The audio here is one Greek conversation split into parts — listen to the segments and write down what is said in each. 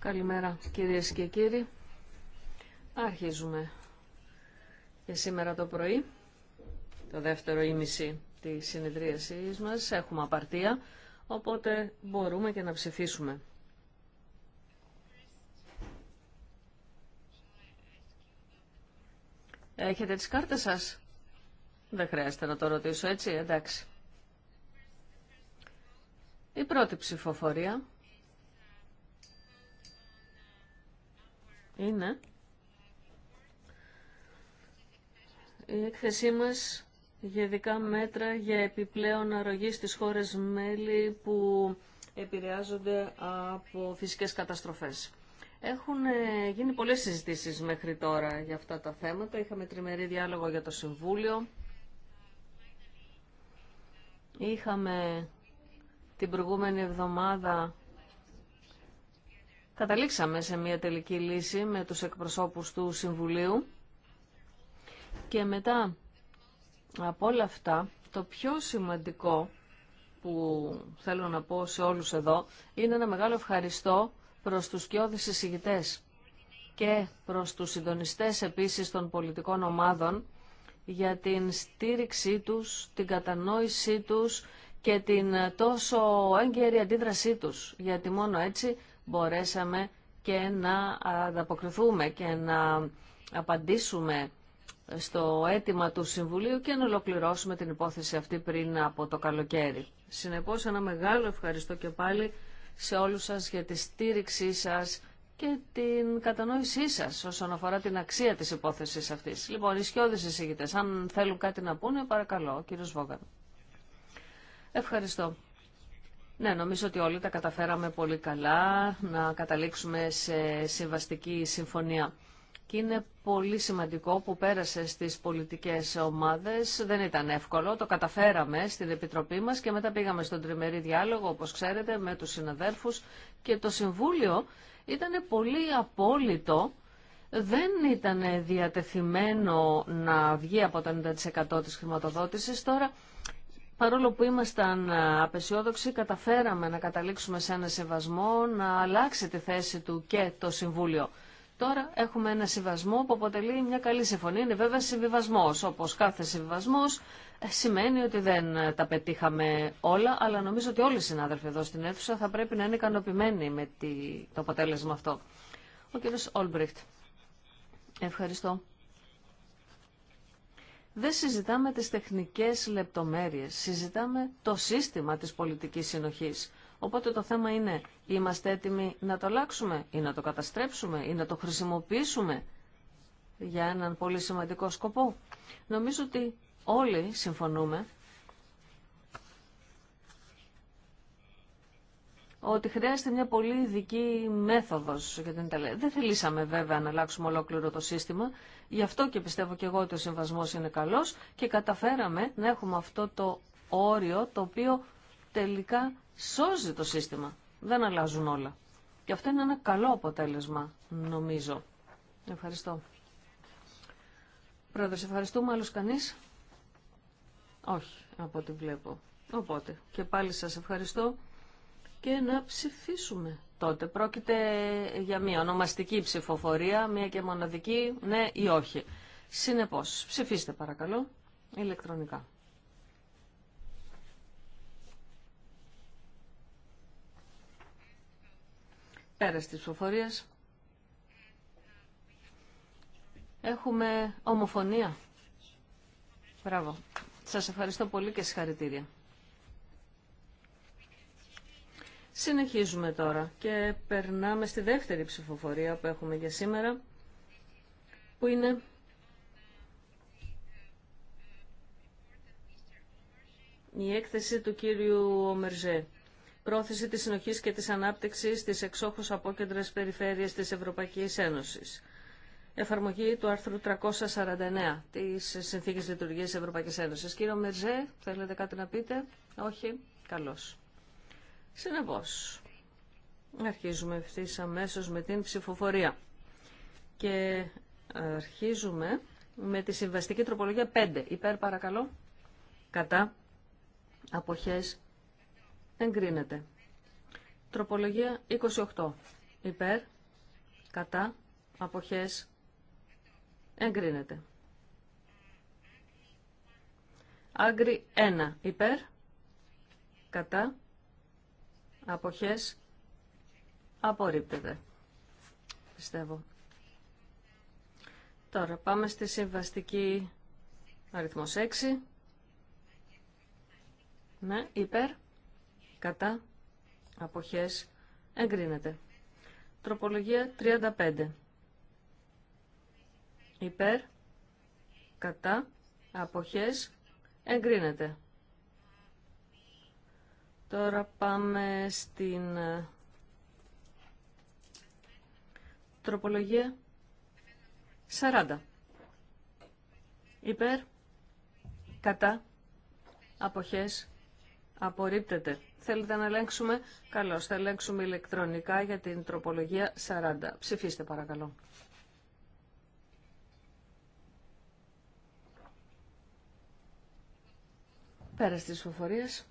Καλημέρα κυρίες και κύριοι. Αρχίζουμε και σήμερα το πρωί, το δεύτερο ήμιση τη συνεδρίασής μας, έχουμε απαρτία, οπότε μπορούμε και να ψηφίσουμε. Έχετε τις κάρτες σας? Δεν χρειάζεται να το ρωτήσω έτσι, εντάξει. Η πρώτη ψηφοφορία είναι η έκθεσή μας για ειδικά μέτρα για επιπλέον αρρωγή στις χώρες μέλη που επηρεάζονται από φυσικές καταστροφές. Έχουν ε, γίνει πολλές συζητήσεις μέχρι τώρα για αυτά τα θέματα. Είχαμε τριμερή διάλογο για το Συμβούλιο. Είχαμε την προηγούμενη εβδομάδα καταλήξαμε σε μια τελική λύση με τους εκπροσώπους του Συμβουλίου και μετά από όλα αυτά το πιο σημαντικό που θέλω να πω σε όλους εδώ είναι ένα μεγάλο ευχαριστώ προς τους κοιόδης εισηγητές και προς τους συντονιστές επίσης των πολιτικών ομάδων για την στήριξή τους, την κατανόησή τους και την ε, τόσο έγκαιρη αντίδρασή τους, γιατί μόνο έτσι μπορέσαμε και να ανταποκριθούμε και να απαντήσουμε στο αίτημα του Συμβουλίου και να ολοκληρώσουμε την υπόθεση αυτή πριν από το καλοκαίρι. Συνεπώς ένα μεγάλο ευχαριστώ και πάλι σε όλους σας για τη στήριξή σας και την κατανόησή σας όσον αφορά την αξία της υπόθεσης αυτής. Λοιπόν, οι εισηγητές, αν θέλουν κάτι να πούνε, παρακαλώ, κύριος Βόγκαν. Ευχαριστώ. Ναι, νομίζω ότι όλοι τα καταφέραμε πολύ καλά να καταλήξουμε σε συμβαστική συμφωνία. Και είναι πολύ σημαντικό που πέρασε στις πολιτικές ομάδες. Δεν ήταν εύκολο, το καταφέραμε στην Επιτροπή μας και μετά πήγαμε στον τριμερή διάλογο, όπως ξέρετε, με τους συναδέρφους και το Συμβούλιο ήταν πολύ απόλυτο δεν ήταν διατεθειμένο να βγει από το 90% της χρηματοδότησης. Τώρα Παρόλο που ήμασταν ε, απεσιόδοξοι, καταφέραμε να καταλήξουμε σε ένα συμβασμό, να αλλάξει τη θέση του και το Συμβούλιο. Τώρα έχουμε ένα συμβασμό που αποτελεί μια καλή συμφωνία. Είναι βέβαια συμβιβασμό. Όπω κάθε συμβιβασμό ε, σημαίνει ότι δεν ε, τα πετύχαμε όλα, αλλά νομίζω ότι όλοι οι συνάδελφοι εδώ στην αίθουσα θα πρέπει να είναι ικανοποιημένοι με το αποτέλεσμα αυτό. Ο κ. Όλμπριχτ. Ευχαριστώ. Δεν συζητάμε τις τεχνικές λεπτομέρειες, συζητάμε το σύστημα της πολιτικής συνοχής. Οπότε το θέμα είναι, είμαστε έτοιμοι να το αλλάξουμε ή να το καταστρέψουμε ή να το χρησιμοποιήσουμε για έναν πολύ σημαντικό σκοπό. Νομίζω ότι όλοι συμφωνούμε ότι χρειάζεται μια πολύ ειδική μέθοδος για την Ιταλία. Δεν θελήσαμε βέβαια να αλλάξουμε ολόκληρο το σύστημα, Γι' αυτό και πιστεύω και εγώ ότι ο συμβασμός είναι καλός και καταφέραμε να έχουμε αυτό το όριο το οποίο τελικά σώζει το σύστημα. Δεν αλλάζουν όλα. Και αυτό είναι ένα καλό αποτέλεσμα, νομίζω. Ευχαριστώ. Πρόεδρε, ευχαριστούμε. Άλλος κανείς? Όχι, από ό,τι βλέπω. Οπότε, και πάλι σας ευχαριστώ και να ψηφίσουμε τότε. Πρόκειται για μια ονομαστική ψηφοφορία, μια και μοναδική, ναι ή όχι. Συνεπώς, ψηφίστε παρακαλώ ηλεκτρονικά. Πέρας της ψηφοφορίας. Έχουμε ομοφωνία. Μπράβο. Σας ευχαριστώ πολύ και συγχαρητήρια. Συνεχίζουμε τώρα και περνάμε στη δεύτερη ψηφοφορία που έχουμε για σήμερα, που είναι η έκθεση του κύριου Ομερζέ. Πρόθεση της συνοχής και της ανάπτυξης της εξόχως απόκεντρες περιφέρειες της Ευρωπαϊκής Ένωσης. Εφαρμογή του άρθρου 349 της Συνθήκης Λειτουργίας της Ευρωπαϊκής Ένωσης. Κύριο Μερζέ, θέλετε κάτι να πείτε. Όχι. Καλώς. Συνεπώ, αρχίζουμε ευθύ αμέσω με την ψηφοφορία. Και αρχίζουμε με τη συμβαστική τροπολογία 5. Υπέρ παρακαλώ. Κατά. Αποχές. Εγκρίνεται. Τροπολογία 28. Υπέρ. Κατά. Αποχές. Εγκρίνεται. Άγκρι 1. Υπέρ. Κατά. Αποχές απορρίπτεται. Πιστεύω. Τώρα πάμε στη συμβαστική αριθμός 6. Ναι, υπέρ, κατά, αποχές, εγκρίνεται. Τροπολογία 35. Υπέρ, κατά, αποχές, εγκρίνεται. Τώρα πάμε στην ε, τροπολογία 40. Υπέρ, κατά, αποχές, απορρίπτεται. Θέλετε να ελέγξουμε. Καλώς, θα ελέγξουμε ηλεκτρονικά για την τροπολογία 40. Ψηφίστε παρακαλώ. Πέρα στις φοφορίες.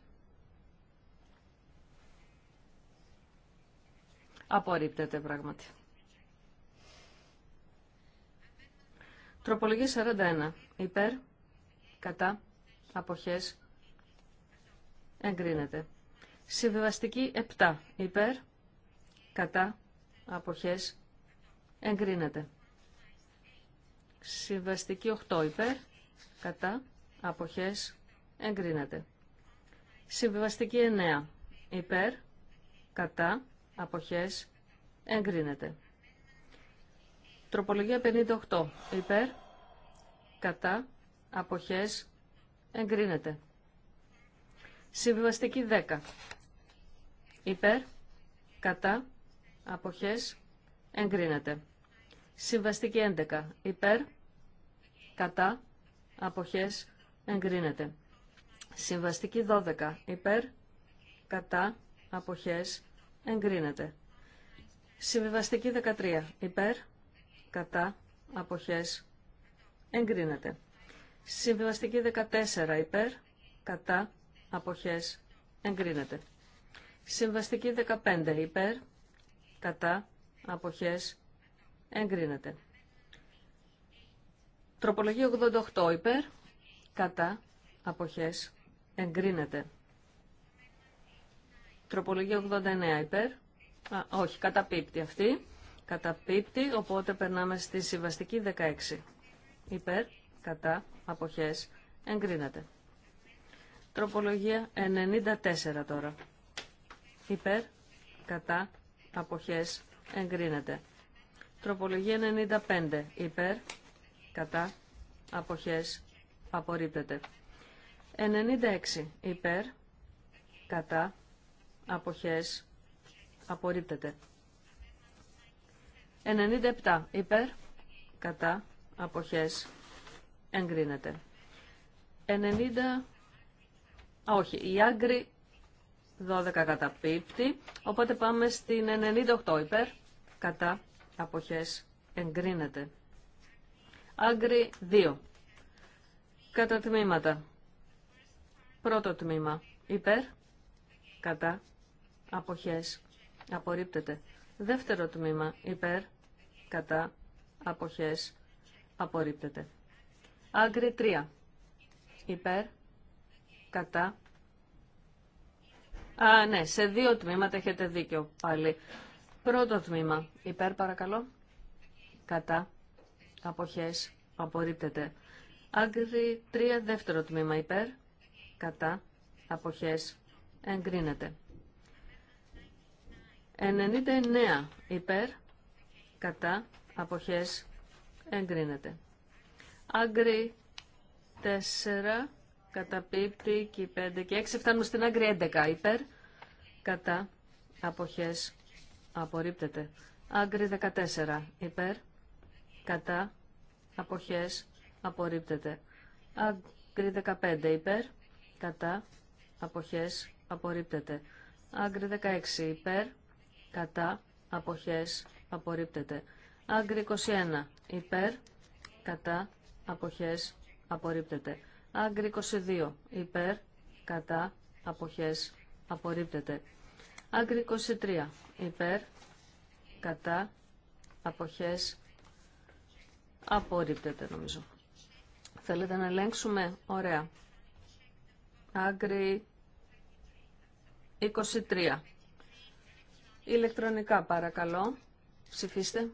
Απορρίπτεται πράγματι. Τροπολογία 41. Υπέρ, κατά, αποχές, εγκρίνεται. Συμβιβαστική 7. Υπέρ, κατά, αποχές, εγκρίνεται. Συμβαστική 8. Υπέρ, κατά, αποχές, εγκρίνεται. Συμβιβαστική 9. Υπέρ, κατά, αποχές εγκρίνεται. Τροπολογία 58 υπέρ κατά αποχές εγκρίνεται. Συμβιβαστική 10 υπέρ κατά αποχές εγκρίνεται. Συμβαστική 11 υπέρ κατά αποχές εγκρίνεται. Συμβαστική 12 υπέρ κατά αποχές εγκρίνεται. Συμβιβαστική 13. Υπέρ, κατά, αποχές, εγκρίνεται. Συμβιβαστική 14. Υπέρ, κατά, αποχές, εγκρίνεται. Συμβαστική 15. Υπέρ, κατά, αποχές, εγκρίνεται. Τροπολογία 88. Υπέρ, κατά, αποχές, εγκρίνεται. Τροπολογία 89 υπέρ. Α, όχι, καταπίπτει αυτή. Καταπίπτει, οπότε περνάμε στη συμβαστική 16. Υπέρ, κατά, αποχές, εγκρίνεται. Τροπολογία 94 τώρα. Υπέρ, κατά, αποχές, εγκρίνεται. Τροπολογία 95. Υπέρ, κατά, αποχές, απορρίπτεται. 96. Υπέρ, κατά, αποχές απορρίπτεται. 97 υπέρ κατά αποχές εγκρίνεται. 90 όχι, η άγκρη 12 καταπίπτει, οπότε πάμε στην 98 υπέρ, κατά αποχές εγκρίνεται. Άγκρη 2. Κατά τμήματα. Πρώτο τμήμα υπέρ, κατά αποχές απορρίπτεται. Δεύτερο τμήμα υπέρ κατά αποχές απορρίπτεται. Άγκρι 3 υπέρ κατά Α, ναι, σε δύο τμήματα έχετε δίκιο πάλι. Πρώτο τμήμα. Υπέρ παρακαλώ. Κατά. Αποχές. Απορρίπτεται. Άγκρι 3. Δεύτερο τμήμα. Υπέρ. Κατά. Αποχές. Εγκρίνεται. 99 υπέρ, κατά, αποχές, εγκρίνεται. Άγκρι 4, καταπίπτει και 5 και 6, φτάνουμε στην άγκρι 11 υπέρ, κατά, αποχές, απορρίπτεται. Άγκρι 14 υπέρ, κατά, αποχές, απορρίπτεται. Άγκρι 15 υπέρ, κατά, αποχές, απορρίπτεται. Άγκρι 16 υπέρ, κατά, αποχές, απορρίπτεται. Άγκρι 21, υπέρ, κατά, αποχές, απορρίπτεται. Άγκρι 22, υπέρ, κατά, αποχές, απορρίπτεται. Άγκρι 23, υπέρ, κατά, αποχές, απορρίπτεται νομίζω. Θέλετε να ελέγξουμε, ωραία. Άγκρι 23. Ηλεκτρονικά παρακαλώ. Ψηφίστε.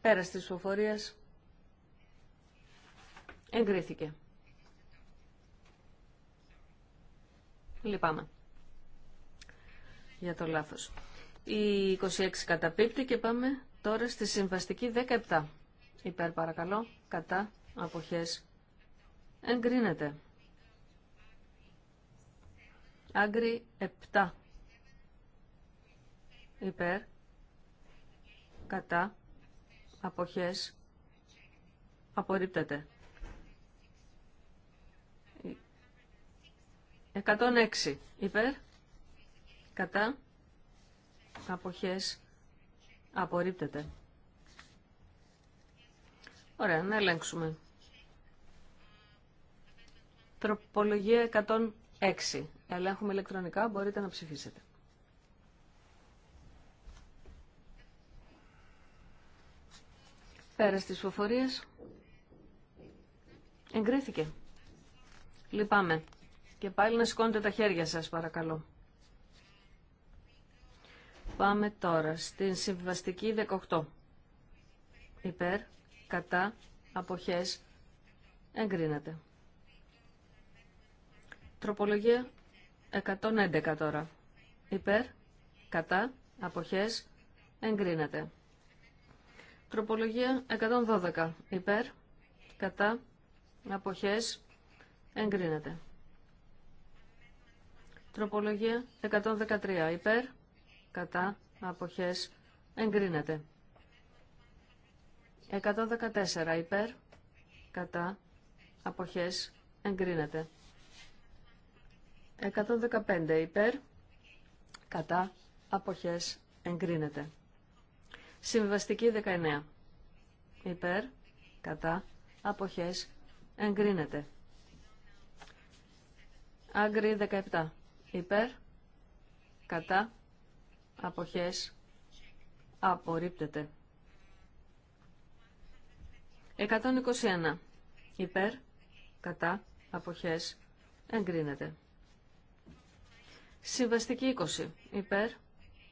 Πέρας της ψηφοφορίας. Εγκρίθηκε. Λυπάμαι για το λάθος. Η 26 καταπίπτει και πάμε τώρα στη συμβαστική 17. Υπέρ παρακαλώ, κατά, αποχές, Εγκρίνεται. Άγκρι 7. Υπέρ. Κατά. Αποχές. Απορρίπτεται. 106. Υπέρ. Κατά. Αποχές. Απορρίπτεται. Ωραία, να ελέγξουμε. Τροπολογία 106. Ελέγχουμε ηλεκτρονικά, μπορείτε να ψηφίσετε. Πέρα στις φοφορίες. Εγκρίθηκε. Λυπάμαι. Και πάλι να σηκώνετε τα χέρια σας, παρακαλώ. Πάμε τώρα στην συμβαστική 18. Υπέρ, κατά, αποχές, εγκρίνεται. Τροπολογία 111 τώρα. Υπέρ, κατά, αποχές, εγκρίνεται. Τροπολογία 112. Υπέρ, κατά, αποχές, εγκρίνεται. Τροπολογία 113. Υπέρ, κατά, αποχές, εγκρίνεται. 114. Υπέρ, κατά, αποχές, εγκρίνεται. 115 υπέρ, κατά, αποχές, εγκρίνεται. Συμβαστική 19 υπέρ, κατά, αποχές, εγκρίνεται. Άγκρι 17 υπέρ, κατά, αποχές, απορρίπτεται. 121 υπέρ, κατά, αποχές, εγκρίνεται. Συμβαστική 20. Υπέρ,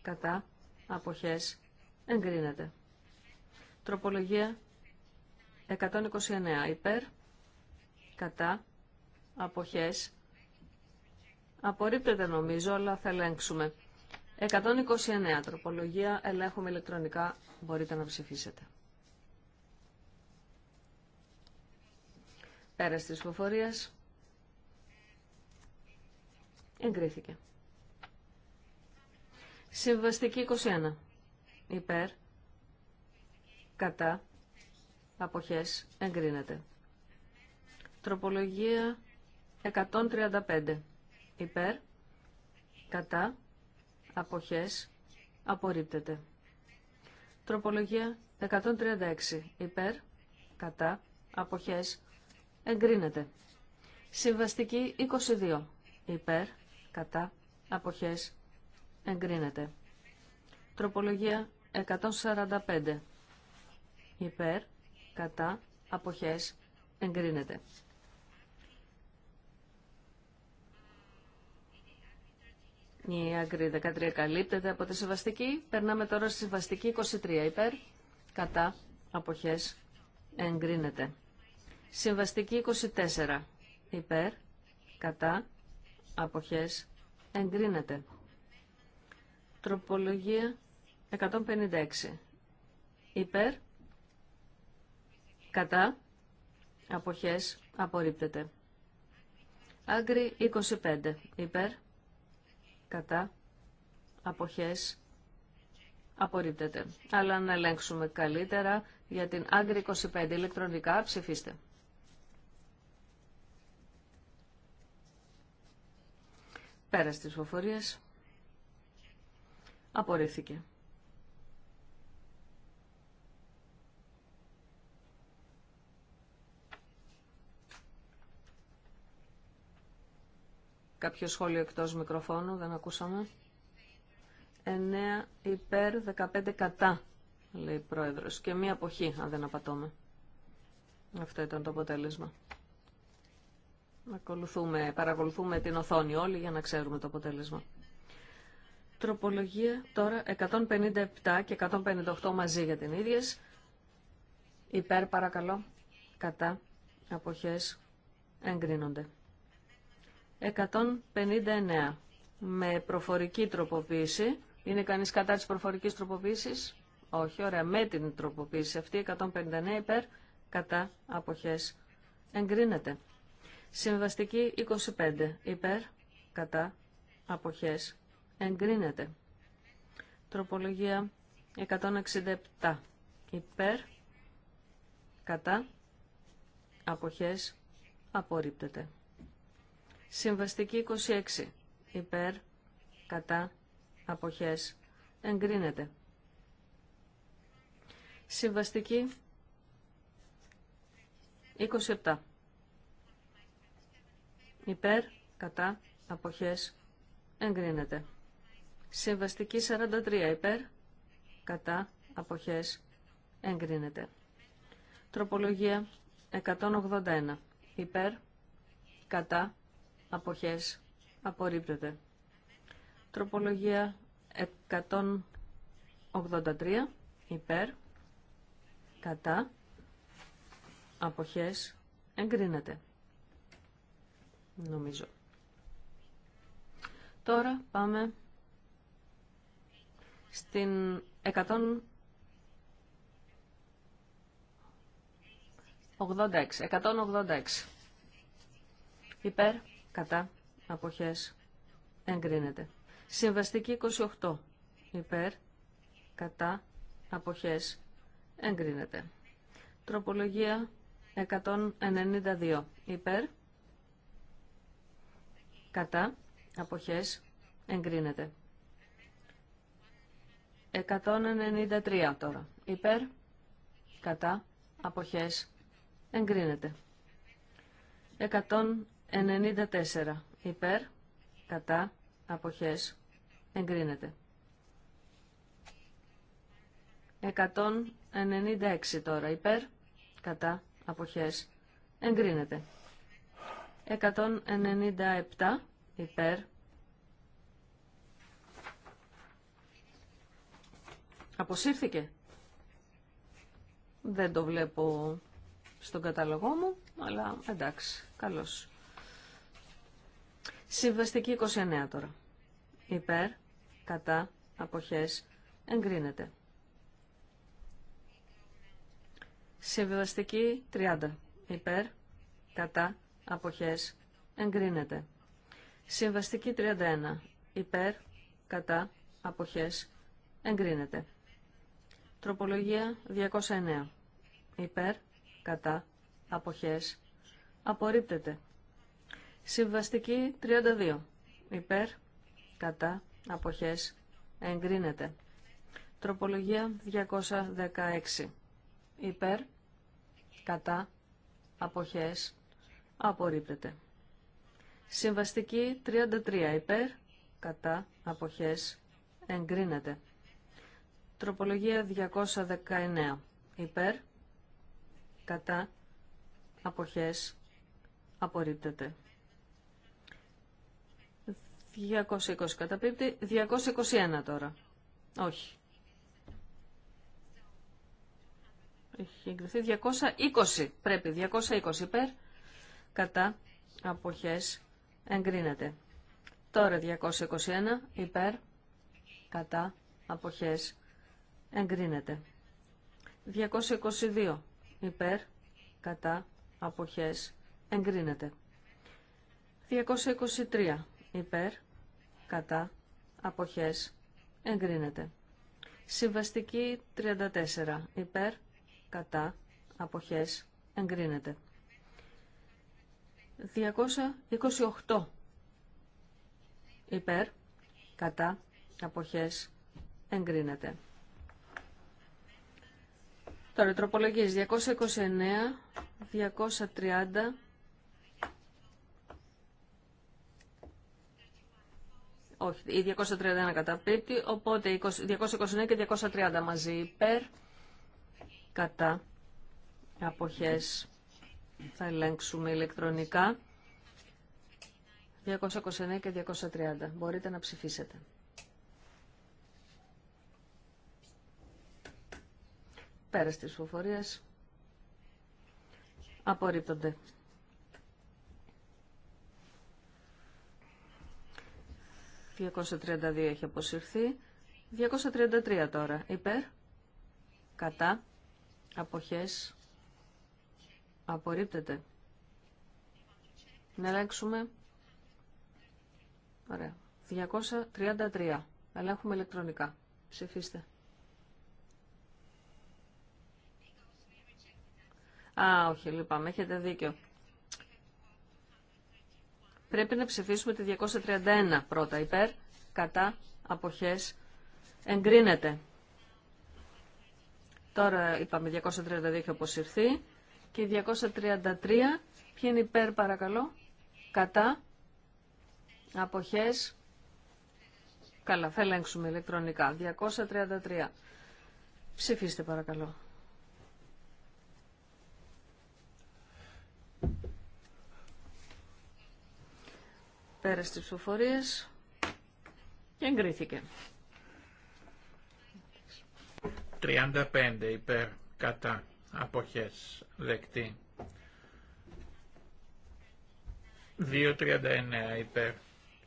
κατά, αποχές, εγκρίνεται. Τροπολογία 129. Υπέρ, κατά, αποχές, απορρίπτεται νομίζω, αλλά θα ελέγξουμε. 129. Τροπολογία, ελέγχουμε ηλεκτρονικά, μπορείτε να ψηφίσετε. Πέρας της φοφορίας. εγκρίθηκε. Συμβαστική 21. Υπέρ. Κατά. Αποχές. Εγκρίνεται. Τροπολογία 135. Υπέρ. Κατά. Αποχές. Απορρίπτεται. Τροπολογία 136. Υπέρ. Κατά. Αποχές. Εγκρίνεται. Συμβαστική 22. Υπέρ. Κατά. Αποχές εγκρίνεται. Τροπολογία 145 υπέρ, κατά, αποχές, εγκρίνεται. Η άγκρη 13 καλύπτεται από τη συμβαστική. Περνάμε τώρα στη συμβαστική 23 υπέρ, κατά, αποχές, εγκρίνεται. Συμβαστική 24 υπέρ, κατά, αποχές, εγκρίνεται. Τροπολογία 156. Υπέρ. Κατά. Αποχές. Απορρίπτεται. Άγκρι 25. Υπέρ. Κατά. Αποχές. Απορρίπτεται. Αλλά να ελέγξουμε καλύτερα για την Άγκρι 25 ηλεκτρονικά. Ψηφίστε. Πέρα στις φοφορίες. Απορρίφθηκε. Κάποιο σχόλιο εκτός μικροφώνου, δεν ακούσαμε. 9 υπέρ, 15 κατά, λέει η πρόεδρος. Και μία αποχή, αν δεν απατώμε. Αυτό ήταν το αποτέλεσμα. Ακολουθούμε, παρακολουθούμε την οθόνη όλοι για να ξέρουμε το αποτέλεσμα. Τροπολογία τώρα 157 και 158 μαζί για την ίδια. Υπέρ παρακαλώ. Κατά. Αποχές. Εγκρίνονται. 159. Με προφορική τροποποίηση. Είναι κανείς κατά της προφορικής τροποποίησης. Όχι, ωραία. Με την τροποποίηση αυτή. 159 υπέρ. Κατά. Αποχές. Εγκρίνεται. Συμβαστική 25. Υπέρ. Κατά. Αποχές εγκρίνεται. Τροπολογία 167 υπέρ, κατά, αποχές, απορρίπτεται. Συμβαστική 26 υπέρ, κατά, αποχές, εγκρίνεται. Συμβαστική 27 υπέρ, κατά, αποχές, εγκρίνεται. Συμβαστική 43 υπέρ, κατά, αποχές, εγκρίνεται. Τροπολογία 181 υπέρ, κατά, αποχές, απορρίπτεται. Τροπολογία 183 υπέρ, κατά, αποχές, εγκρίνεται. Νομίζω. Τώρα πάμε στην 186. 186. Υπέρ, κατά, αποχές, εγκρίνεται. Συμβαστική 28. Υπέρ, κατά, αποχές, εγκρίνεται. Τροπολογία 192. Υπέρ, κατά, αποχές, εγκρίνεται. 193 τώρα. Υπέρ, κατά, αποχές, εγκρίνεται. 194. Υπέρ, κατά, αποχές, εγκρίνεται. 196 τώρα. Υπέρ, κατά, αποχές, εγκρίνεται. 197. Υπέρ, Αποσύρθηκε. Δεν το βλέπω στον καταλογό μου, αλλά εντάξει, καλώς. Συμβαστική 29 τώρα. Υπέρ, κατά, αποχές, εγκρίνεται. Συμβαστική 30. Υπέρ, κατά, αποχές, εγκρίνεται. Συμβαστική 31. Υπέρ, κατά, αποχές, εγκρίνεται. Τροπολογία 209. Υπέρ, κατά, αποχές, απορρίπτεται. Συμβαστική 32. Υπέρ, κατά, αποχές, εγκρίνεται. Τροπολογία 216. Υπέρ, κατά, αποχές, απορρίπτεται. Συμβαστική 33. Υπέρ, κατά, αποχές, εγκρίνεται. Τροπολογία 219. Υπέρ, κατά, αποχές, απορρίπτεται. 220 καταπίπτει, 221 τώρα. Όχι. Έχει εγκριθεί 220, πρέπει, 220 υπέρ, κατά, αποχές, εγκρίνεται. Τώρα 221 υπέρ, κατά, αποχές, εγκρίνεται. 222 υπέρ, κατά, αποχές, εγκρίνεται. 223 υπέρ, κατά, αποχές, εγκρίνεται. Συμβαστική 34 υπέρ, κατά, αποχές, εγκρίνεται. 228 υπέρ, κατά, αποχές, εγκρίνεται. Τώρα, τροπολογίες 229, 230, Όχι, η 231 καταπίπτει, οπότε 229 και 230 μαζί υπέρ, κατά, αποχές. Θα ελέγξουμε ηλεκτρονικά. 229 και 230. Μπορείτε να ψηφίσετε. Πέρα στις φοφορίες. Απορρίπτονται. ...232 έχει αποσυρθεί. 233 τώρα. Υπέρ. Κατά. Αποχές. Απορρίπτεται. Να ελέγξουμε. Ωραία. 233. Ελέγχουμε ηλεκτρονικά. Ψηφίστε. Α, όχι, λυπάμαι, έχετε δίκιο. Πρέπει να ψηφίσουμε τη 231 πρώτα υπέρ, κατά, αποχές, εγκρίνεται. Τώρα είπαμε 232 έχει αποσυρθεί και 233, ποιοι είναι υπέρ παρακαλώ, κατά, αποχές, καλά, θα ελέγξουμε ηλεκτρονικά, 233. Ψηφίστε παρακαλώ. Πέρα στις ψηφοφορίες. Εγκρίθηκε. 35 υπέρ κατά αποχές δεκτή. 2.39 υπέρ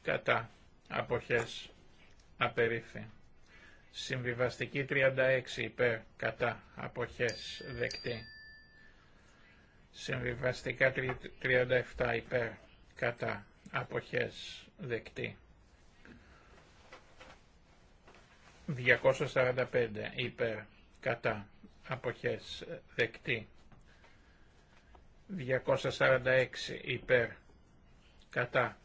κατά αποχές απερίφθη. Συμβιβαστική 36 υπέρ κατά αποχές δεκτή. Συμβιβαστικά 37 υπέρ κατά αποχές δεκτή. 245 υπέρ κατά αποχές δεκτή. 246 υπέρ κατά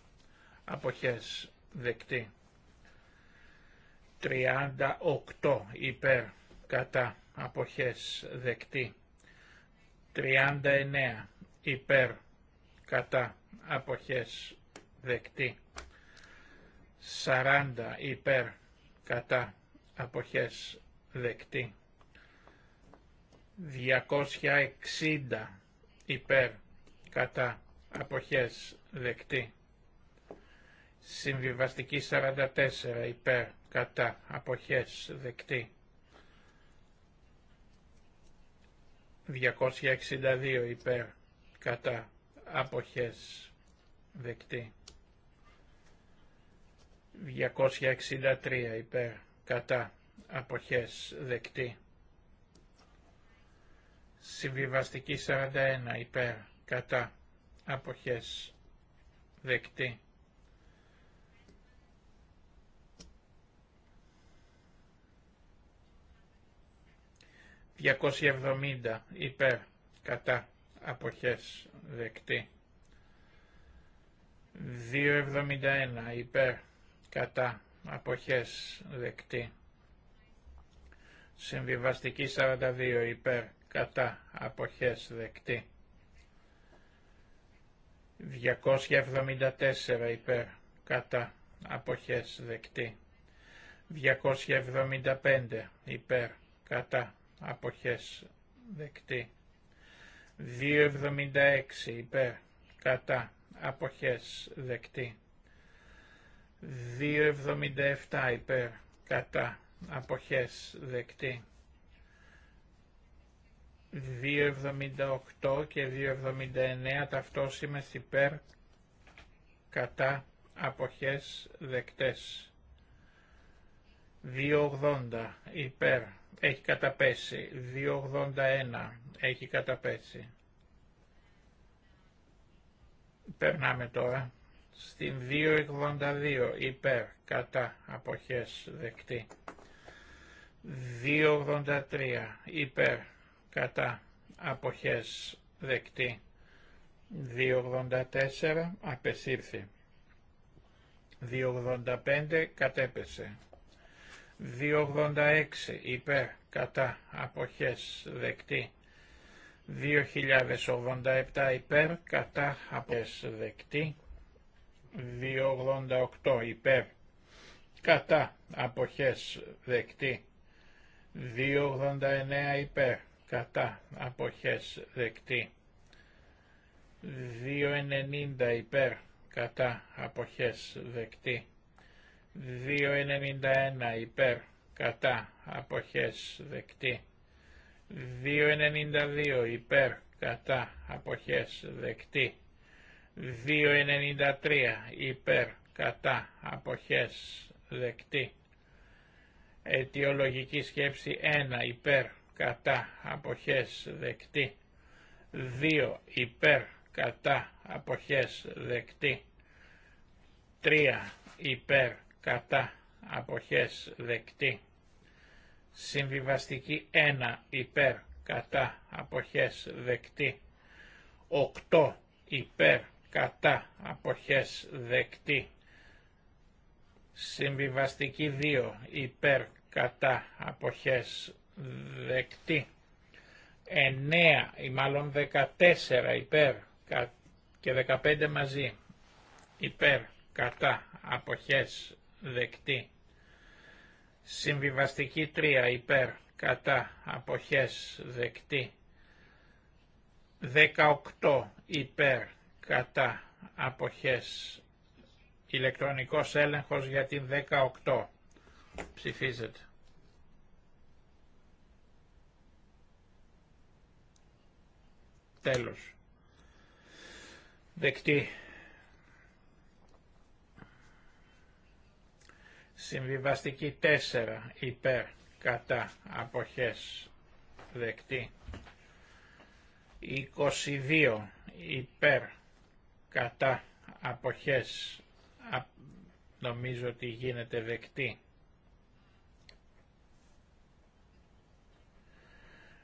αποχές δεκτή. 38 υπέρ κατά αποχές δεκτή. 39 υπέρ κατά αποχές δεκτή. 40 υπέρ κατά αποχές δεκτή. 260 υπέρ κατά αποχές δεκτή. Συμβιβαστική 44 υπέρ κατά αποχές δεκτή. 262 υπέρ κατά αποχές δεκτή. 263 υπέρ κατά αποχές δεκτή. Συμβιβαστική 41 υπέρ κατά αποχές δεκτή. ...270 υπέρ κατά αποχές δεκτή. 271 υπέρ κατά αποχές δεκτή. Συμβιβαστική 42 υπέρ κατά αποχές δεκτή. 274 υπέρ κατά αποχές δεκτή. 275 υπέρ κατά αποχές δεκτή. 276 υπέρ κατά αποχές δεκτή. 2,77 υπέρ κατά αποχές δεκτή. 2,78 και 2,79 ταυτόσιμες υπέρ κατά αποχές δεκτές. 2,80 υπέρ έχει καταπέσει. 2,81 έχει καταπέσει. Περνάμε τώρα στην 2.82 υπέρ κατά αποχές δεκτή. 2.83 υπέρ κατά αποχές δεκτή. 2.84 απεσύρθη. 2.85 κατέπεσε. 2.86 υπέρ κατά αποχές δεκτή. 2.087 υπέρ κατά αποχές δεκτή. 288 υπέρ κατά αποχές δεκτή 289 υπέρ κατά αποχές δεκτή 290 υπέρ κατά αποχές δεκτή 291 υπέρ κατά αποχές δεκτή 292 υπέρ κατά αποχές δεκτή 2.93 υπέρ κατά αποχές δεκτή. Αιτιολογική σκέψη 1 υπέρ κατά αποχές δεκτή. 2 υπέρ κατά αποχές δεκτή. 3 υπέρ κατά αποχές δεκτή. Συμβιβαστική 1 υπέρ κατά αποχές δεκτή. 8 υπέρ κατά αποχές δεκτή. Συμβιβαστική 2 υπέρ κατά αποχές δεκτή. 9 ή μάλλον 14 υπέρ και 15 μαζί υπέρ κατά αποχές δεκτή. Συμβιβαστική 3 υπέρ κατά αποχές δεκτή. 18 υπέρ κατά αποχές ηλεκτρονικός έλεγχος για την 18 ψηφίζεται. Τέλος. Δεκτή. Συμβιβαστική 4 υπέρ κατά αποχές δεκτή. 22 υπέρ κατά αποχές νομίζω ότι γίνεται δεκτή.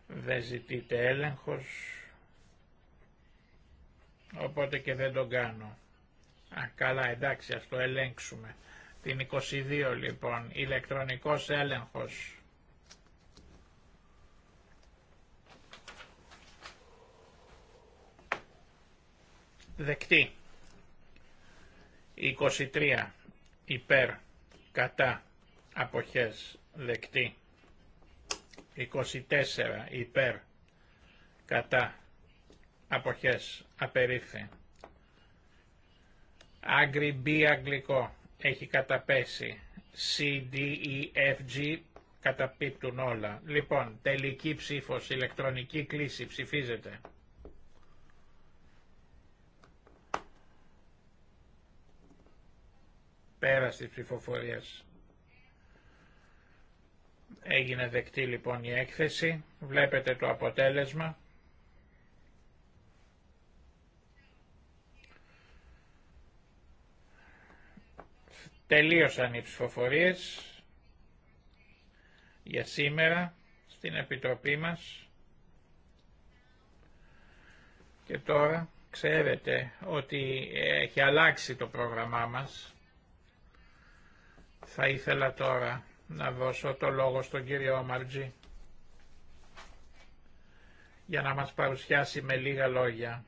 Δεν ζητείται έλεγχος, οπότε και δεν τον κάνω. καλά, εντάξει, ας το ελέγξουμε. Την 22 λοιπόν, ηλεκτρονικός έλεγχος. Δεκτή. 23 υπέρ κατά αποχές δεκτή. 24 υπέρ κατά αποχές απερίφθη. Άγκρι B αγγλικό έχει καταπέσει. C, D, E, F, G καταπίπτουν όλα. Λοιπόν, τελική ψήφος, ηλεκτρονική κλίση ψηφίζεται. Πέρας της ψηφοφορίας. Έγινε δεκτή λοιπόν η έκθεση. Βλέπετε το αποτέλεσμα. Τελείωσαν οι ψηφοφορίες για σήμερα στην Επιτροπή μας. Και τώρα ξέρετε ότι έχει αλλάξει το πρόγραμμά μας. Θα ήθελα τώρα να δώσω το λόγο στον κύριο Αμαρτζή για να μας παρουσιάσει με λίγα λόγια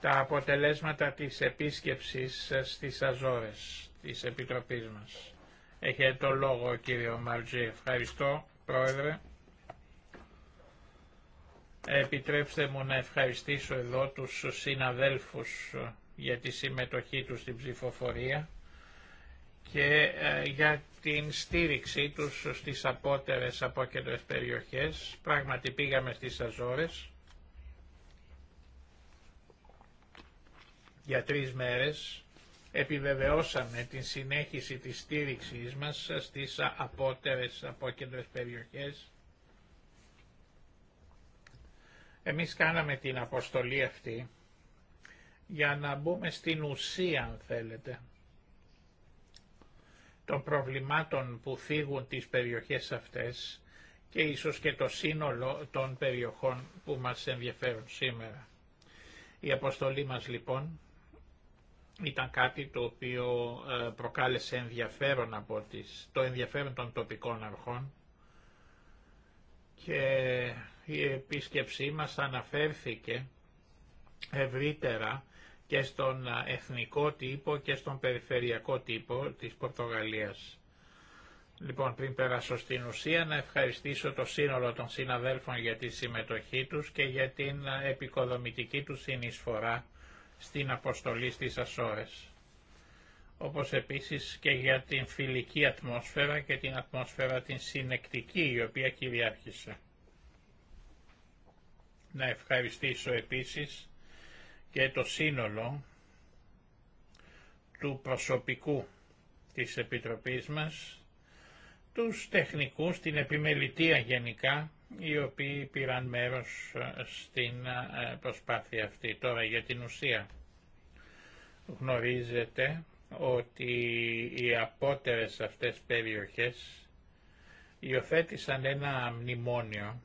τα αποτελέσματα της επίσκεψης στις Αζόρες της Επιτροπής μας. Έχετε το λόγο κύριο Μαρτζή. Ευχαριστώ πρόεδρε. Επιτρέψτε μου να ευχαριστήσω εδώ τους συναδέλφους για τη συμμετοχή τους στην ψηφοφορία και ε, για την στήριξή τους στις απότερες απόκεντρες περιοχές. Πράγματι πήγαμε στις Αζόρες για τρεις μέρες. Επιβεβαιώσαμε την συνέχιση της στήριξής μας στις απότερες απόκεντρες περιοχές. Εμείς κάναμε την αποστολή αυτή για να μπούμε στην ουσία αν θέλετε των προβλημάτων που φύγουν τις περιοχές αυτές και ίσως και το σύνολο των περιοχών που μας ενδιαφέρουν σήμερα. Η αποστολή μας λοιπόν ήταν κάτι το οποίο ε, προκάλεσε ενδιαφέρον από τις, το ενδιαφέρον των τοπικών αρχών και η επίσκεψή μας αναφέρθηκε ευρύτερα και στον εθνικό τύπο και στον περιφερειακό τύπο της Πορτογαλίας. Λοιπόν, πριν περάσω στην ουσία, να ευχαριστήσω το σύνολο των συναδέλφων για τη συμμετοχή τους και για την επικοδομητική τους συνεισφορά στην αποστολή στις Ασόρες. Όπως επίσης και για την φιλική ατμόσφαιρα και την ατμόσφαιρα την συνεκτική η οποία κυριάρχησε. Να ευχαριστήσω επίσης και το σύνολο του προσωπικού της Επιτροπής μας, τους τεχνικούς, την επιμελητία γενικά, οι οποίοι πήραν μέρος ε, στην ε, προσπάθεια αυτή. Τώρα για την ουσία γνωρίζετε ότι οι απότερες αυτές περιοχές υιοθέτησαν ένα μνημόνιο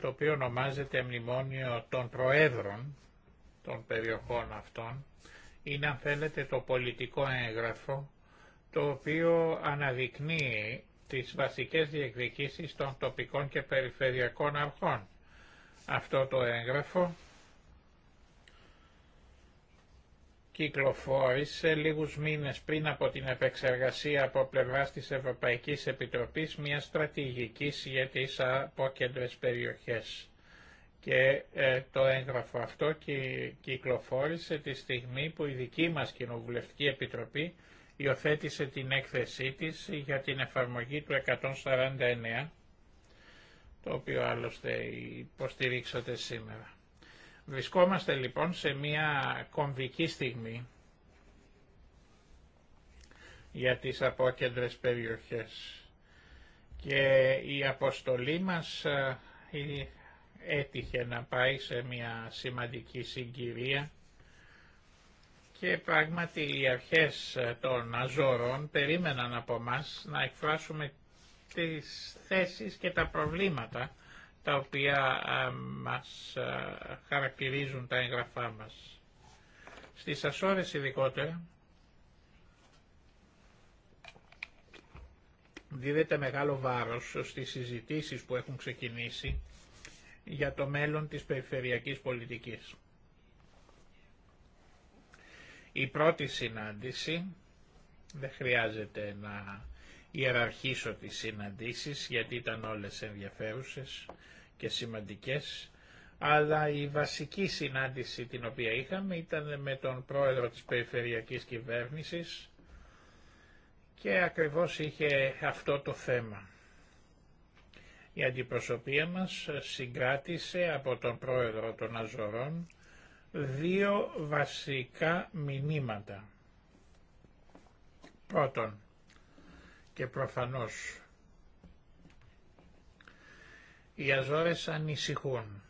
το οποίο ονομάζεται Μνημόνιο των Προέδρων των περιοχών αυτών, είναι αν θέλετε το πολιτικό έγγραφο, το οποίο αναδεικνύει τις βασικές διεκδικήσεις των τοπικών και περιφερειακών αρχών. Αυτό το έγγραφο κυκλοφόρησε λίγους μήνες πριν από την επεξεργασία από πλευράς της Ευρωπαϊκής Επιτροπής μια στρατηγική για τις απόκεντρες περιοχές. Και ε, το έγγραφο αυτό κυκλοφόρησε τη στιγμή που η δική μας Κοινοβουλευτική Επιτροπή υιοθέτησε την έκθεσή της για την εφαρμογή του 149, το οποίο άλλωστε υποστηρίξατε σήμερα. Βρισκόμαστε λοιπόν σε μια κομβική στιγμή για τις απόκεντρες περιοχές και η αποστολή μας ε, έτυχε να πάει σε μια σημαντική συγκυρία και πράγματι οι αρχές ε, των Αζόρων περίμεναν από μας να εκφράσουμε τις θέσεις και τα προβλήματα τα οποία ε, μας ε, χαρακτηρίζουν τα εγγραφά μας. Στις ασόρες ειδικότερα δίδεται μεγάλο βάρος στις συζητήσεις που έχουν ξεκινήσει για το μέλλον της περιφερειακής πολιτικής. Η πρώτη συνάντηση, δεν χρειάζεται να ιεραρχήσω τις συναντήσεις γιατί ήταν όλες ενδιαφέρουσες, και σημαντικές, αλλά η βασική συνάντηση την οποία είχαμε ήταν με τον πρόεδρο της Περιφερειακής Κυβέρνησης και ακριβώς είχε αυτό το θέμα. Η αντιπροσωπεία μας συγκράτησε από τον πρόεδρο των Αζωρών δύο βασικά μηνύματα. Πρώτον, και προφανώς οι Αζόρες ανησυχούν.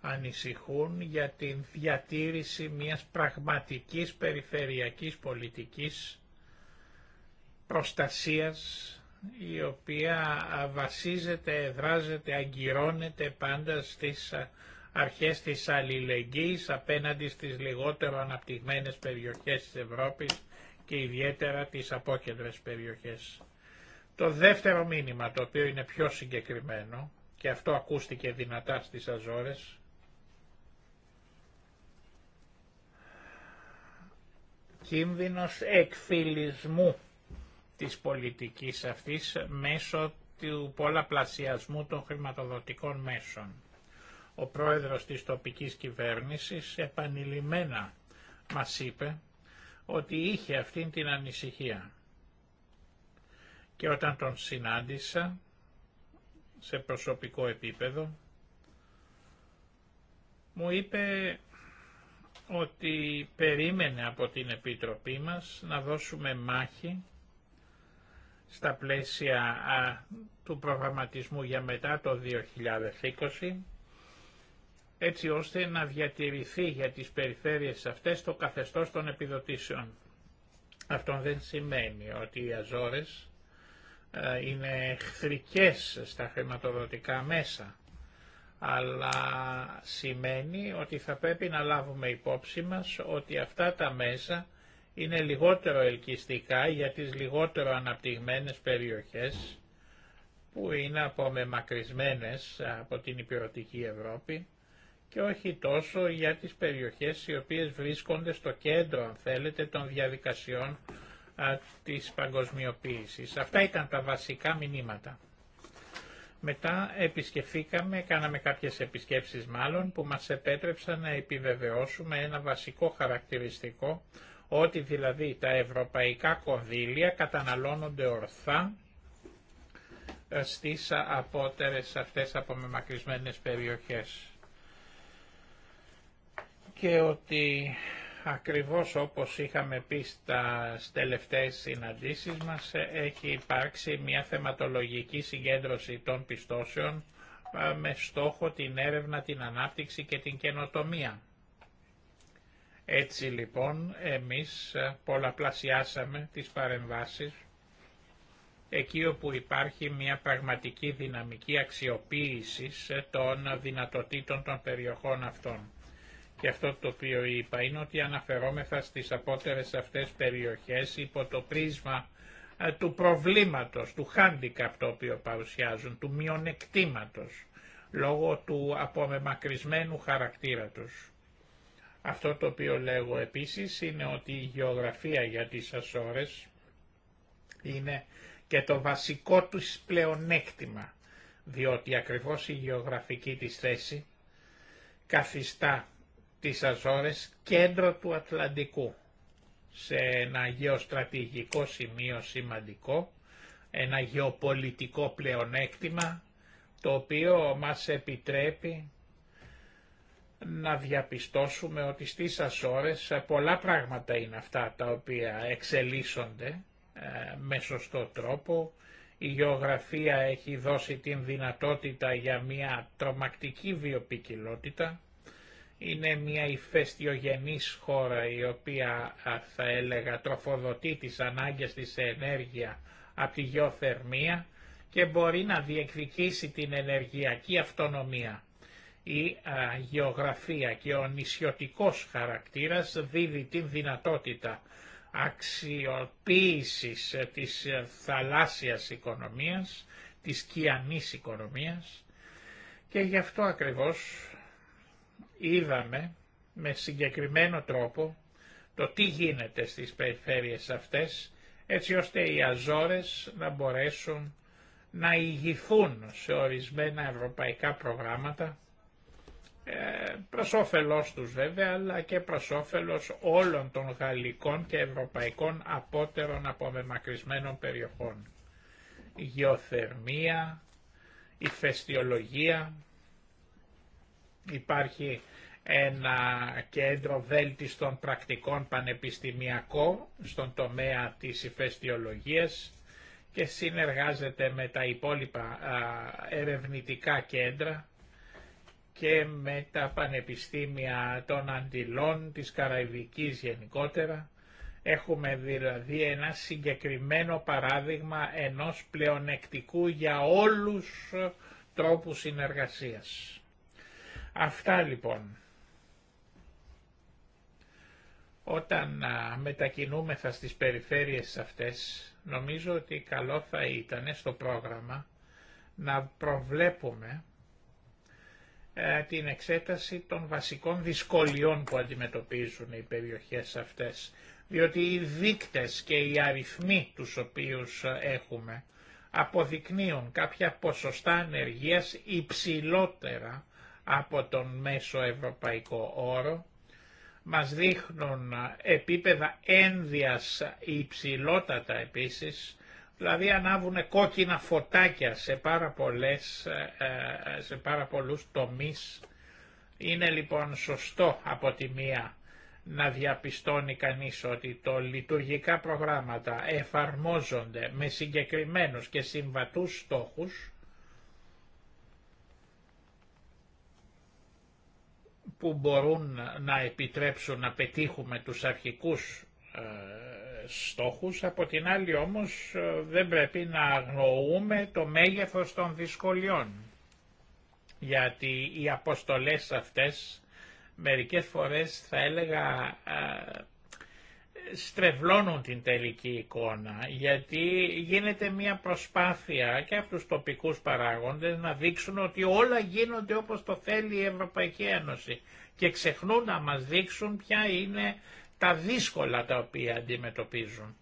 Ανησυχούν για την διατήρηση μιας πραγματικής περιφερειακής πολιτικής προστασίας η οποία βασίζεται, εδράζεται, αγκυρώνεται πάντα στις αρχές της αλληλεγγύης απέναντι στις λιγότερο αναπτυγμένες περιοχές της Ευρώπης και ιδιαίτερα τις απόκεντρες περιοχές. Το δεύτερο μήνυμα το οποίο είναι πιο συγκεκριμένο και αυτό ακούστηκε δυνατά στις Αζόρες κίνδυνος εκφυλισμού της πολιτικής αυτής μέσω του πολλαπλασιασμού των χρηματοδοτικών μέσων. Ο πρόεδρος της τοπικής κυβέρνησης επανειλημμένα μας είπε ότι είχε αυτήν την ανησυχία και όταν τον συνάντησα σε προσωπικό επίπεδο μου είπε ότι περίμενε από την Επιτροπή μας να δώσουμε μάχη στα πλαίσια του προγραμματισμού για μετά το 2020 έτσι ώστε να διατηρηθεί για τις περιφέρειες αυτές το καθεστώς των επιδοτήσεων. Αυτό δεν σημαίνει ότι οι Αζόρες ε, είναι χρικές στα χρηματοδοτικά μέσα, αλλά σημαίνει ότι θα πρέπει να λάβουμε υπόψη μας ότι αυτά τα μέσα είναι λιγότερο ελκυστικά για τις λιγότερο αναπτυγμένες περιοχές που είναι απομεμακρυσμένες από την υπηρετική Ευρώπη και όχι τόσο για τις περιοχές οι οποίες βρίσκονται στο κέντρο, αν θέλετε, των διαδικασιών της παγκοσμιοποίησης. Αυτά ήταν τα βασικά μηνύματα. Μετά επισκεφθήκαμε, κάναμε κάποιες επισκέψεις μάλλον, που μας επέτρεψαν να επιβεβαιώσουμε ένα βασικό χαρακτηριστικό, ότι δηλαδή τα ευρωπαϊκά κονδύλια καταναλώνονται ορθά ε, στις απότερες αυτές απομεμακρυσμένες περιοχές και ότι Ακριβώς όπως είχαμε πει στα τελευταίες συναντήσεις μας, ε, έχει υπάρξει μια θεματολογική συγκέντρωση των πιστώσεων ε, με στόχο την έρευνα, την ανάπτυξη και την καινοτομία. Έτσι λοιπόν εμείς ε, πολλαπλασιάσαμε τις παρεμβάσεις εκεί όπου υπάρχει μια πραγματική δυναμική αξιοποίηση των δυνατοτήτων των περιοχών αυτών. Και αυτό το οποίο είπα είναι ότι αναφερόμεθα στις απότερες αυτές περιοχές υπό το πρίσμα ε, του προβλήματος, του χάντικαπ το οποίο παρουσιάζουν, του μειονεκτήματος, λόγω του απομεμακρυσμένου χαρακτήρα τους. Αυτό το οποίο λέγω επίσης είναι ότι η γεωγραφία για τις Ασόρες είναι και το βασικό του πλεονέκτημα, διότι ακριβώς η γεωγραφική της θέση καθιστά τις Αζόρες κέντρο του Ατλαντικού, σε ένα γεωστρατηγικό σημείο σημαντικό, ένα γεωπολιτικό πλεονέκτημα, το οποίο μας επιτρέπει να διαπιστώσουμε ότι στις αζόρες πολλά πράγματα είναι αυτά τα οποία εξελίσσονται ε, με σωστό τρόπο. Η γεωγραφία έχει δώσει την δυνατότητα για μια τρομακτική βιοπικιλότητα είναι μια ηφαιστειογενής χώρα η οποία θα έλεγα τροφοδοτεί τις ανάγκες της ενέργεια από τη γεωθερμία και μπορεί να διεκδικήσει την ενεργειακή αυτονομία. Η γεωγραφία και ο νησιωτικός χαρακτήρας δίδει την δυνατότητα αξιοποίησης της θαλάσσιας οικονομίας, της κιανής οικονομίας και γι' αυτό ακριβώς είδαμε με συγκεκριμένο τρόπο το τι γίνεται στις περιφέρειες αυτές, έτσι ώστε οι Αζόρες να μπορέσουν να ηγηθούν σε ορισμένα ευρωπαϊκά προγράμματα, ε, προς όφελός τους βέβαια, αλλά και προς όφελος όλων των γαλλικών και ευρωπαϊκών απότερων μεμακρυσμένων περιοχών. Η γεωθερμία, η φεστιολογία, Υπάρχει ένα κέντρο βέλτιστων πρακτικών πανεπιστημιακό στον τομέα της ηφαιστειολογίας και συνεργάζεται με τα υπόλοιπα ερευνητικά κέντρα και με τα πανεπιστήμια των αντιλών της Καραϊβικής γενικότερα. Έχουμε δηλαδή ένα συγκεκριμένο παράδειγμα ενός πλεονεκτικού για όλους τρόπους συνεργασίας. Αυτά λοιπόν. Όταν μετακινούμεθα στις περιφέρειες αυτές, νομίζω ότι καλό θα ήταν στο πρόγραμμα να προβλέπουμε ε, την εξέταση των βασικών δυσκολιών που αντιμετωπίζουν οι περιοχές αυτές. Διότι οι δείκτες και οι αριθμοί τους οποίους ε, έχουμε αποδεικνύουν κάποια ποσοστά ανεργίας υψηλότερα από τον μέσο ευρωπαϊκό όρο, μας δείχνουν επίπεδα ένδυας υψηλότατα επίσης, δηλαδή ανάβουν κόκκινα φωτάκια σε πάρα, πολλές, ε, ε, σε πάρα πολλούς τομείς. Είναι λοιπόν σωστό από τη μία να διαπιστώνει κανείς ότι το λειτουργικά προγράμματα εφαρμόζονται με συγκεκριμένους και συμβατούς στόχους, που μπορούν να επιτρέψουν να πετύχουμε τους αρχικούς ε, στόχους, από την άλλη όμως ε, δεν πρέπει να αγνοούμε το μέγεθος των δυσκολιών, γιατί οι αποστολές αυτές μερικές φορές θα έλεγα ε, στρεβλώνουν την τελική εικόνα, γιατί γίνεται μια προσπάθεια και από τους τοπικούς παράγοντες να δείξουν ότι όλα γίνονται όπως το θέλει η Ευρωπαϊκή Ένωση και ξεχνούν να μας δείξουν ποια είναι τα δύσκολα τα οποία αντιμετωπίζουν.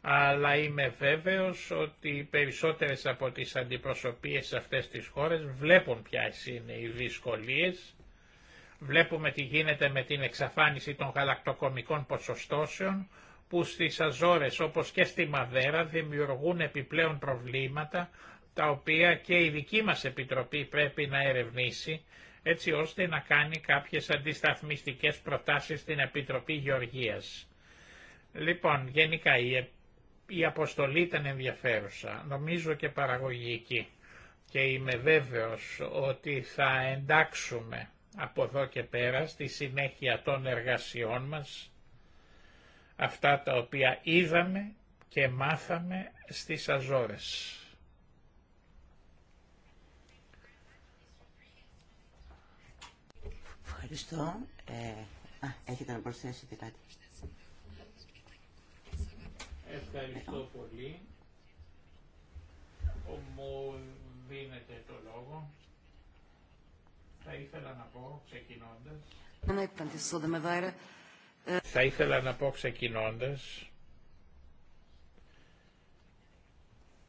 Αλλά είμαι βέβαιος ότι οι περισσότερες από τις αντιπροσωπείες σε αυτές τις χώρες βλέπουν ποιες είναι οι δυσκολίες Βλέπουμε τι γίνεται με την εξαφάνιση των γαλακτοκομικών ποσοστώσεων που στις Αζόρες όπως και στη Μαδέρα δημιουργούν επιπλέον προβλήματα τα οποία και η δική μας Επιτροπή πρέπει να ερευνήσει έτσι ώστε να κάνει κάποιες αντισταθμιστικές προτάσεις στην Επιτροπή Γεωργίας. Λοιπόν, γενικά η αποστολή ήταν ενδιαφέρουσα, νομίζω και παραγωγική και είμαι βέβαιος ότι θα εντάξουμε από εδώ και πέρα στη συνέχεια των εργασιών μας αυτά τα οποία είδαμε και μάθαμε στις Αζόρες. Ευχαριστώ. Ε, α, έχετε να προσθέσετε κάτι. Ευχαριστώ πολύ. Μου δίνετε το λόγο θα ήθελα να πω ξεκινώντας... Ε, θα ήθελα να πω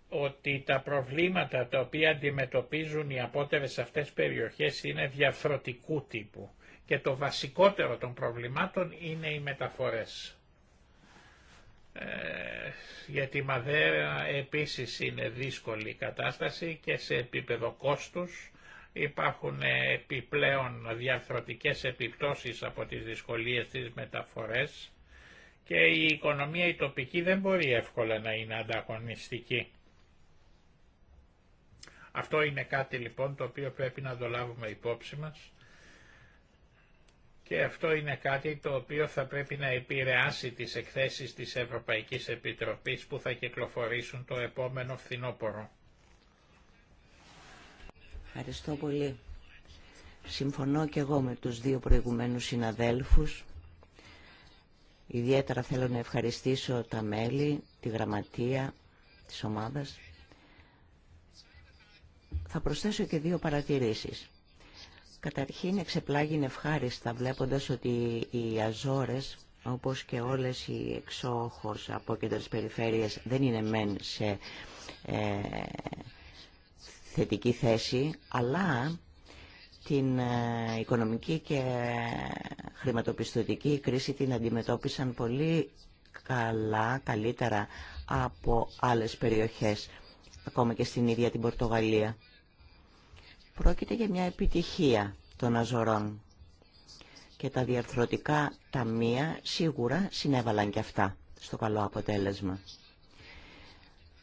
ότι τα προβλήματα τα οποία αντιμετωπίζουν οι απότερες αυτές περιοχές είναι διαφροτικού τύπου και το βασικότερο των προβλημάτων είναι οι μεταφορές. Ε, γιατί η Μαδέρα επίσης είναι δύσκολη κατάσταση και σε επίπεδο κόστους Υπάρχουν ε, επιπλέον διαρθρωτικές επιπτώσεις από τις δυσκολίες της μεταφορές και η οικονομία η τοπική δεν μπορεί εύκολα να είναι ανταγωνιστική. Αυτό είναι κάτι λοιπόν το οποίο πρέπει να το λάβουμε υπόψη μας και αυτό είναι κάτι το οποίο θα πρέπει να επηρεάσει τις εκθέσεις της Ευρωπαϊκής Επιτροπής που θα κυκλοφορήσουν το επόμενο φθινόπωρο. Ευχαριστώ πολύ. Συμφωνώ και εγώ με τους δύο προηγουμένους συναδέλφους. Ιδιαίτερα θέλω να ευχαριστήσω τα μέλη, τη γραμματεία της ομάδας. Θα προσθέσω και δύο παρατηρήσεις. Καταρχήν εξεπλάγει ευχάριστα βλέποντας ότι οι Αζόρες όπως και όλες οι εξόχως από κεντρές περιφέρειες δεν είναι μεν σε ε, θετική θέση, αλλά την ε, οικονομική και χρηματοπιστωτική κρίση την αντιμετώπισαν πολύ καλά, καλύτερα από άλλες περιοχές, ακόμα και στην ίδια την Πορτογαλία. Πρόκειται για μια επιτυχία των Αζωρών και τα διαρθρωτικά ταμεία σίγουρα συνέβαλαν και αυτά στο καλό αποτέλεσμα.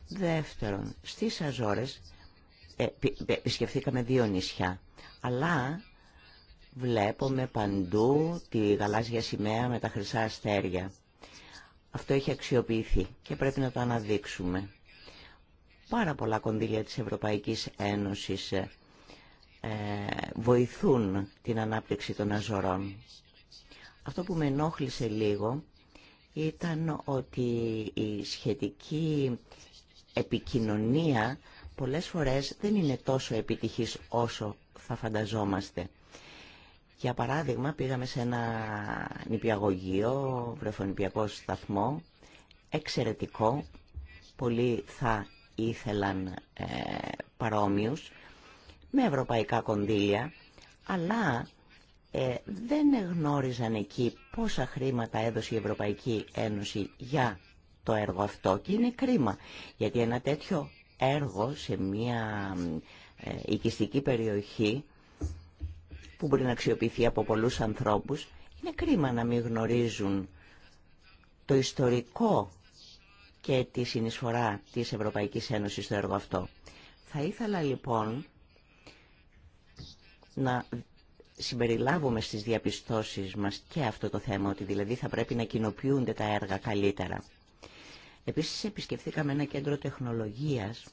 Δεύτερον, στις Αζόρες ε, επισκεφθήκαμε δύο νησιά. Αλλά βλέπουμε παντού τη γαλάζια σημαία με τα χρυσά αστέρια. Αυτό έχει αξιοποιηθεί και πρέπει να το αναδείξουμε. Πάρα πολλά κονδύλια της Ευρωπαϊκής Ένωσης ε, ε, βοηθούν την ανάπτυξη των αζωρών. Αυτό που με ενόχλησε λίγο ήταν ότι η σχετική επικοινωνία πολλές φορές δεν είναι τόσο επιτυχής όσο θα φανταζόμαστε. Για παράδειγμα, πήγαμε σε ένα νηπιαγωγείο, βρεφονηπιακό σταθμό, εξαιρετικό, πολύ θα ήθελαν ε, με ευρωπαϊκά κονδύλια, αλλά ε, δεν γνώριζαν εκεί πόσα χρήματα έδωσε η Ευρωπαϊκή Ένωση για το έργο αυτό και είναι κρίμα, γιατί ένα τέτοιο έργο σε μια ε, οικιστική περιοχή που μπορεί να αξιοποιηθεί από πολλούς ανθρώπους, είναι κρίμα να μην γνωρίζουν το ιστορικό και τη συνεισφορά της Ευρωπαϊκής Ένωσης στο έργο αυτό. Θα ήθελα λοιπόν να συμπεριλάβουμε στις διαπιστώσεις μας και αυτό το θέμα, ότι δηλαδή θα πρέπει να κοινοποιούνται τα έργα καλύτερα. Επίσης επισκεφθήκαμε ένα κέντρο τεχνολογίας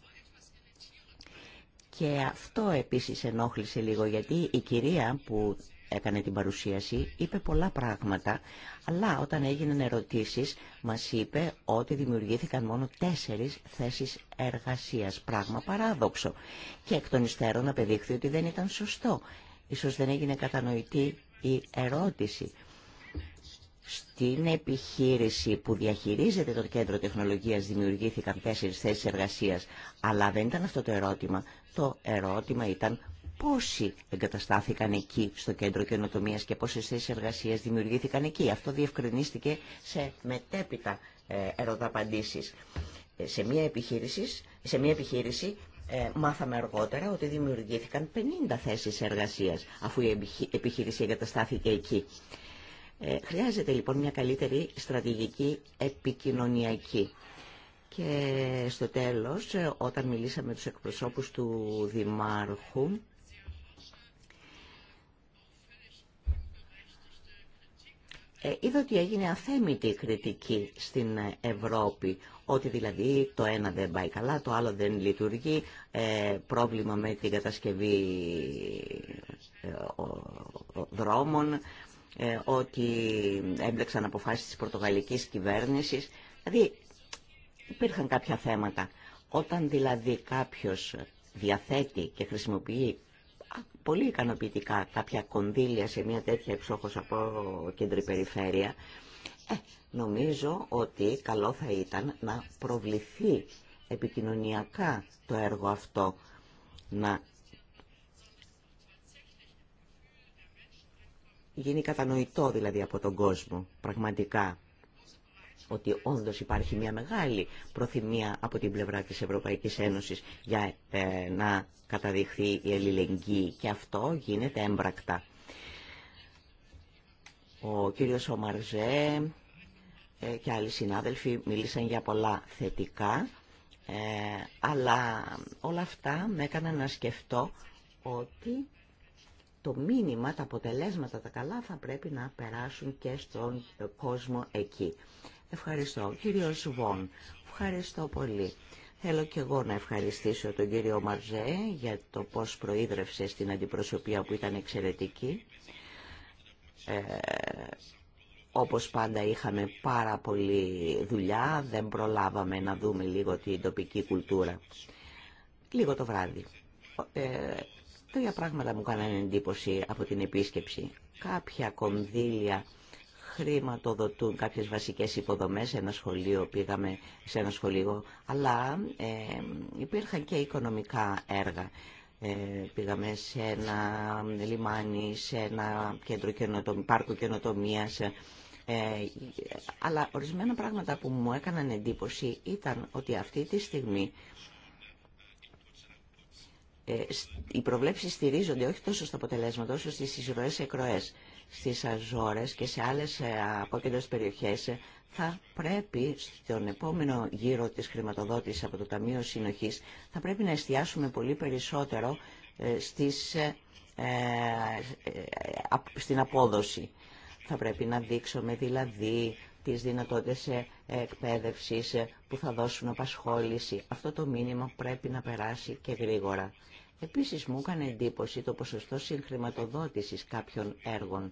και αυτό επίσης ενόχλησε λίγο γιατί η κυρία που έκανε την παρουσίαση είπε πολλά πράγματα αλλά όταν έγιναν ερωτήσεις μας είπε ότι δημιουργήθηκαν μόνο τέσσερις θέσεις εργασίας. Πράγμα παράδοξο. Και εκ των υστέρων απεδείχθη ότι δεν ήταν σωστό. Ίσως δεν έγινε κατανοητή η ερώτηση. Στην επιχείρηση που διαχειρίζεται το κέντρο τεχνολογίας δημιουργήθηκαν τέσσερις θέσεις εργασίας, αλλά δεν ήταν αυτό το ερώτημα. Το ερώτημα ήταν πόσοι εγκαταστάθηκαν εκεί στο κέντρο καινοτομίας και πόσες θέσεις εργασίας δημιουργήθηκαν εκεί. Αυτό διευκρινίστηκε σε μετέπειτα ε, ερωταπαντήσεις. Ε, σε μια επιχείρηση, σε μια επιχείρηση ε, μάθαμε αργότερα ότι δημιουργήθηκαν 50 θέσεις εργασίας αφού η επιχείρηση εγκαταστάθηκε εκεί. Ε, χρειάζεται λοιπόν μια καλύτερη στρατηγική επικοινωνιακή. Και στο τέλος, ε, όταν μιλήσαμε με τους εκπροσώπους του Δημάρχου, ε, είδα ότι έγινε αθέμητη κριτική στην Ευρώπη, ότι δηλαδή το ένα δεν πάει καλά, το άλλο δεν λειτουργεί, πρόβλημα με την κατασκευή δρόμων, ε, ότι έμπλεξαν αποφάσεις της πορτογαλικής κυβέρνησης. Δηλαδή υπήρχαν κάποια θέματα. Όταν δηλαδή κάποιος διαθέτει και χρησιμοποιεί πολύ ικανοποιητικά κάποια κονδύλια σε μια τέτοια εξόχως από κέντρη περιφέρεια, ε, νομίζω ότι καλό θα ήταν να προβληθεί επικοινωνιακά το έργο αυτό, να γίνει κατανοητό δηλαδή από τον κόσμο πραγματικά ότι όντως υπάρχει μια μεγάλη προθυμία από την πλευρά της Ευρωπαϊκής Ένωσης για ε, να καταδειχθεί η ελληνική και αυτό γίνεται έμπρακτα. Ο κύριος Ομαρζέ ε, και άλλοι συνάδελφοι μίλησαν για πολλά θετικά, ε, αλλά όλα αυτά με έκαναν να σκεφτώ ότι το μήνυμα, τα αποτελέσματα, τα καλά θα πρέπει να περάσουν και στον κόσμο εκεί. Ευχαριστώ. Κύριο Βον, ευχαριστώ πολύ. Θέλω και εγώ να ευχαριστήσω τον κύριο Μαρζέ για το πώς προείδρευσε στην αντιπροσωπεία που ήταν εξαιρετική. Ε, όπως πάντα είχαμε πάρα πολλή δουλειά, δεν προλάβαμε να δούμε λίγο την τοπική κουλτούρα. Λίγο το βράδυ. Ε, Τρία πράγματα μου κάνανε εντύπωση από την επίσκεψη. Κάποια κονδύλια χρηματοδοτούν κάποιες βασικές υποδομές σε ένα σχολείο, πήγαμε σε ένα σχολείο, αλλά ε, υπήρχαν και οικονομικά έργα. Ε, πήγαμε σε ένα λιμάνι, σε ένα κέντρο πάρκο καινοτομίας, ε, αλλά ορισμένα πράγματα που μου έκαναν εντύπωση ήταν ότι αυτή τη στιγμή ε, οι προβλέψεις στηρίζονται όχι τόσο στο αποτελέσματα όσο στις εισρωές εκροές. Στις Αζόρες και σε άλλες ε, απόκεντρες περιοχές ε, θα πρέπει στον επόμενο γύρο της χρηματοδότησης από το Ταμείο Συνοχής θα πρέπει να εστιάσουμε πολύ περισσότερο στις, στην απόδοση. Θα πρέπει να δείξουμε δηλαδή τις δυνατότητες εκπαίδευσης που θα δώσουν απασχόληση. Αυτό το μήνυμα πρέπει να περάσει και γρήγορα. Επίσης μου έκανε εντύπωση το ποσοστό συγχρηματοδότησης κάποιων έργων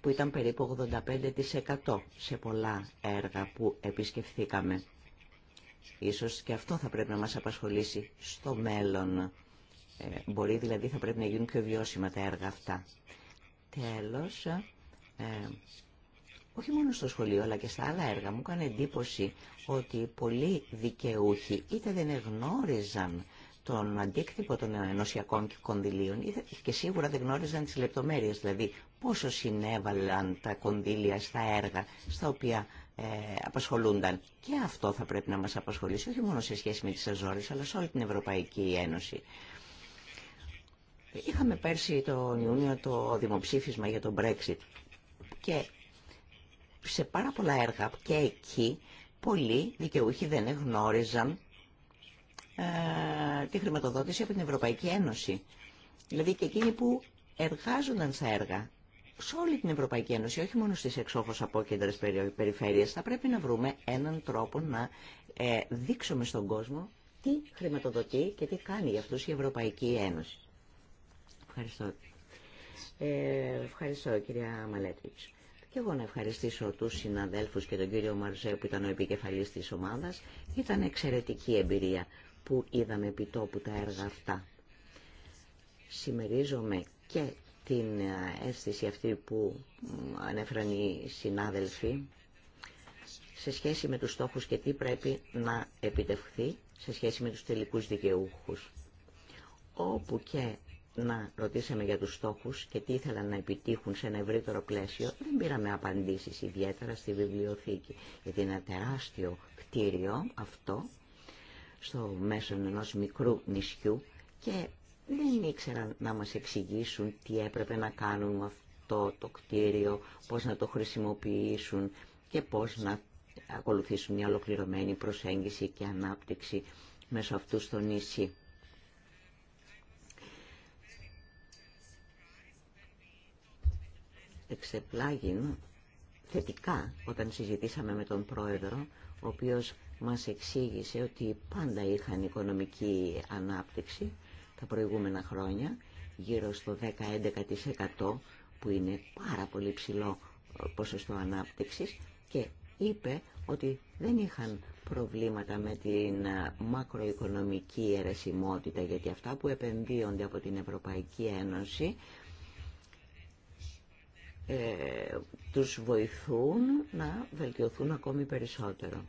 που ήταν περίπου 85% σε πολλά έργα που επισκεφθήκαμε. Ίσως και αυτό θα πρέπει να μας απασχολήσει στο μέλλον. Ε, μπορεί δηλαδή θα πρέπει να γίνουν πιο βιώσιμα τα έργα αυτά. Τέλος, ε, όχι μόνο στο σχολείο αλλά και στα άλλα έργα μου έκανε εντύπωση ότι πολλοί δικαιούχοι είτε δεν εγνώριζαν τον αντίκτυπο των ενωσιακών κονδυλίων και σίγουρα δεν γνώριζαν τις λεπτομέρειες, δηλαδή πόσο συνέβαλαν τα κονδύλια στα έργα στα οποία ε, απασχολούνταν. Και αυτό θα πρέπει να μας απασχολήσει, όχι μόνο σε σχέση με τις Αζόρες, αλλά σε όλη την Ευρωπαϊκή Ένωση. Είχαμε πέρσι τον Ιούνιο το δημοψήφισμα για τον Brexit και σε πάρα πολλά έργα και εκεί πολλοί δικαιούχοι δεν γνώριζαν ε, τη χρηματοδότηση από την Ευρωπαϊκή Ένωση. Δηλαδή και εκείνοι που εργάζονταν στα έργα σε όλη την Ευρωπαϊκή Ένωση, όχι μόνο στις εξόχως απόκεντρες περιφέρειες, θα πρέπει να βρούμε έναν τρόπο να ε, δείξουμε στον κόσμο τι χρηματοδοτεί και τι κάνει για αυτούς η Ευρωπαϊκή Ένωση. Ευχαριστώ. Ε, ευχαριστώ κυρία Μαλέτριτς. Και εγώ να ευχαριστήσω τους συναδέλφους και τον κύριο Μαρζέ που ήταν ο επικεφαλής της ομάδας. Ήταν εξαιρετική εμπειρία που είδαμε επιτόπου τα έργα αυτά. Σημερίζομαι και την αίσθηση αυτή που ανέφεραν οι συνάδελφοι σε σχέση με τους στόχους και τι πρέπει να επιτευχθεί σε σχέση με τους τελικούς δικαιούχους. Όπου και να ρωτήσαμε για τους στόχους και τι ήθελαν να επιτύχουν σε ένα ευρύτερο πλαίσιο, δεν πήραμε απαντήσεις ιδιαίτερα στη βιβλιοθήκη, γιατί είναι ένα τεράστιο κτίριο αυτό στο μέσο ενός μικρού νησιού και δεν ήξεραν να μας εξηγήσουν τι έπρεπε να κάνουν με αυτό το κτίριο, πώς να το χρησιμοποιήσουν και πώς να ακολουθήσουν μια ολοκληρωμένη προσέγγιση και ανάπτυξη μέσω αυτού στο νησί. Εξεπλάγιν θετικά όταν συζητήσαμε με τον πρόεδρο, ο οποίος μας εξήγησε ότι πάντα είχαν οικονομική ανάπτυξη τα προηγούμενα χρόνια, γύρω στο 10-11% που είναι πάρα πολύ ψηλό ε, ποσοστό ανάπτυξης και είπε ότι δεν είχαν προβλήματα με την ε, μακροοικονομική αιρεσιμότητα γιατί αυτά που επενδύονται από την Ευρωπαϊκή Ένωση ε, τους βοηθούν να βελτιωθούν ακόμη περισσότερο.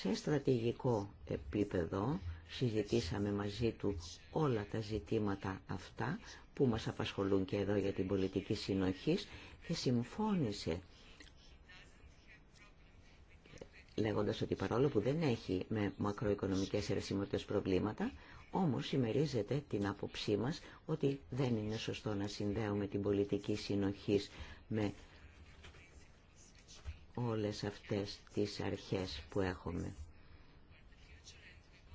Σε στρατηγικό επίπεδο συζητήσαμε μαζί του όλα τα ζητήματα αυτά που μας απασχολούν και εδώ για την πολιτική συνοχή και συμφώνησε λέγοντας ότι παρόλο που δεν έχει με μακροοικονομικές ερεσιμότητες προβλήματα, όμως συμμερίζεται την άποψή μας ότι δεν είναι σωστό να συνδέουμε την πολιτική συνοχής με όλες αυτές τις αρχές που έχουμε.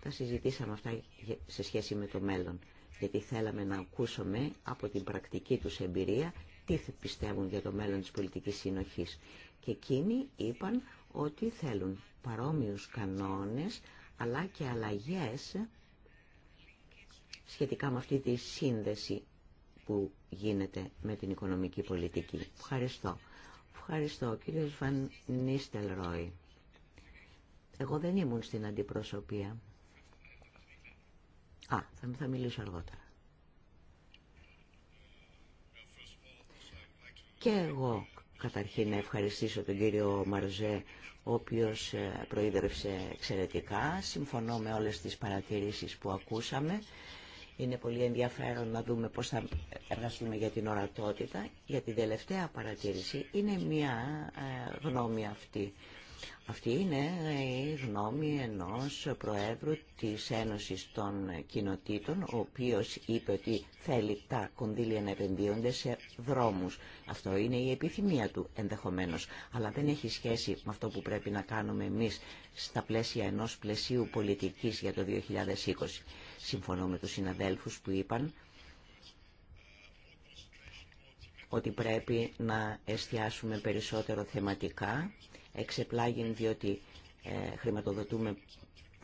Τα συζητήσαμε αυτά σε σχέση με το μέλλον, γιατί θέλαμε να ακούσουμε από την πρακτική τους εμπειρία τι πιστεύουν για το μέλλον της πολιτικής συνοχής. Και εκείνοι είπαν ότι θέλουν παρόμοιους κανόνες, αλλά και αλλαγές σχετικά με αυτή τη σύνδεση που γίνεται με την οικονομική πολιτική. Ευχαριστώ. Ευχαριστώ. κύριε Βαν Νίστελ Ρόι. Εγώ δεν ήμουν στην αντιπροσωπεία. Α, θα, θα μιλήσω αργότερα. Και εγώ καταρχήν να ευχαριστήσω τον κύριο Μαρζέ, ο οποίος ε, προείδρευσε εξαιρετικά. Συμφωνώ με όλες τις παρατηρήσεις που ακούσαμε είναι πολύ ενδιαφέρον να δούμε πώς θα εργαστούμε για την ορατότητα. Για την τελευταία παρατήρηση είναι μια ε, γνώμη αυτή. Αυτή είναι η γνώμη ενός Προέδρου της Ένωσης των Κοινοτήτων, ο οποίος είπε ότι θέλει τα κονδύλια να επενδύονται σε δρόμους. Αυτό είναι η επιθυμία του ενδεχομένως, αλλά δεν έχει σχέση με αυτό που πρέπει να κάνουμε εμείς στα πλαίσια ενός πλαισίου πολιτικής για το 2020. Συμφωνώ με τους συναδέλφους που είπαν ότι πρέπει να εστιάσουμε περισσότερο θεματικά, εξεπλάγιν διότι ε, χρηματοδοτούμε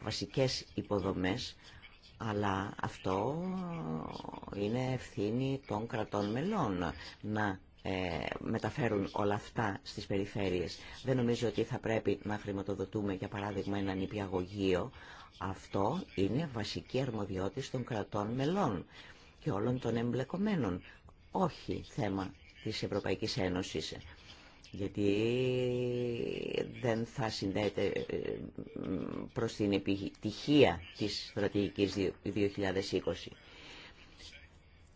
βασικές υποδομές, αλλά αυτό είναι ευθύνη των κρατών μελών να ε, μεταφέρουν όλα αυτά στις περιφέρειες. Δεν νομίζω ότι θα πρέπει να χρηματοδοτούμε, για παράδειγμα, ένα νηπιαγωγείο, αυτό είναι βασική αρμοδιότητα των κρατών μελών και όλων των εμπλεκομένων, όχι θέμα της Ευρωπαϊκής Ένωσης. Γιατί δεν θα συνδέεται ε, προς την επιτυχία της στρατηγικής 2020.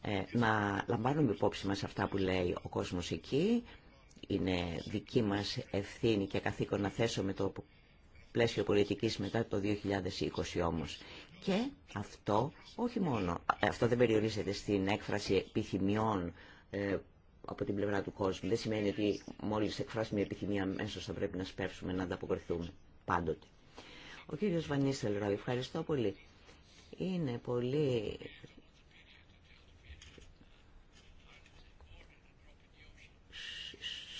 Ε, να λαμβάνουμε υπόψη μας αυτά που λέει ο κόσμος εκεί. Είναι δική μας ευθύνη και καθήκον να θέσουμε το πλαίσιο πολιτικής μετά το 2020 όμως. Και αυτό, όχι μόνο, αυτό δεν περιορίζεται στην έκφραση επιθυμιών ε, από την πλευρά του κόσμου. Δεν σημαίνει ότι μόλις εκφράσουμε μια επιθυμία μέσα θα πρέπει να σπεύσουμε να ανταποκριθούμε πάντοτε. Ο κύριος Βανίστελ Ροϊ, ευχαριστώ πολύ. Είναι πολύ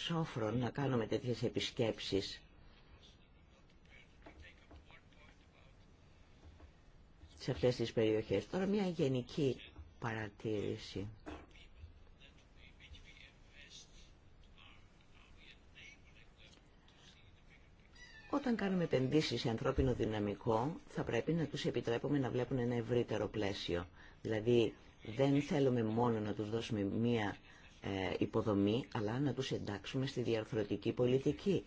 σόφρον να κάνουμε τέτοιες επισκέψεις σε αυτές τις περιοχές. Τώρα μια γενική παρατήρηση. Όταν κάνουμε επενδύσεις σε ανθρώπινο δυναμικό, θα πρέπει να τους επιτρέπουμε να βλέπουν ένα ευρύτερο πλαίσιο. Δηλαδή, δεν θέλουμε μόνο να τους δώσουμε μία ε, υποδομή, αλλά να τους εντάξουμε στη διαρθρωτική πολιτική.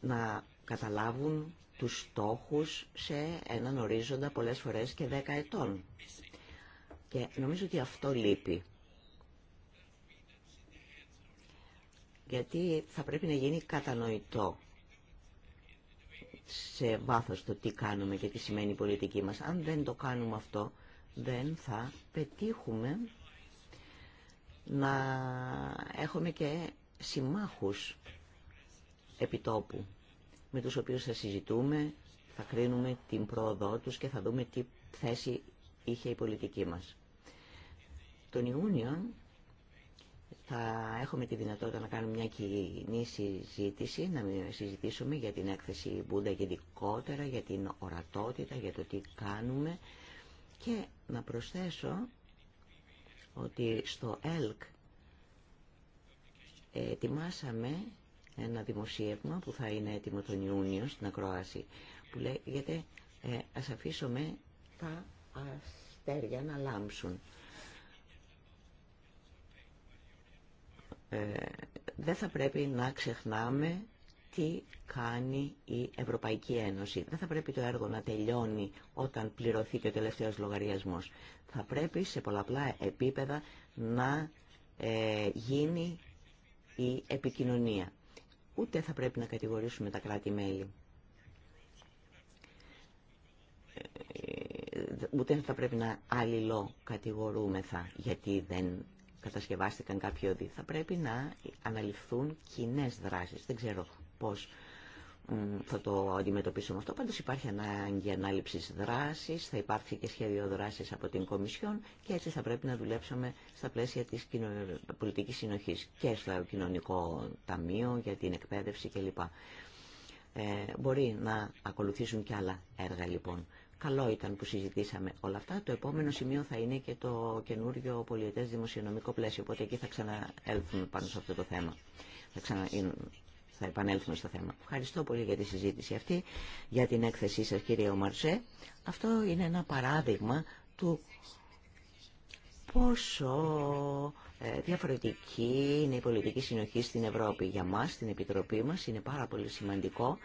Να καταλάβουν τους στόχους σε έναν ορίζοντα πολλές φορές και δέκα ετών. Και νομίζω ότι αυτό λείπει. Γιατί θα πρέπει να γίνει κατανοητό σε βάθος το τι κάνουμε και τι σημαίνει η πολιτική μας. Αν δεν το κάνουμε αυτό, δεν θα πετύχουμε να έχουμε και συμμάχους επιτόπου με τους οποίους θα συζητούμε, θα κρίνουμε την πρόοδό τους και θα δούμε τι θέση είχε η πολιτική μας. Τον Ιούνιο θα έχουμε τη δυνατότητα να κάνουμε μια κοινή συζήτηση, να συζητήσουμε για την έκθεση Μπούντα γενικότερα, για την ορατότητα, για το τι κάνουμε και να προσθέσω ότι στο ΕΛΚ ε, ετοιμάσαμε ένα δημοσίευμα που θα είναι έτοιμο τον Ιούνιο στην Ακροάση που λέγεται ε, «Ας αφήσουμε τα αστέρια να λάμψουν». Ε, δεν θα πρέπει να ξεχνάμε τι κάνει η Ευρωπαϊκή Ένωση. Δεν θα πρέπει το έργο να τελειώνει όταν πληρωθεί και ο τελευταίος λογαριασμός. Θα πρέπει σε πολλαπλά επίπεδα να ε, γίνει η επικοινωνία ούτε θα πρέπει να κατηγορήσουμε τα κράτη-μέλη. Ε, ούτε θα πρέπει να αλληλό κατηγορούμεθα γιατί δεν κατασκευάστηκαν κάποιοι οδοί. Θα πρέπει να αναλυφθούν κοινέ δράσεις. Δεν ξέρω πώς θα το αντιμετωπίσουμε αυτό. Πάντως υπάρχει ανάγκη ανάληψης δράσης, θα υπάρξει και σχέδιο δράσης από την Κομισιόν και έτσι θα πρέπει να δουλέψουμε στα πλαίσια της πολιτικής συνοχής και στο κοινωνικό ταμείο για την εκπαίδευση κλπ. Ε, μπορεί να ακολουθήσουν και άλλα έργα λοιπόν. Καλό ήταν που συζητήσαμε όλα αυτά. Το επόμενο σημείο θα είναι και το καινούριο πολιετές δημοσιονομικό πλαίσιο, οπότε εκεί θα ξαναέλθουμε πάνω σε αυτό το θέμα. Θα θα επανέλθουμε στο θέμα. Ευχαριστώ πολύ για τη συζήτηση αυτή, για την έκθεσή σας κύριε Ομαρσέ. Αυτό είναι ένα παράδειγμα του πόσο ε, διαφορετική είναι η πολιτική συνοχή στην Ευρώπη. Για μας, στην Επιτροπή μας, είναι πάρα πολύ σημαντικό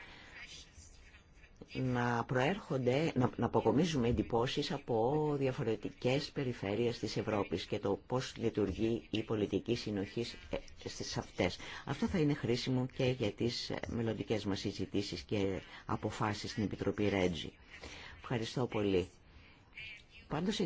να προέρχονται, να, να αποκομίζουμε εντυπώσεις από διαφορετικές περιφέρειες της Ευρώπης και το πώς λειτουργεί η πολιτική συνοχή ε, στις αυτές. Αυτό θα είναι χρήσιμο και για τις μελλοντικέ μας συζητήσεις και αποφάσεις στην Επιτροπή Ρέτζη. Ευχαριστώ πολύ. Πάντως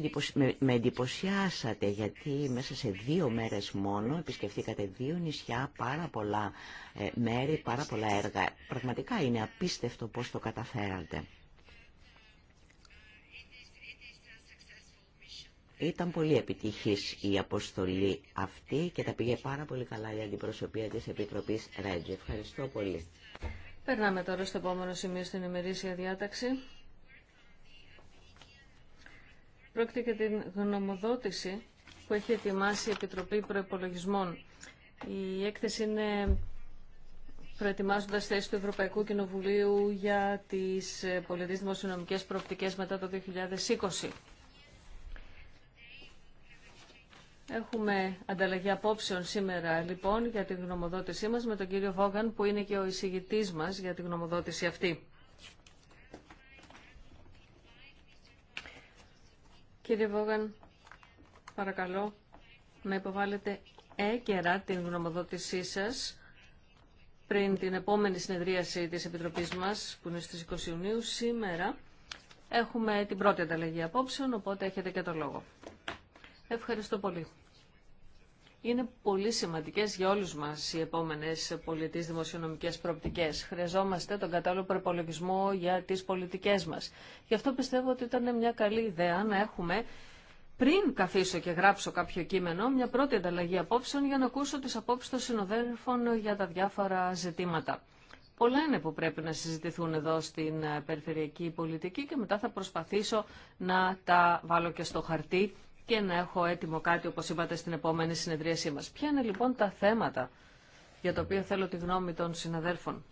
με εντυπωσιάσατε γιατί μέσα σε δύο μέρες μόνο επισκεφθήκατε δύο νησιά, πάρα πολλά ε, μέρη, πάρα πολλά έργα. Πραγματικά είναι απίστευτο πώς το καταφέρατε. Ήταν πολύ επιτυχής η αποστολή αυτή και τα πήγε πάρα πολύ καλά η αντιπροσωπεία της Επιτροπής Ρέντζε. Ευχαριστώ πολύ. Περνάμε τώρα στο επόμενο σημείο στην ημερήσια διάταξη. Πρόκειται για την γνωμοδότηση που έχει ετοιμάσει η Επιτροπή Προπολογισμών. Η έκθεση είναι προετοιμάζοντας θέση του Ευρωπαϊκού Κοινοβουλίου για τις ε, πολιτικές δημοσιονομικές προοπτικές μετά το 2020. Έχουμε ανταλλαγή απόψεων σήμερα λοιπόν για την γνωμοδότησή μας με τον κύριο Βόγκαν που είναι και ο εισηγητής μας για την γνωμοδότηση αυτή. Κύριε Βόγαν, παρακαλώ να υποβάλλετε έκερα την γνωμοδότησή σας πριν την επόμενη συνεδρίαση της Επιτροπής μας, που είναι στις 20 Ιουνίου, σήμερα έχουμε την πρώτη ανταλλαγή απόψεων, οπότε έχετε και το λόγο. Ευχαριστώ πολύ είναι πολύ σημαντικέ για όλου μα οι επόμενε πολιτικές δημοσιονομικέ προοπτικές. Χρειαζόμαστε τον κατάλληλο προπολογισμό για τι πολιτικέ μα. Γι' αυτό πιστεύω ότι ήταν μια καλή ιδέα να έχουμε πριν καθίσω και γράψω κάποιο κείμενο, μια πρώτη ανταλλαγή απόψεων για να ακούσω τις απόψεις των συνοδέλφων για τα διάφορα ζητήματα. Πολλά είναι που πρέπει να συζητηθούν εδώ στην περιφερειακή πολιτική και μετά θα προσπαθήσω να τα βάλω και στο χαρτί και να έχω έτοιμο κάτι, όπως είπατε, στην επόμενη συνεδρίασή μας. Ποια είναι λοιπόν τα θέματα για τα οποία θέλω τη γνώμη των συναδέρφων.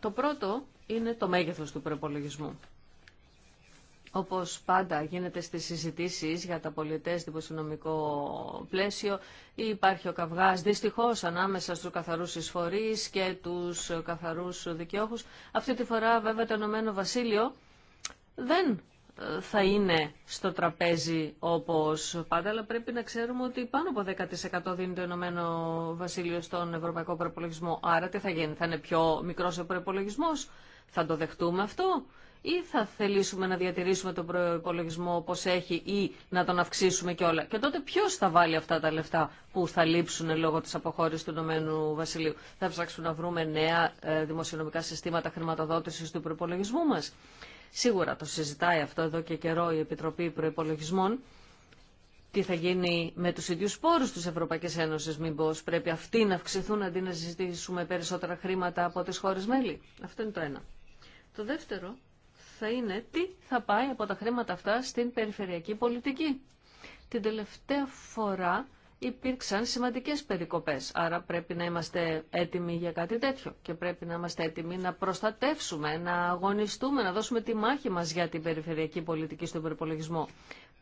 Το πρώτο είναι το μέγεθος του προπολογισμού. Όπως πάντα γίνεται στις συζητήσεις για τα πολιτές δημοσιονομικό πλαίσιο, υπάρχει ο καυγάς δυστυχώς ανάμεσα στους καθαρούς εισφορείς και τους καθαρούς δικαιώχους. Αυτή τη φορά βέβαια το Ηνωμένο Βασίλειο δεν θα είναι στο τραπέζι όπως πάντα, αλλά πρέπει να ξέρουμε ότι πάνω από 10% δίνει το Ηνωμένο Βασίλειο στον Ευρωπαϊκό Προπολογισμό. Άρα τι θα γίνει, θα είναι πιο μικρός ο προπολογισμό, θα το δεχτούμε αυτό ή θα θελήσουμε να διατηρήσουμε τον προπολογισμό όπως έχει ή να τον αυξήσουμε και όλα. Και τότε ποιος θα βάλει αυτά τα λεφτά που θα λείψουν λόγω της αποχώρησης του Ηνωμένου Βασιλείου. Θα ψάξουμε να βρούμε νέα ε, δημοσιονομικά συστήματα χρηματοδότησης του προπολογισμού μας. Σίγουρα το συζητάει αυτό εδώ και καιρό η Επιτροπή Προπολογισμών. Τι θα γίνει με του ίδιου πόρου τη Ευρωπαϊκή Ένωση, μήπω πρέπει αυτοί να αυξηθούν αντί να συζητήσουμε περισσότερα χρήματα από τι χώρε μέλη. Αυτό είναι το ένα. Το δεύτερο θα είναι τι θα πάει από τα χρήματα αυτά στην περιφερειακή πολιτική. Την τελευταία φορά υπήρξαν σημαντικές περικοπές. Άρα πρέπει να είμαστε έτοιμοι για κάτι τέτοιο και πρέπει να είμαστε έτοιμοι να προστατεύσουμε, να αγωνιστούμε, να δώσουμε τη μάχη μας για την περιφερειακή πολιτική στον προπολογισμό.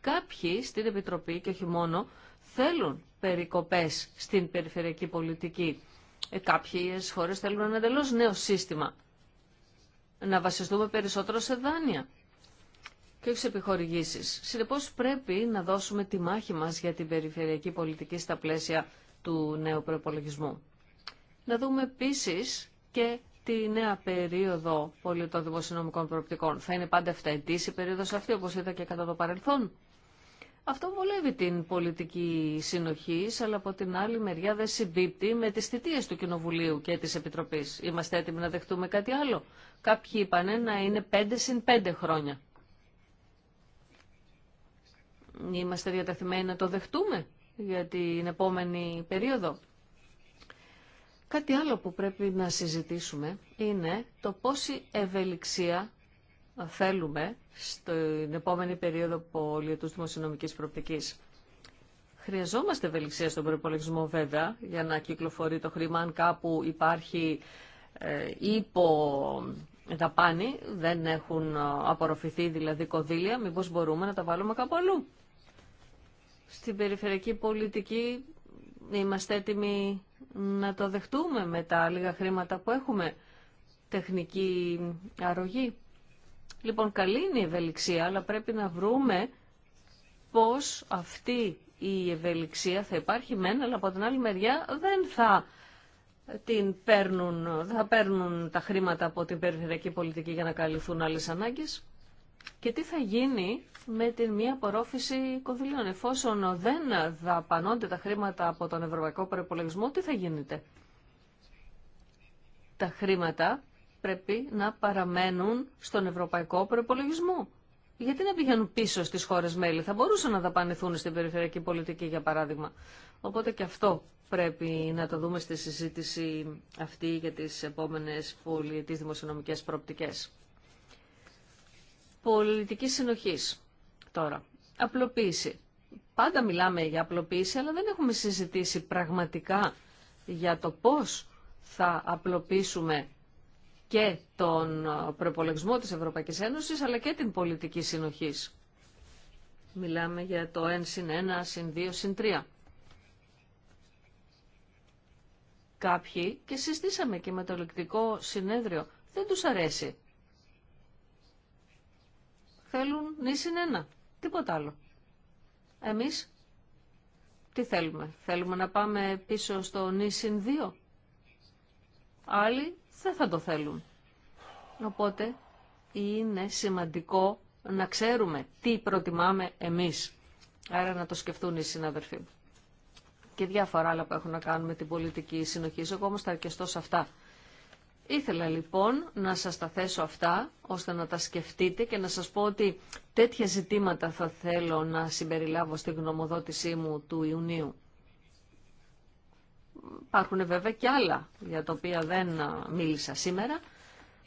Κάποιοι στην Επιτροπή και όχι μόνο θέλουν περικοπές στην περιφερειακή πολιτική. Ε, κάποιες χώρες θέλουν ένα εντελώ νέο σύστημα. Να βασιστούμε περισσότερο σε δάνεια και όχι σε επιχορηγήσει. Συνεπώς πρέπει να δώσουμε τη μάχη μα για την περιφερειακή πολιτική στα πλαίσια του νέου προπολογισμού. Να δούμε επίση και τη νέα περίοδο πολιτών δημοσιονομικών προοπτικών. Θα είναι πάντα εφταετής η περίοδο αυτή, όπω είδα και κατά το παρελθόν. Αυτό βολεύει την πολιτική συνοχή, αλλά από την άλλη μεριά δεν συμπίπτει με τι θητείε του Κοινοβουλίου και τη Επιτροπή. Είμαστε έτοιμοι να δεχτούμε κάτι άλλο. Κάποιοι είπαν να είναι 5 συν 5 χρόνια. Είμαστε διατεθειμένοι να το δεχτούμε για την επόμενη περίοδο. Κάτι άλλο που πρέπει να συζητήσουμε είναι το πόση ευελιξία θέλουμε στην επόμενη περίοδο πολιετούς δημοσιονομικής προοπτικής. Χρειαζόμαστε ευελιξία στον προπολογισμό βέβαια για να κυκλοφορεί το χρήμα αν κάπου υπάρχει ε, υπο δεν έχουν ε, απορροφηθεί δηλαδή κονδύλια, μήπως μπορούμε να τα βάλουμε κάπου αλλού στην περιφερειακή πολιτική είμαστε έτοιμοι να το δεχτούμε με τα λίγα χρήματα που έχουμε. Τεχνική αρρωγή. Λοιπόν, καλή είναι η ευελιξία, αλλά πρέπει να βρούμε πώς αυτή η ευελιξία θα υπάρχει μεν, αλλά από την άλλη μεριά δεν θα την παίρνουν, θα παίρνουν τα χρήματα από την περιφερειακή πολιτική για να καλυφθούν άλλες ανάγκες. Και τι θα γίνει με την μία απορρόφηση κονδυλίων. Εφόσον δεν δαπανώνται τα χρήματα από τον Ευρωπαϊκό Προπολογισμό, τι θα γίνεται. Τα χρήματα πρέπει να παραμένουν στον Ευρωπαϊκό Προπολογισμό. Γιατί να πηγαίνουν πίσω στις χώρες μέλη, θα μπορούσαν να δαπανηθούν στην περιφερειακή πολιτική, για παράδειγμα. Οπότε και αυτό πρέπει να το δούμε στη συζήτηση αυτή για τι επόμενε πολιτικέ δημοσιονομικέ προοπτικές. Πολιτική συνοχής. Τώρα, απλοποίηση. Πάντα μιλάμε για απλοποίηση, αλλά δεν έχουμε συζητήσει πραγματικά για το πώς θα απλοποιήσουμε και τον προπολογισμό της Ευρωπαϊκής Ένωσης, αλλά και την πολιτική συνοχής. Μιλάμε για το 1 συν 1, 2, 3. Κάποιοι, και συστήσαμε και με το ελεκτικό συνέδριο, δεν τους αρέσει. Θέλουν νη συν Τίποτα άλλο. Εμείς τι θέλουμε. Θέλουμε να πάμε πίσω στο νησιν 2. Άλλοι δεν θα το θέλουν. Οπότε είναι σημαντικό να ξέρουμε τι προτιμάμε εμείς. Άρα να το σκεφτούν οι συναδελφοί Και διάφορα άλλα που έχουν να κάνουν με την πολιτική συνοχή. Εγώ όμως θα αρκεστώ σε αυτά. Ήθελα λοιπόν να σας τα θέσω αυτά, ώστε να τα σκεφτείτε και να σας πω ότι τέτοια ζητήματα θα θέλω να συμπεριλάβω στη γνωμοδότησή μου του Ιουνίου. Υπάρχουν βέβαια και άλλα για τα οποία δεν μίλησα σήμερα.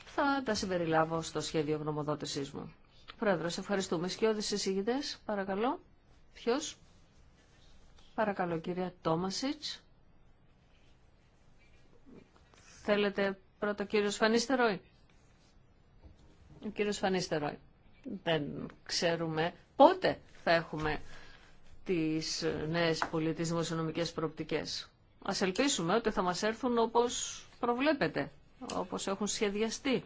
Θα τα συμπεριλάβω στο σχέδιο γνωμοδότησής μου. Πρόεδρος, ευχαριστούμε. Σκιώδης εισηγητές, παρακαλώ. Ποιος? Παρακαλώ, κυρία Τόμασιτς. Θέλετε Πρώτα κύριος Φανίστεροι. Ο κύριος Φανίστεροι. Δεν ξέρουμε πότε θα έχουμε τις νέες πολιτικές δημοσιονομικές προοπτικές. Ας ελπίσουμε ότι θα μας έρθουν όπως προβλέπετε, όπως έχουν σχεδιαστεί.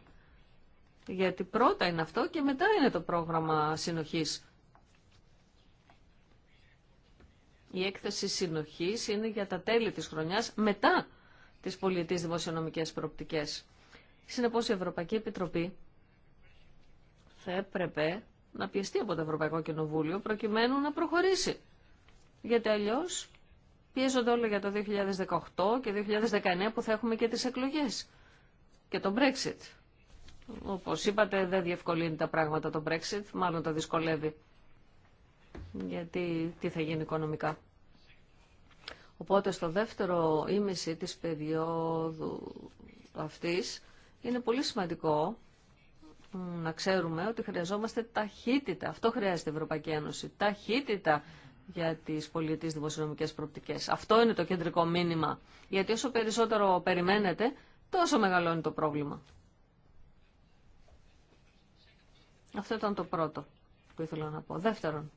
Γιατί πρώτα είναι αυτό και μετά είναι το πρόγραμμα συνοχής. Η έκθεση συνοχής είναι για τα τέλη της χρονιάς μετά τι πολιτικές δημοσιονομικέ προοπτικέ. Συνεπώ η Ευρωπαϊκή Επιτροπή θα έπρεπε να πιεστεί από το Ευρωπαϊκό Κοινοβούλιο προκειμένου να προχωρήσει. Γιατί αλλιώ πιέζονται όλα για το 2018 και 2019 που θα έχουμε και τις εκλογές και το Brexit. Όπω είπατε δεν διευκολύνει τα πράγματα το Brexit, μάλλον τα δυσκολεύει. Γιατί τι θα γίνει οικονομικά. Οπότε στο δεύτερο ήμιση της περίοδου αυτής είναι πολύ σημαντικό να ξέρουμε ότι χρειαζόμαστε ταχύτητα. Αυτό χρειάζεται η Ευρωπαϊκή Ένωση. Ταχύτητα για τις πολιτικές δημοσιονομικές προοπτικές. Αυτό είναι το κεντρικό μήνυμα. Γιατί όσο περισσότερο περιμένετε, τόσο μεγαλώνει το πρόβλημα. Αυτό ήταν το πρώτο που ήθελα να πω. Δεύτερον,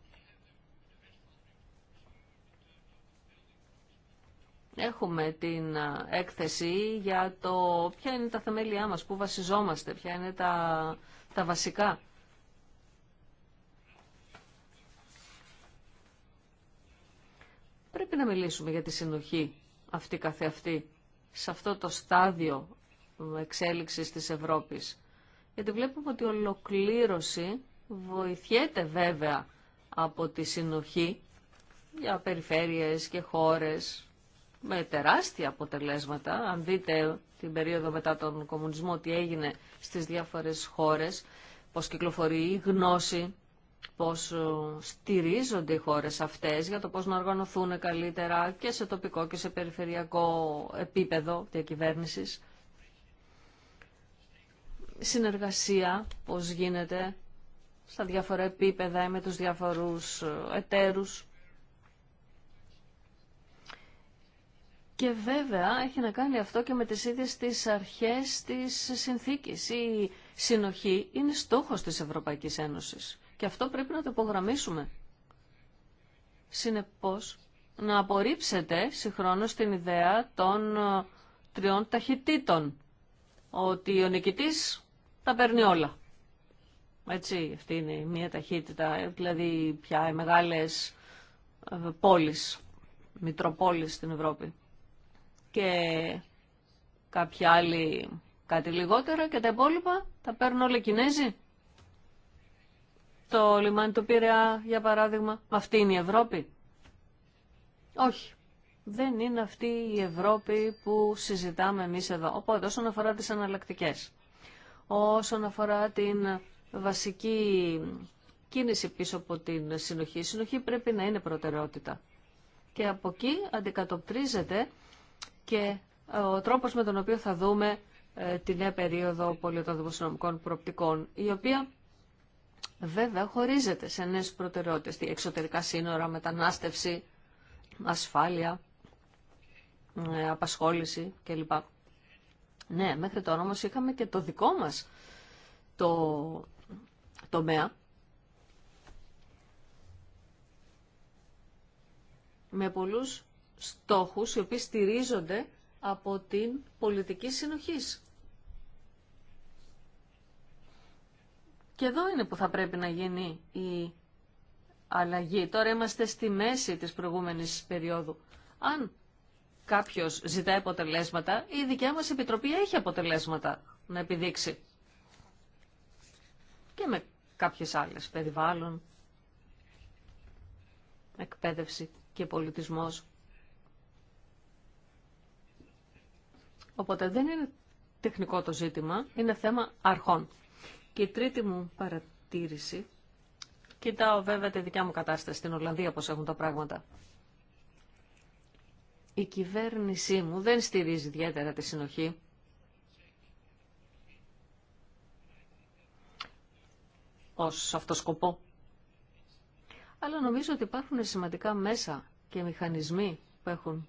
έχουμε την έκθεση για το ποια είναι τα θεμέλια μας, πού βασιζόμαστε, ποια είναι τα, τα βασικά. Πρέπει να μιλήσουμε για τη συνοχή αυτή καθεαυτή σε αυτό το στάδιο εξέλιξης της Ευρώπης. Γιατί βλέπουμε ότι η ολοκλήρωση βοηθιέται βέβαια από τη συνοχή για περιφέρειες και χώρες με τεράστια αποτελέσματα. Αν δείτε την περίοδο μετά τον κομμουνισμό τι έγινε στις διάφορες χώρες, πώς κυκλοφορεί η γνώση, πώς ε, στηρίζονται οι χώρες αυτές για το πώς να οργανωθούν καλύτερα και σε τοπικό και σε περιφερειακό επίπεδο διακυβέρνησης. Συνεργασία, πώς γίνεται στα διάφορα επίπεδα με τους διάφορους ε, εταίρους Και βέβαια έχει να κάνει αυτό και με τις ίδιες τις αρχές της συνθήκης. Η συνοχή είναι στόχος της Ευρωπαϊκής Ένωσης. Και αυτό πρέπει να το υπογραμμίσουμε. Συνεπώς, να απορρίψετε συγχρόνως την ιδέα των ε, τριών ταχυτήτων. Ότι ο νικητής τα παίρνει όλα. Έτσι, αυτή είναι μία ταχύτητα, δηλαδή πια οι μεγάλες ε, πόλεις, μητροπόλεις στην Ευρώπη και κάποια άλλη κάτι λιγότερα και τα υπόλοιπα τα παίρνουν όλοι οι Κινέζοι. Το λιμάνι του Πειραιά, για παράδειγμα, αυτή είναι η Ευρώπη. Όχι. Δεν είναι αυτή η Ευρώπη που συζητάμε εμείς εδώ. Οπότε, όσον αφορά τις αναλλακτικέ, όσον αφορά την βασική κίνηση πίσω από την συνοχή, η συνοχή πρέπει να είναι προτεραιότητα. Και από εκεί αντικατοπτρίζεται και ε, ο τρόπος με τον οποίο θα δούμε ε, τη νέα περίοδο πολιωτών προοπτικών, η οποία βέβαια χωρίζεται σε νέες προτεραιότητες, τη εξωτερικά σύνορα, μετανάστευση, ασφάλεια, ε, απασχόληση κλπ. Ναι, μέχρι τώρα όμως είχαμε και το δικό μας το τομέα, με πολλούς στόχους οι οποίοι στηρίζονται από την πολιτική συνοχής. Και εδώ είναι που θα πρέπει να γίνει η αλλαγή. Τώρα είμαστε στη μέση της προηγούμενης περίοδου. Αν κάποιος ζητάει αποτελέσματα, η δικιά μας Επιτροπή έχει αποτελέσματα να επιδείξει. Και με κάποιες άλλες, περιβάλλον, εκπαίδευση και πολιτισμός. Οπότε δεν είναι τεχνικό το ζήτημα, είναι θέμα αρχών. Και η τρίτη μου παρατήρηση, κοιτάω βέβαια τη δικιά μου κατάσταση στην Ολλανδία πώς έχουν τα πράγματα. Η κυβέρνησή μου δεν στηρίζει ιδιαίτερα τη συνοχή. ως αυτό σκοπό. Αλλά νομίζω ότι υπάρχουν σημαντικά μέσα και μηχανισμοί που έχουν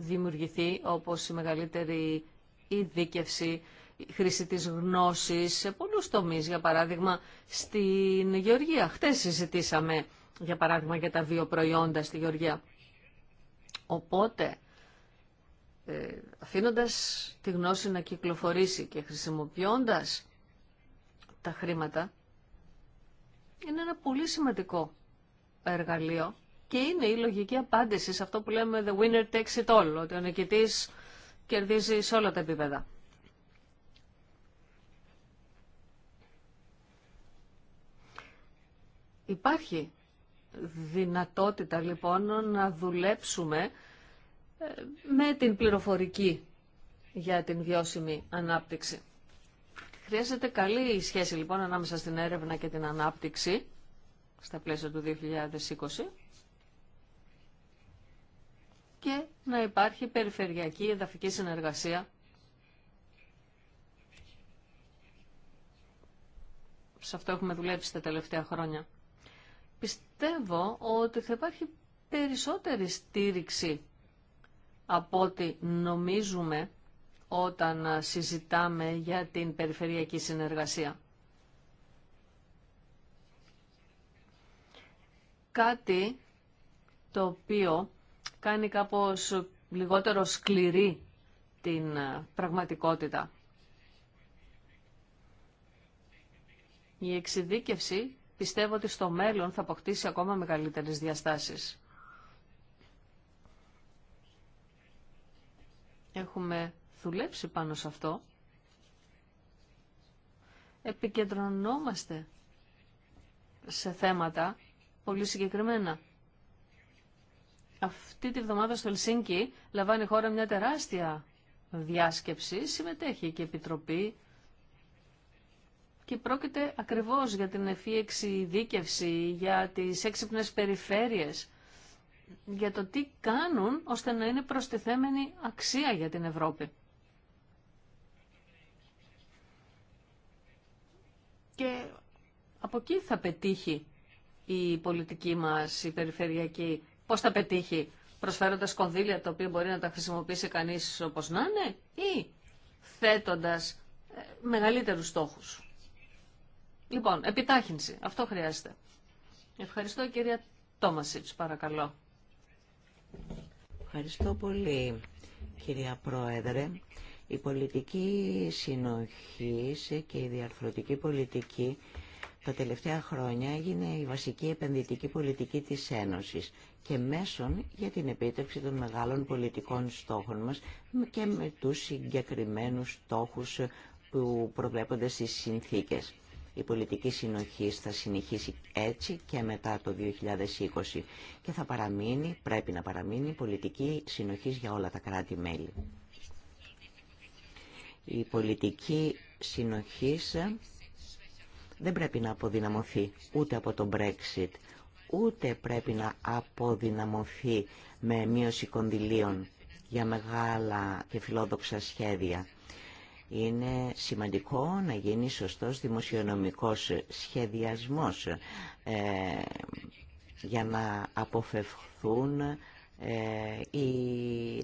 δημιουργηθεί όπως η μεγαλύτερη ειδίκευση, η χρήση της γνώσης σε πολλούς τομείς. Για παράδειγμα, στην Γεωργία. Χτες συζητήσαμε, για παράδειγμα, για τα βιοπροϊόντα στη Γεωργία. Οπότε, ε, αφήνοντας τη γνώση να κυκλοφορήσει και χρησιμοποιώντας τα χρήματα, είναι ένα πολύ σημαντικό εργαλείο και είναι η λογική απάντηση σε αυτό που λέμε the winner takes it all, ότι ο νικητής κερδίζει σε όλα τα επίπεδα. Υπάρχει δυνατότητα λοιπόν να δουλέψουμε ε, με την πληροφορική για την βιώσιμη ανάπτυξη. Χρειάζεται καλή σχέση λοιπόν ανάμεσα στην έρευνα και την ανάπτυξη στα πλαίσια του 2020 και να υπάρχει περιφερειακή εδαφική συνεργασία σε αυτό έχουμε δουλέψει τα τελευταία χρόνια. Πιστεύω ότι θα υπάρχει περισσότερη στήριξη από ό,τι νομίζουμε όταν συζητάμε για την περιφερειακή συνεργασία. Κάτι το οποίο κάνει κάπως λιγότερο σκληρή την ε, πραγματικότητα. Η εξειδίκευση πιστεύω ότι στο μέλλον θα αποκτήσει ακόμα μεγαλύτερες διαστάσεις. Έχουμε δουλέψει πάνω σε αυτό. Επικεντρωνόμαστε σε θέματα πολύ συγκεκριμένα. Αυτή τη βδομάδα στο Ελσίνκι λαμβάνει η χώρα μια τεράστια διάσκεψη. Συμμετέχει και η Επιτροπή και πρόκειται ακριβώς για την ευφύ εξειδίκευση, για τις έξυπνες περιφέρειες, για το τι κάνουν ώστε να είναι προστιθέμενη αξία για την Ευρώπη. Και από εκεί θα πετύχει η πολιτική μας, η περιφερειακή, Πώ θα πετύχει, προσφέροντας κονδύλια τα οποία μπορεί να τα χρησιμοποιήσει κανείς όπως να είναι ή θέτοντας ε, μεγαλύτερους στόχους. Λοιπόν, επιτάχυνση. Αυτό χρειάζεται. Ευχαριστώ κυρία Τόμασιτς, παρακαλώ. Ευχαριστώ πολύ κυρία Πρόεδρε. Η πολιτική συνοχή και η διαρθρωτική πολιτική τα τελευταία χρόνια έγινε η βασική επενδυτική πολιτική της Ένωσης και μέσον για την επίτευξη των μεγάλων πολιτικών στόχων μας και με τους συγκεκριμένους στόχους που προβλέπονται στις συνθήκες. Η πολιτική συνοχή θα συνεχίσει έτσι και μετά το 2020 και θα παραμείνει, πρέπει να παραμείνει, πολιτική συνοχής για όλα τα κράτη-μέλη. Η πολιτική συνοχής δεν πρέπει να αποδυναμωθεί ούτε από το Brexit, ούτε πρέπει να αποδυναμωθεί με μείωση κονδυλίων για μεγάλα και φιλόδοξα σχέδια. Είναι σημαντικό να γίνει σωστός δημοσιονομικός σχεδιασμός ε, για να αποφευχθούν ε,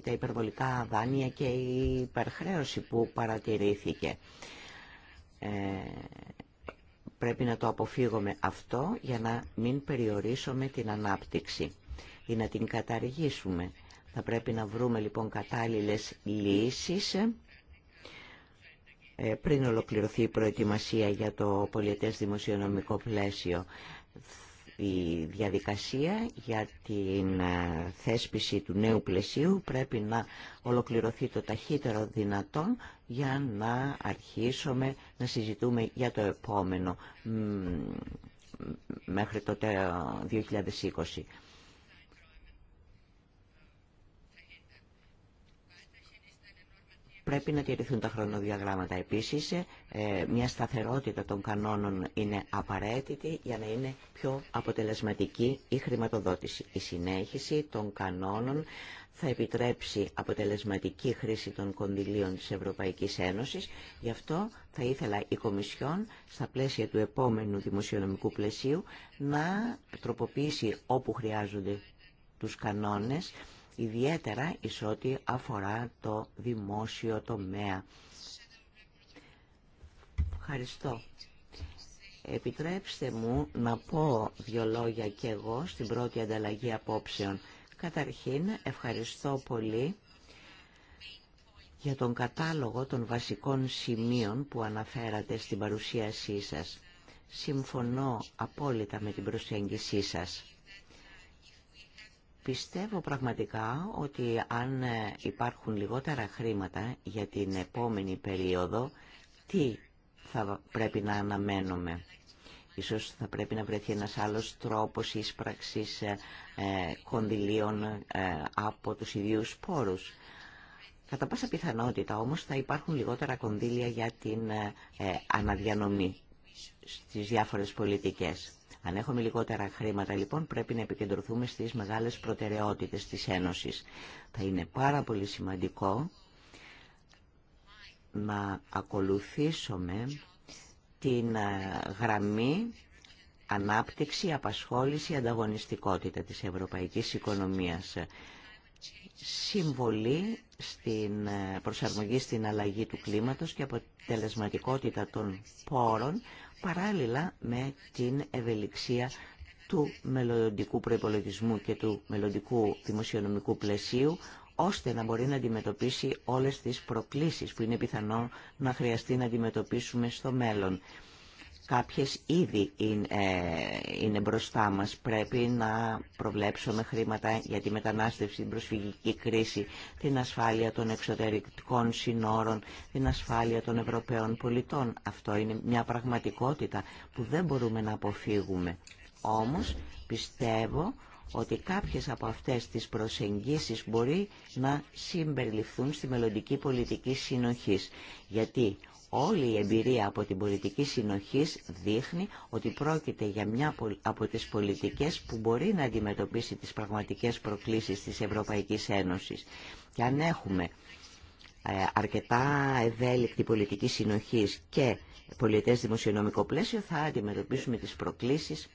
τα υπερβολικά δάνεια και η υπερχρέωση που παρατηρήθηκε. Ε, Πρέπει να το αποφύγουμε αυτό για να μην περιορίσουμε την ανάπτυξη ή να την καταργήσουμε. Θα πρέπει να βρούμε λοιπόν κατάλληλες λύσεις ε, πριν ολοκληρωθεί η προετοιμασία για το πολιτες δημοσιονομικό πλαίσιο. Η διαδικασία για την ε, θέσπιση του νέου πλαισίου πρέπει να ολοκληρωθεί το ταχύτερο δυνατόν για να αρχίσουμε να συζητούμε για το επόμενο μέχρι το 2020. Πρέπει να τηρηθούν τα χρονοδιαγράμματα. Επίσης, ε, μια σταθερότητα των κανόνων είναι απαραίτητη για να είναι πιο αποτελεσματική η χρηματοδότηση. Η συνέχιση των κανόνων θα επιτρέψει αποτελεσματική χρήση των κονδυλίων της Ευρωπαϊκής Ένωσης. Γι' αυτό θα ήθελα η Κομισιόν, στα πλαίσια του επόμενου δημοσιονομικού πλαισίου, να τροποποιήσει όπου χρειάζονται τους κανόνες, ιδιαίτερα εις ό,τι αφορά το δημόσιο τομέα. Ευχαριστώ. Επιτρέψτε μου να πω δύο λόγια κι εγώ στην πρώτη ανταλλαγή απόψεων Καταρχήν, ευχαριστώ πολύ για τον κατάλογο των βασικών σημείων που αναφέρατε στην παρουσίασή σας. Συμφωνώ απόλυτα με την προσέγγισή σας. Πιστεύω πραγματικά ότι αν υπάρχουν λιγότερα χρήματα για την επόμενη περίοδο, τι θα πρέπει να αναμένουμε. Ίσως θα πρέπει να βρεθεί ένας άλλος τρόπος ίσπραξης ε, ε, κονδυλίων ε, από τους ιδίους πόρους. Κατά πάσα πιθανότητα όμως θα υπάρχουν λιγότερα κονδύλια για την αναδιανομή στις διάφορες πολιτικές. Αν έχουμε λιγότερα χρήματα λοιπόν πρέπει να επικεντρωθούμε στις μεγάλες προτεραιότητες της Ένωσης. Θα είναι πάρα πολύ σημαντικό να ακολουθήσουμε την ε, γραμμή ανάπτυξη, απασχόληση, ανταγωνιστικότητα της ευρωπαϊκής οικονομίας. Συμβολή στην ε, προσαρμογή στην αλλαγή του κλίματος και αποτελεσματικότητα των πόρων παράλληλα με την ευελιξία του μελλοντικού προϋπολογισμού και του μελλοντικού δημοσιονομικού πλαισίου ώστε να μπορεί να αντιμετωπίσει όλες τις προκλήσεις που είναι πιθανό να χρειαστεί να αντιμετωπίσουμε στο μέλλον. Κάποιες ήδη ε, είναι, μπροστά μας. Πρέπει να προβλέψουμε χρήματα για τη μετανάστευση, την προσφυγική κρίση, την ασφάλεια των εξωτερικών συνόρων, την ασφάλεια των Ευρωπαίων πολιτών. Αυτό είναι μια πραγματικότητα που δεν μπορούμε να αποφύγουμε. Όμως πιστεύω ότι κάποιες από αυτές τις προσεγγίσεις μπορεί να συμπεριληφθούν στη μελλοντική πολιτική συνοχής. Γιατί όλη η εμπειρία από την πολιτική συνοχής δείχνει ότι πρόκειται για μια από τις πολιτικές που μπορεί να αντιμετωπίσει τις πραγματικές προκλήσεις της Ευρωπαϊκής Ένωσης. Και αν έχουμε ε, αρκετά ευέλικτη πολιτική συνοχής και πολιτές δημοσιονομικό πλαίσιο θα αντιμετωπίσουμε τις προκλήσεις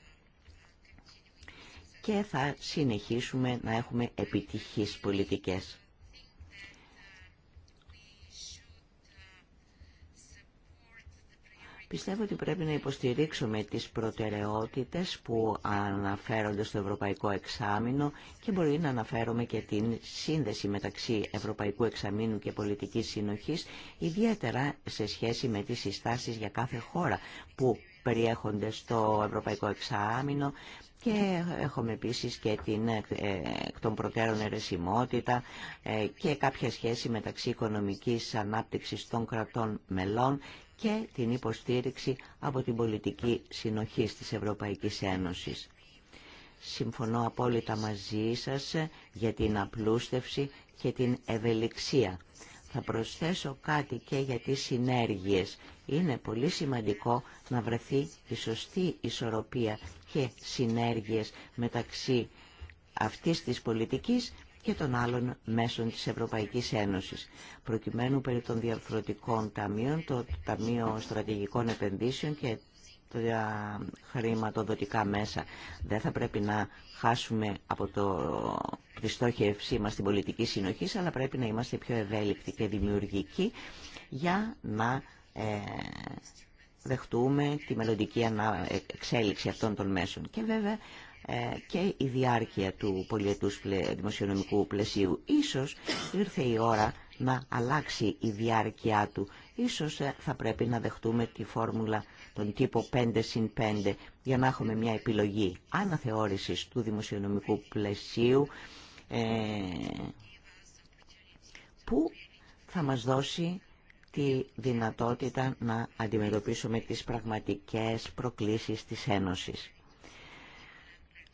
και θα συνεχίσουμε να έχουμε επιτυχείς πολιτικές. Πιστεύω ότι πρέπει να υποστηρίξουμε τις προτεραιότητες που αναφέρονται στο Ευρωπαϊκό Εξάμεινο και μπορεί να αναφέρομαι και την σύνδεση μεταξύ Ευρωπαϊκού Εξαμήνου και Πολιτικής Συνοχής, ιδιαίτερα σε σχέση με τις συστάσεις για κάθε χώρα που περιέχονται στο Ευρωπαϊκό Εξάμεινο, και έχουμε επίσης και την ε, εκ των προτέρων ερεσιμότητα ε, και κάποια σχέση μεταξύ οικονομικής ανάπτυξης των κρατών μελών και την υποστήριξη από την πολιτική συνοχή της Ευρωπαϊκής Ένωσης. Συμφωνώ απόλυτα μαζί σας ε, για την απλούστευση και την ευελιξία. Θα προσθέσω κάτι και για τις συνέργειες. Είναι πολύ σημαντικό να βρεθεί η σωστή ισορροπία και συνέργειες μεταξύ αυτής της πολιτικής και των άλλων μέσων της Ευρωπαϊκής Ένωσης. Προκειμένου περί των διαρθρωτικών ταμείων, το Ταμείο Στρατηγικών Επενδύσεων και τα χρηματοδοτικά μέσα. Δεν θα πρέπει να χάσουμε από το, τη στόχευσή μας την πολιτική συνοχή, αλλά πρέπει να είμαστε πιο ευέλικτοι και δημιουργικοί για να ε, δεχτούμε τη μελλοντική εξέλιξη αυτών των μέσων. Και βέβαια ε, και η διάρκεια του πολιετούς δημοσιονομικού πλαισίου. Ίσως ήρθε η ώρα να αλλάξει η διάρκεια του Ίσως ε, θα πρέπει να δεχτούμε τη φόρμουλα των τύπο 5 συν 5 για να έχουμε μια επιλογή αναθεώρησης του δημοσιονομικού πλαισίου ε, που θα μας δώσει τη δυνατότητα να αντιμετωπίσουμε τις πραγματικές προκλήσεις της Ένωσης.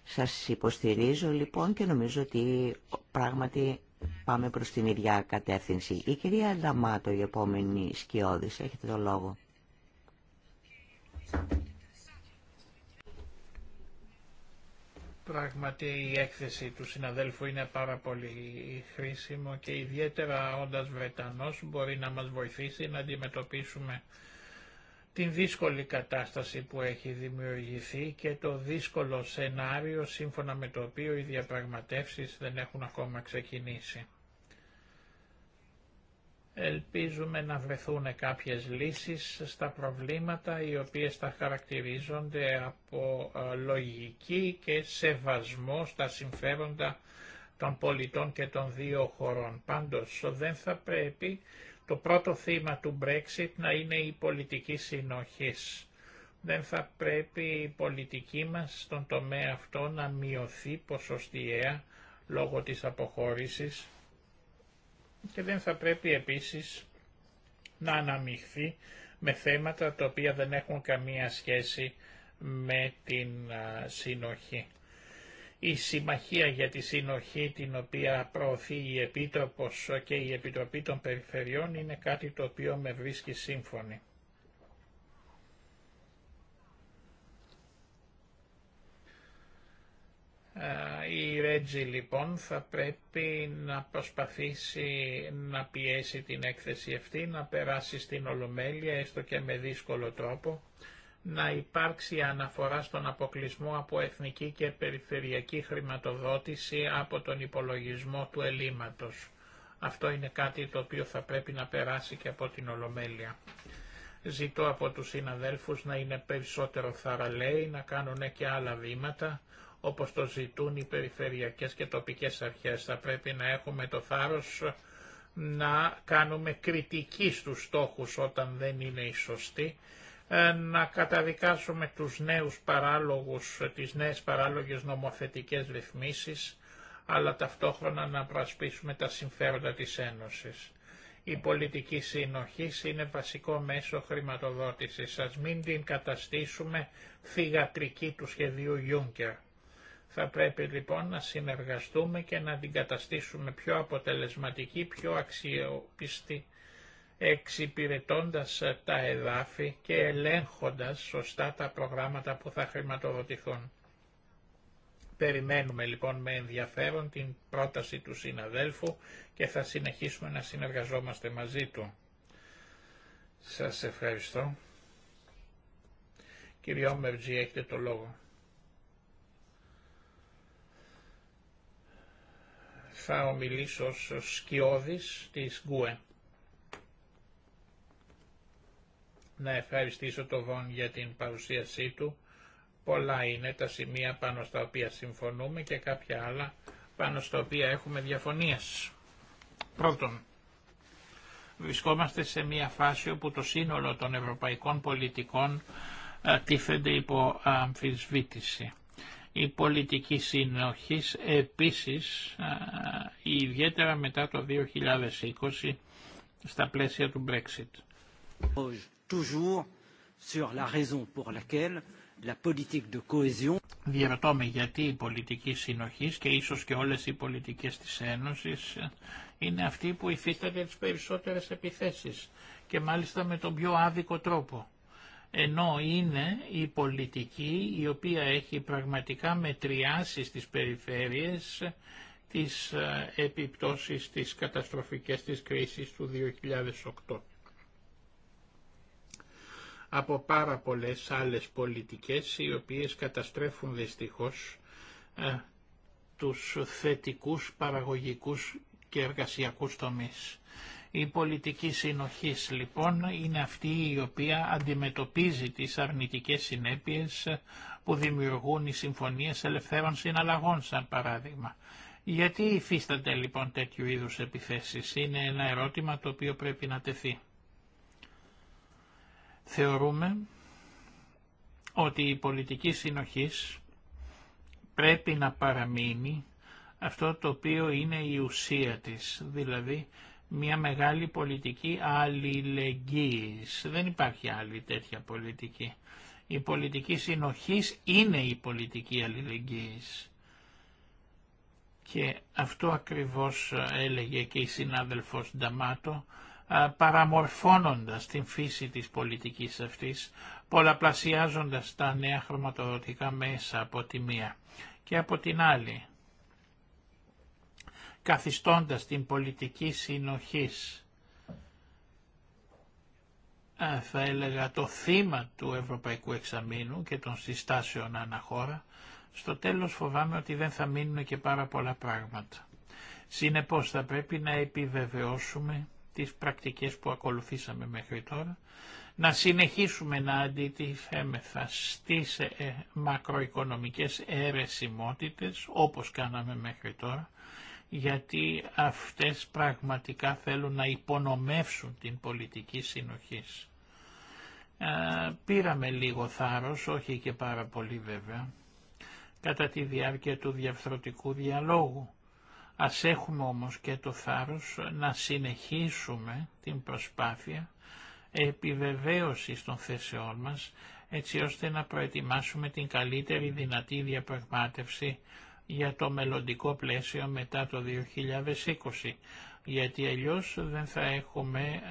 Σας υποστηρίζω λοιπόν και νομίζω ότι πράγματι πάμε προς την ίδια κατεύθυνση. Η κυρία Ανταμάτο η επόμενη σκιώδης, έχετε το λόγο. Πράγματι η έκθεση του συναδέλφου είναι πάρα πολύ χρήσιμο και ιδιαίτερα όντας Βρετανός μπορεί να μας βοηθήσει να αντιμετωπίσουμε την δύσκολη κατάσταση που έχει δημιουργηθεί και το δύσκολο σενάριο σύμφωνα με το οποίο οι διαπραγματεύσεις δεν έχουν ακόμα ξεκινήσει. Ελπίζουμε να βρεθούν κάποιες λύσεις στα προβλήματα οι οποίες θα χαρακτηρίζονται από ε, λογική και σεβασμό στα συμφέροντα των πολιτών και των δύο χωρών. Πάντως δεν θα πρέπει το πρώτο θύμα του Brexit να είναι η πολιτική συνοχής. Δεν θα πρέπει η πολιτική μας στον τομέα αυτό να μειωθεί ποσοστιαία λόγω της αποχώρησης και δεν θα πρέπει επίσης να αναμειχθεί με θέματα τα οποία δεν έχουν καμία σχέση με την συνοχή η συμμαχία για τη συνοχή την οποία προωθεί η Επίτροπος και η Επιτροπή των Περιφερειών είναι κάτι το οποίο με βρίσκει σύμφωνη. Ε, η Ρέτζη λοιπόν θα πρέπει να προσπαθήσει να πιέσει την έκθεση αυτή, να περάσει στην Ολομέλεια έστω και με δύσκολο τρόπο να υπάρξει αναφορά στον αποκλεισμό από εθνική και περιφερειακή χρηματοδότηση από τον υπολογισμό του ελλείμματος. Αυτό είναι κάτι το οποίο θα πρέπει να περάσει και από την Ολομέλεια. Ζητώ από τους συναδέλφους να είναι περισσότερο θαραλέοι, να κάνουν και άλλα βήματα, όπως το ζητούν οι περιφερειακές και τοπικές αρχές. Θα πρέπει να έχουμε το θάρρος να κάνουμε κριτική στους στόχους όταν δεν είναι οι σωστοί ε, να καταδικάσουμε τους νέους παράλογους, τις νέες παράλογες νομοθετικές ρυθμίσεις, αλλά ταυτόχρονα να προασπίσουμε τα συμφέροντα της Ένωσης. Η πολιτική συνοχή είναι βασικό μέσο χρηματοδότησης. ας μην την καταστήσουμε θυγατρική του σχεδίου Juncker. Θα πρέπει λοιπόν να συνεργαστούμε και να την καταστήσουμε πιο αποτελεσματική, πιο αξιοπιστή εξυπηρετώντας τα εδάφη και ελέγχοντας σωστά τα προγράμματα που θα χρηματοδοτηθούν. Περιμένουμε λοιπόν με ενδιαφέρον την πρόταση του συναδέλφου και θα συνεχίσουμε να συνεργαζόμαστε μαζί του. Σας ευχαριστώ. Κύριε Όμερτζη, έχετε το λόγο. Θα ομιλήσω ως σκιώδης της ΓΚΟΕΝ. να ευχαριστήσω τον Βον για την παρουσίασή του. Πολλά είναι τα σημεία πάνω στα οποία συμφωνούμε και κάποια άλλα πάνω στα οποία έχουμε διαφωνίες. Πρώτον, βρισκόμαστε σε μια φάση όπου το σύνολο των ευρωπαϊκών πολιτικών ε, τίθενται υπό αμφισβήτηση. Η πολιτική συνοχής επίσης, ε, ιδιαίτερα μετά το 2020, στα πλαίσια του Brexit toujours sur la raison pour laquelle la politique de cohésion γιατί η πολιτική συνοχής και ίσως και όλες οι πολιτικές της Ένωσης είναι αυτή που υφίσταται τι περισσότερες επιθέσεις και μάλιστα με τον πιο άδικο τρόπο. Ενώ είναι η πολιτική η οποία έχει πραγματικά μετριάσει στις περιφέρειες τις ε, επιπτώσεις της καταστροφικές της κρίσης του 2008 από πάρα πολλές άλλες πολιτικές οι οποίες καταστρέφουν δυστυχώς ε, τους θετικούς παραγωγικούς και εργασιακούς τομείς. Η πολιτική συνοχής λοιπόν είναι αυτή η οποία αντιμετωπίζει τις αρνητικές συνέπειες που δημιουργούν οι συμφωνίες ελευθέρων συναλλαγών σαν παράδειγμα. Γιατί υφίστανται λοιπόν τέτοιου είδους επιθέσεις είναι ένα ερώτημα το οποίο πρέπει να τεθεί. Θεωρούμε ότι η πολιτική συνοχής πρέπει να παραμείνει αυτό το οποίο είναι η ουσία της, δηλαδή μια μεγάλη πολιτική αλληλεγγύης. Δεν υπάρχει άλλη τέτοια πολιτική. Η πολιτική συνοχής είναι η πολιτική αλληλεγγύης. Και αυτό ακριβώς έλεγε και η συνάδελφος Νταμάτο, παραμορφώνοντας την φύση της πολιτικής αυτής, πολλαπλασιάζοντας τα νέα χρωματοδοτικά μέσα από τη μία και από την άλλη, καθιστώντας την πολιτική συνοχής, θα έλεγα το θύμα του Ευρωπαϊκού Εξαμήνου και των συστάσεων αναχώρα, στο τέλος φοβάμαι ότι δεν θα μείνουν και πάρα πολλά πράγματα. Συνεπώς θα πρέπει να επιβεβαιώσουμε τις πρακτικές που ακολουθήσαμε μέχρι τώρα, να συνεχίσουμε να αντιτιθέμεθα στις ε, ε, μακροοικονομικές αιρεσιμότητες όπως κάναμε μέχρι τώρα, γιατί αυτές πραγματικά θέλουν να υπονομεύσουν την πολιτική συνοχής. Πήραμε λίγο θάρρος, όχι και πάρα πολύ βέβαια, κατά τη διάρκεια του διαφθρωτικού διαλόγου Ας έχουμε όμως και το θάρρος να συνεχίσουμε την προσπάθεια επιβεβαίωσης των θέσεών μας, έτσι ώστε να προετοιμάσουμε την καλύτερη δυνατή διαπραγμάτευση για το μελλοντικό πλαίσιο μετά το 2020, γιατί αλλιώς δεν θα έχουμε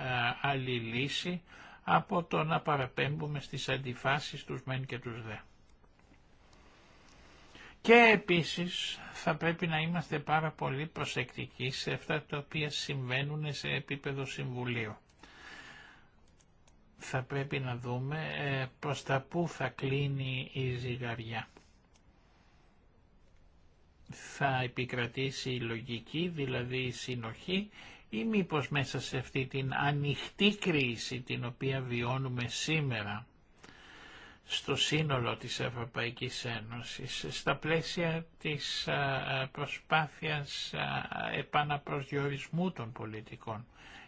άλλη λύση από το να παραπέμπουμε στις αντιφάσεις τους μεν και τους δε. Και επίσης θα πρέπει να είμαστε πάρα πολύ προσεκτικοί σε αυτά τα οποία συμβαίνουν σε επίπεδο συμβουλίου. Θα πρέπει να δούμε ε, προς τα πού θα κλείνει η ζυγαριά. Θα επικρατήσει η λογική, δηλαδή η συνοχή, ή μήπως μέσα σε αυτή την ανοιχτή κρίση την οποία βιώνουμε σήμερα στο σύνολο της Ευρωπαϊκής Ένωσης, στα πλαίσια της ε, ε, προσπάθειας ε, επαναπροσδιορισμού των πολιτικών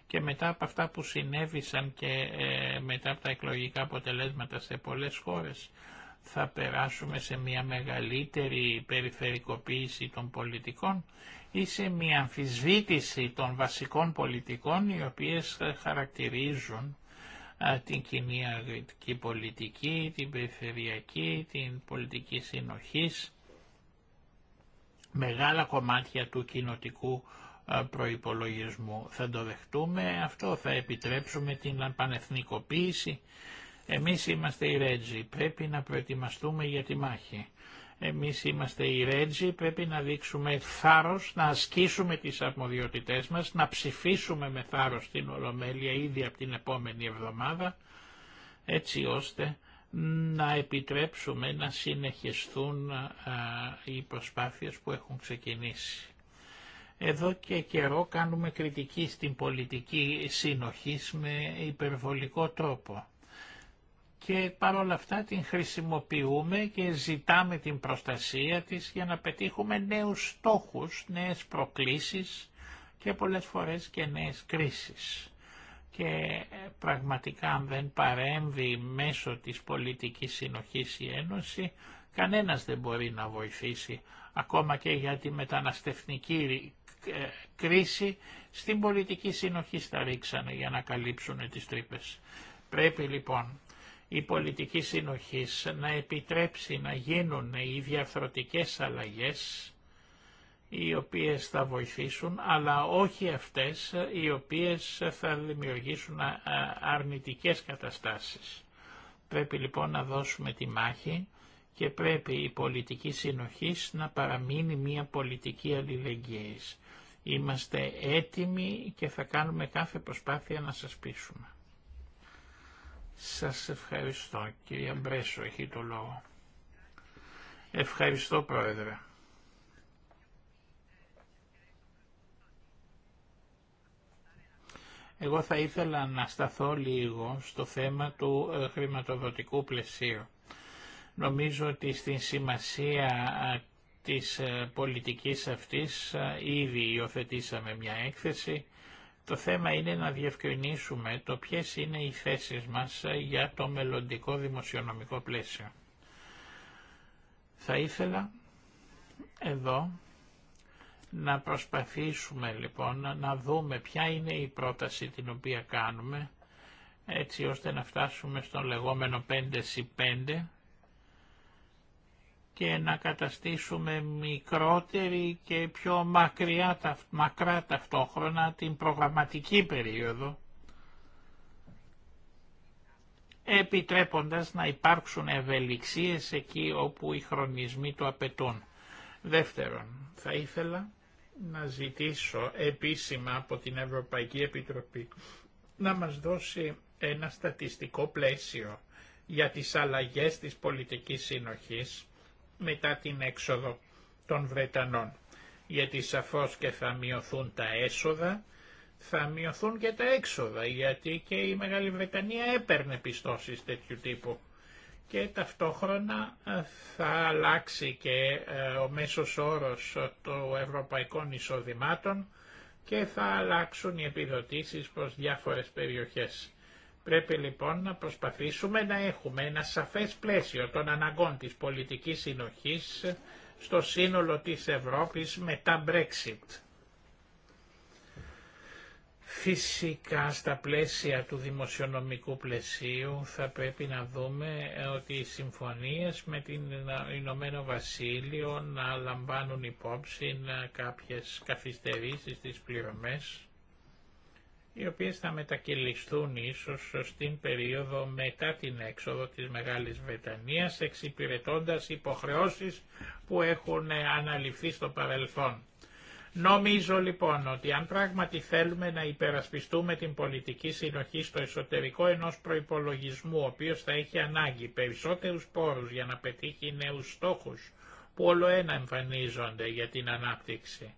και μετά από αυτά που συνέβησαν και μετά από τα εκλογικά αποτελέσματα σε πολλές χώρες, θα περάσουμε σε μια μεγαλύτερη περιφερικοποίηση των πολιτικών ή σε μια αμφισβήτηση των βασικών πολιτικών οι οποίες χαρακτηρίζουν την κοινή αγροτική πολιτική, την περιφερειακή, την πολιτική συνοχής, μεγάλα κομμάτια του κοινοτικού προϋπολογισμού. Θα το δεχτούμε, αυτό θα επιτρέψουμε την πανεθνικοποίηση. Εμείς είμαστε οι Ρέτζοι, πρέπει να προετοιμαστούμε για τη μάχη. Εμείς είμαστε οι Ρέτζοι, πρέπει να δείξουμε θάρρος, να ασκήσουμε τις αρμοδιότητές μας, να ψηφίσουμε με θάρρος την Ολομέλεια ήδη από την επόμενη εβδομάδα, έτσι ώστε να επιτρέψουμε να συνεχιστούν οι προσπάθειες που έχουν ξεκινήσει. Εδώ και καιρό κάνουμε κριτική στην πολιτική συνοχή με υπερβολικό τρόπο και παρόλα αυτά την χρησιμοποιούμε και ζητάμε την προστασία της για να πετύχουμε νέους στόχους, νέες προκλήσεις και πολλές φορές και νέες κρίσεις. Και πραγματικά αν δεν παρέμβει μέσω της πολιτικής συνοχής η Ένωση, κανένας δεν μπορεί να βοηθήσει, ακόμα και για τη μεταναστευτική ε, κρίση, στην πολιτική συνοχή στα ρίξανε για να καλύψουν τις τρύπες. Πρέπει λοιπόν η πολιτική συνοχής να επιτρέψει να γίνουν οι διαφθορτικές αλλαγές οι οποίες θα βοηθήσουν, αλλά όχι αυτές οι οποίες θα δημιουργήσουν αρνητικές καταστάσεις. Πρέπει λοιπόν να δώσουμε τη μάχη και πρέπει η πολιτική συνοχής να παραμείνει μια πολιτική αλληλεγγύης. Είμαστε έτοιμοι και θα κάνουμε κάθε προσπάθεια να σας πείσουμε. Σας ευχαριστώ. Κυρία Μπρέσο έχει το λόγο. Ευχαριστώ Πρόεδρε. Εγώ θα ήθελα να σταθώ λίγο στο θέμα του ε, χρηματοδοτικού πλαισίου. Νομίζω ότι στην σημασία της ε, πολιτικής αυτής ήδη υιοθετήσαμε μια έκθεση το θέμα είναι να διευκρινίσουμε το ποιες είναι οι θέσεις μας για το μελλοντικό δημοσιονομικό πλαίσιο. Θα ήθελα εδώ να προσπαθήσουμε λοιπόν να δούμε ποια είναι η πρόταση την οποία κάνουμε έτσι ώστε να φτάσουμε στο λεγόμενο 5 5 και να καταστήσουμε μικρότερη και πιο μακριά, μακρά ταυτόχρονα την προγραμματική περίοδο, επιτρέποντας να υπάρξουν ευελιξίες εκεί όπου οι χρονισμοί το απαιτούν. Δεύτερον, θα ήθελα να ζητήσω επίσημα από την Ευρωπαϊκή Επιτροπή να μας δώσει ένα στατιστικό πλαίσιο για τις αλλαγές της πολιτικής συνοχής μετά την έξοδο των Βρετανών. Γιατί σαφώς και θα μειωθούν τα έσοδα, θα μειωθούν και τα έξοδα, γιατί και η Μεγάλη Βρετανία έπαιρνε πιστώσεις τέτοιου τύπου. Και ταυτόχρονα ε, θα αλλάξει και ε, ο μέσος όρος των ευρωπαϊκών εισοδημάτων και θα αλλάξουν οι επιδοτήσεις προς διάφορες περιοχές. Πρέπει λοιπόν να προσπαθήσουμε να έχουμε ένα σαφές πλαίσιο των αναγκών της πολιτικής συνοχής στο σύνολο της Ευρώπης μετά Brexit. Φυσικά στα πλαίσια του δημοσιονομικού πλαισίου θα πρέπει να δούμε ε, ότι οι συμφωνίες με την ε, Ηνωμένο Βασίλειο να λαμβάνουν υπόψη ε, κάποιες καθυστερήσεις στις πληρωμές οι οποίες θα μετακυλιστούν ίσως στην περίοδο μετά την έξοδο της Μεγάλης Βρετανίας, εξυπηρετώντας υποχρεώσεις που έχουν ε, αναλυφθεί στο παρελθόν. Νομίζω λοιπόν ότι αν πράγματι θέλουμε να υπερασπιστούμε την πολιτική συνοχή στο εσωτερικό ενός προϋπολογισμού, ο οποίος θα έχει ανάγκη περισσότερους πόρους για να πετύχει νέους στόχους, που όλο ένα εμφανίζονται για την ανάπτυξη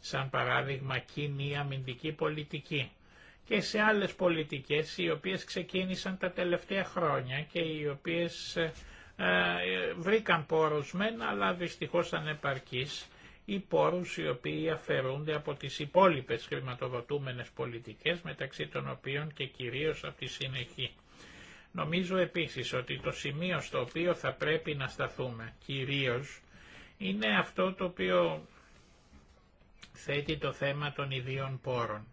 σαν παράδειγμα κοινή αμυντική πολιτική και σε άλλες πολιτικές οι οποίες ξεκίνησαν τα τελευταία χρόνια και οι οποίες ε, ε, βρήκαν πόρους μεν αλλά δυστυχώς ανεπαρκείς ή πόρους οι οποίοι αφαιρούνται από τις υπόλοιπες χρηματοδοτούμενες πολιτικές μεταξύ των οποίων και κυρίως από τη συνεχή. Νομίζω επίσης ότι το σημείο στο οποίο θα πρέπει να σταθούμε κυρίως είναι αυτό το οποίο θέτει το θέμα των ιδίων πόρων.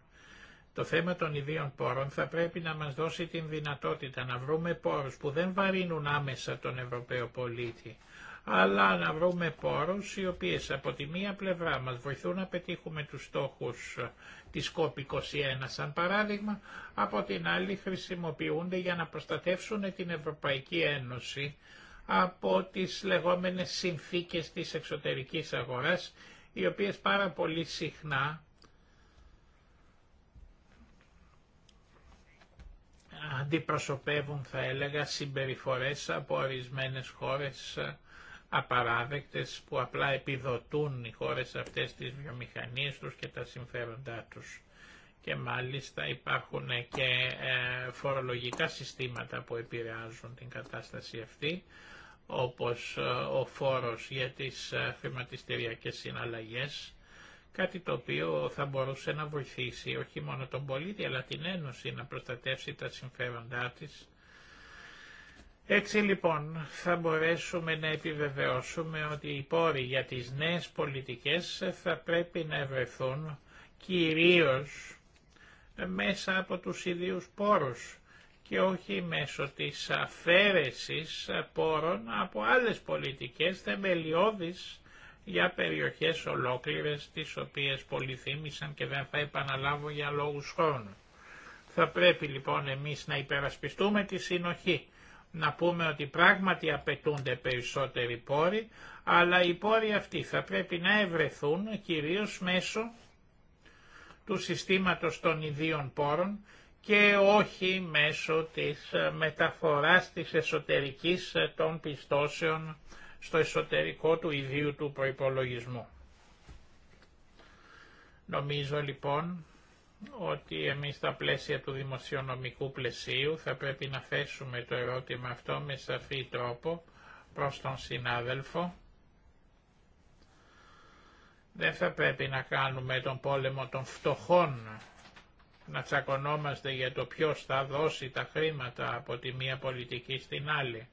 Το θέμα των ιδίων πόρων θα πρέπει να μας δώσει την δυνατότητα να βρούμε πόρους που δεν βαρύνουν άμεσα τον Ευρωπαίο πολίτη, αλλά να βρούμε πόρους οι οποίες από τη μία πλευρά μας βοηθούν να πετύχουμε τους στόχους της COP21 σαν παράδειγμα, από την άλλη χρησιμοποιούνται για να προστατεύσουν την Ευρωπαϊκή Ένωση από τις λεγόμενες συνθήκες της εξωτερικής αγοράς οι οποίες πάρα πολύ συχνά αντιπροσωπεύουν θα έλεγα συμπεριφορές από ορισμένε χώρες ε, απαράδεκτες που απλά επιδοτούν οι χώρες αυτές τις βιομηχανίες τους και τα συμφέροντά τους. Και μάλιστα υπάρχουν και ε, φορολογικά συστήματα που επηρεάζουν την κατάσταση αυτή όπως ε, ο φόρος για τις ε, χρηματιστηριακές συναλλαγές, κάτι το οποίο θα μπορούσε να βοηθήσει όχι μόνο τον πολίτη αλλά την Ένωση να προστατεύσει τα συμφέροντά της. Έτσι λοιπόν θα μπορέσουμε να επιβεβαιώσουμε ότι οι πόροι για τις νέες πολιτικές θα πρέπει να ευρεθούν κυρίως μέσα από τους ιδίους πόρους και όχι μέσω της αφαίρεσης πόρων από άλλες πολιτικές θεμελιώδεις για περιοχές ολόκληρες τις οποίες πολυθύμησαν και δεν θα επαναλάβω για λόγους χρόνου. Θα πρέπει λοιπόν εμείς να υπερασπιστούμε τη συνοχή, να πούμε ότι πράγματι απαιτούνται περισσότεροι πόροι, αλλά οι πόροι αυτοί θα πρέπει να ευρεθούν κυρίως μέσω του συστήματος των ιδίων πόρων, και όχι μέσω της ε, μεταφοράς της εσωτερικής ε, των πιστώσεων στο εσωτερικό του ιδίου του προϋπολογισμού. Νομίζω λοιπόν ότι εμείς στα πλαίσια του δημοσιονομικού πλαισίου θα πρέπει να θέσουμε το ερώτημα αυτό με σαφή τρόπο προς τον συνάδελφο. Δεν θα πρέπει να κάνουμε τον πόλεμο των φτωχών να τσακωνόμαστε για το ποιος θα δώσει τα χρήματα από τη μία πολιτική στην άλλη.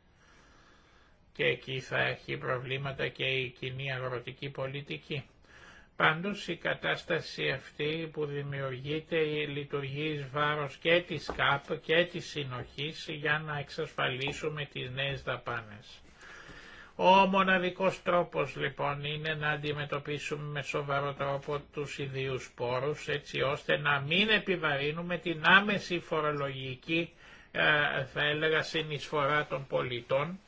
Και εκεί θα έχει προβλήματα και η κοινή αγροτική πολιτική. Πάντως η κατάσταση αυτή που δημιουργείται λειτουργεί εις βάρος και της ΚΑΠ και της συνοχής για να εξασφαλίσουμε τις νέες δαπάνες. Ο μοναδικός τρόπος λοιπόν είναι να αντιμετωπίσουμε με σοβαρό τρόπο τους ιδίους πόρους έτσι ώστε να μην επιβαρύνουμε την άμεση φορολογική ε, θα έλεγα συνεισφορά των πολιτών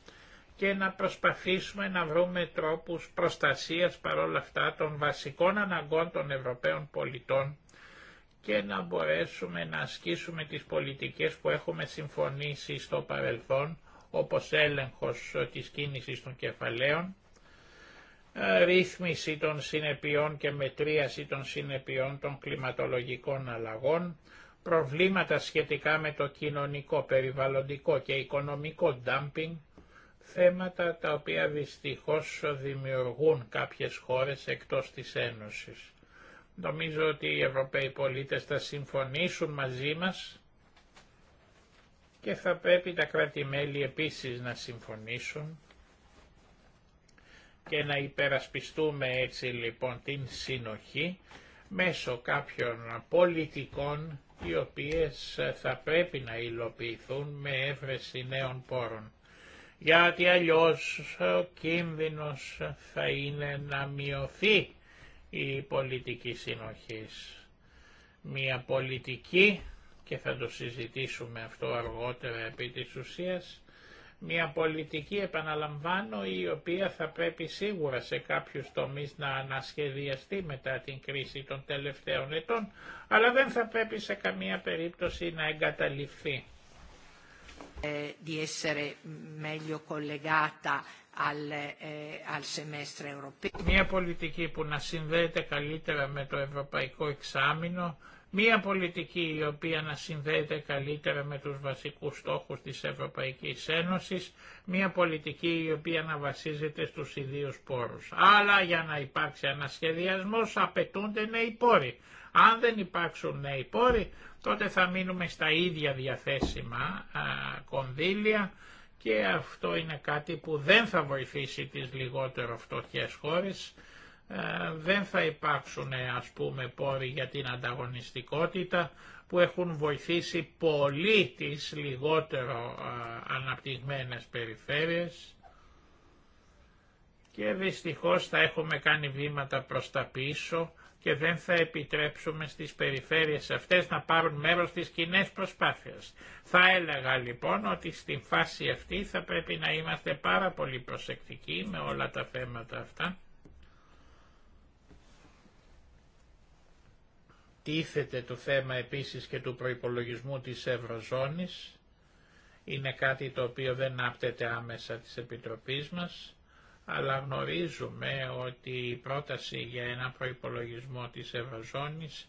και να προσπαθήσουμε να βρούμε τρόπους προστασίας παρόλα αυτά των βασικών αναγκών των Ευρωπαίων πολιτών και να μπορέσουμε να ασκήσουμε τις πολιτικές που έχουμε συμφωνήσει στο παρελθόν όπως έλεγχος της κίνησης των κεφαλαίων, ε, ρύθμιση των συνεπειών και μετρίαση των συνεπειών των κλιματολογικών αλλαγών, προβλήματα σχετικά με το κοινωνικό, περιβαλλοντικό και οικονομικό dumping, θέματα τα οποία δυστυχώς δημιουργούν κάποιες χώρες εκτός της Ένωσης. Νομίζω ότι οι Ευρωπαίοι πολίτες θα συμφωνήσουν μαζί μας και θα πρέπει τα κράτη-μέλη επίσης να συμφωνήσουν και να υπερασπιστούμε έτσι λοιπόν την συνοχή μέσω κάποιων πολιτικών οι οποίες θα πρέπει να υλοποιηθούν με έβρεση νέων πόρων. Γιατί αλλιώς ο κίνδυνος θα είναι να μειωθεί η πολιτική συνοχής. Μια πολιτική και θα το συζητήσουμε αυτό αργότερα επί της ουσίας, μια πολιτική επαναλαμβάνω η οποία θα πρέπει σίγουρα σε κάποιους τομείς να ανασχεδιαστεί μετά την κρίση των τελευταίων ετών, αλλά δεν θα πρέπει σε καμία περίπτωση να εγκαταλειφθεί. Μια πολιτική που να συνδέεται καλύτερα με το ευρωπαϊκό εξάμεινο, Μία πολιτική η οποία να συνδέεται καλύτερα με τους βασικούς στόχους της Ευρωπαϊκής Ένωσης, μία πολιτική η οποία να βασίζεται στους ιδίους πόρους. Αλλά για να υπάρξει ένα απαιτούνται νέοι πόροι. Αν δεν υπάρξουν νέοι πόροι, τότε θα μείνουμε στα ίδια διαθέσιμα κονδύλια και αυτό είναι κάτι που δεν θα βοηθήσει τις λιγότερο φτωχές χώρες ε, δεν θα υπάρξουν ας πούμε πόροι για την ανταγωνιστικότητα που έχουν βοηθήσει πολύ τις λιγότερο ε, αναπτυγμένες περιφέρειες και δυστυχώς θα έχουμε κάνει βήματα προς τα πίσω και δεν θα επιτρέψουμε στις περιφέρειες αυτές να πάρουν μέρος στις κοινέ προσπάθειες. Θα έλεγα λοιπόν ότι στην φάση αυτή θα πρέπει να είμαστε πάρα πολύ προσεκτικοί με όλα τα θέματα αυτά Τίθεται το θέμα επίσης και του προϋπολογισμού της Ευρωζώνης. Είναι κάτι το οποίο δεν άπτεται άμεσα της Επιτροπής μας, αλλά γνωρίζουμε ότι η πρόταση για ένα προϋπολογισμό της Ευρωζώνης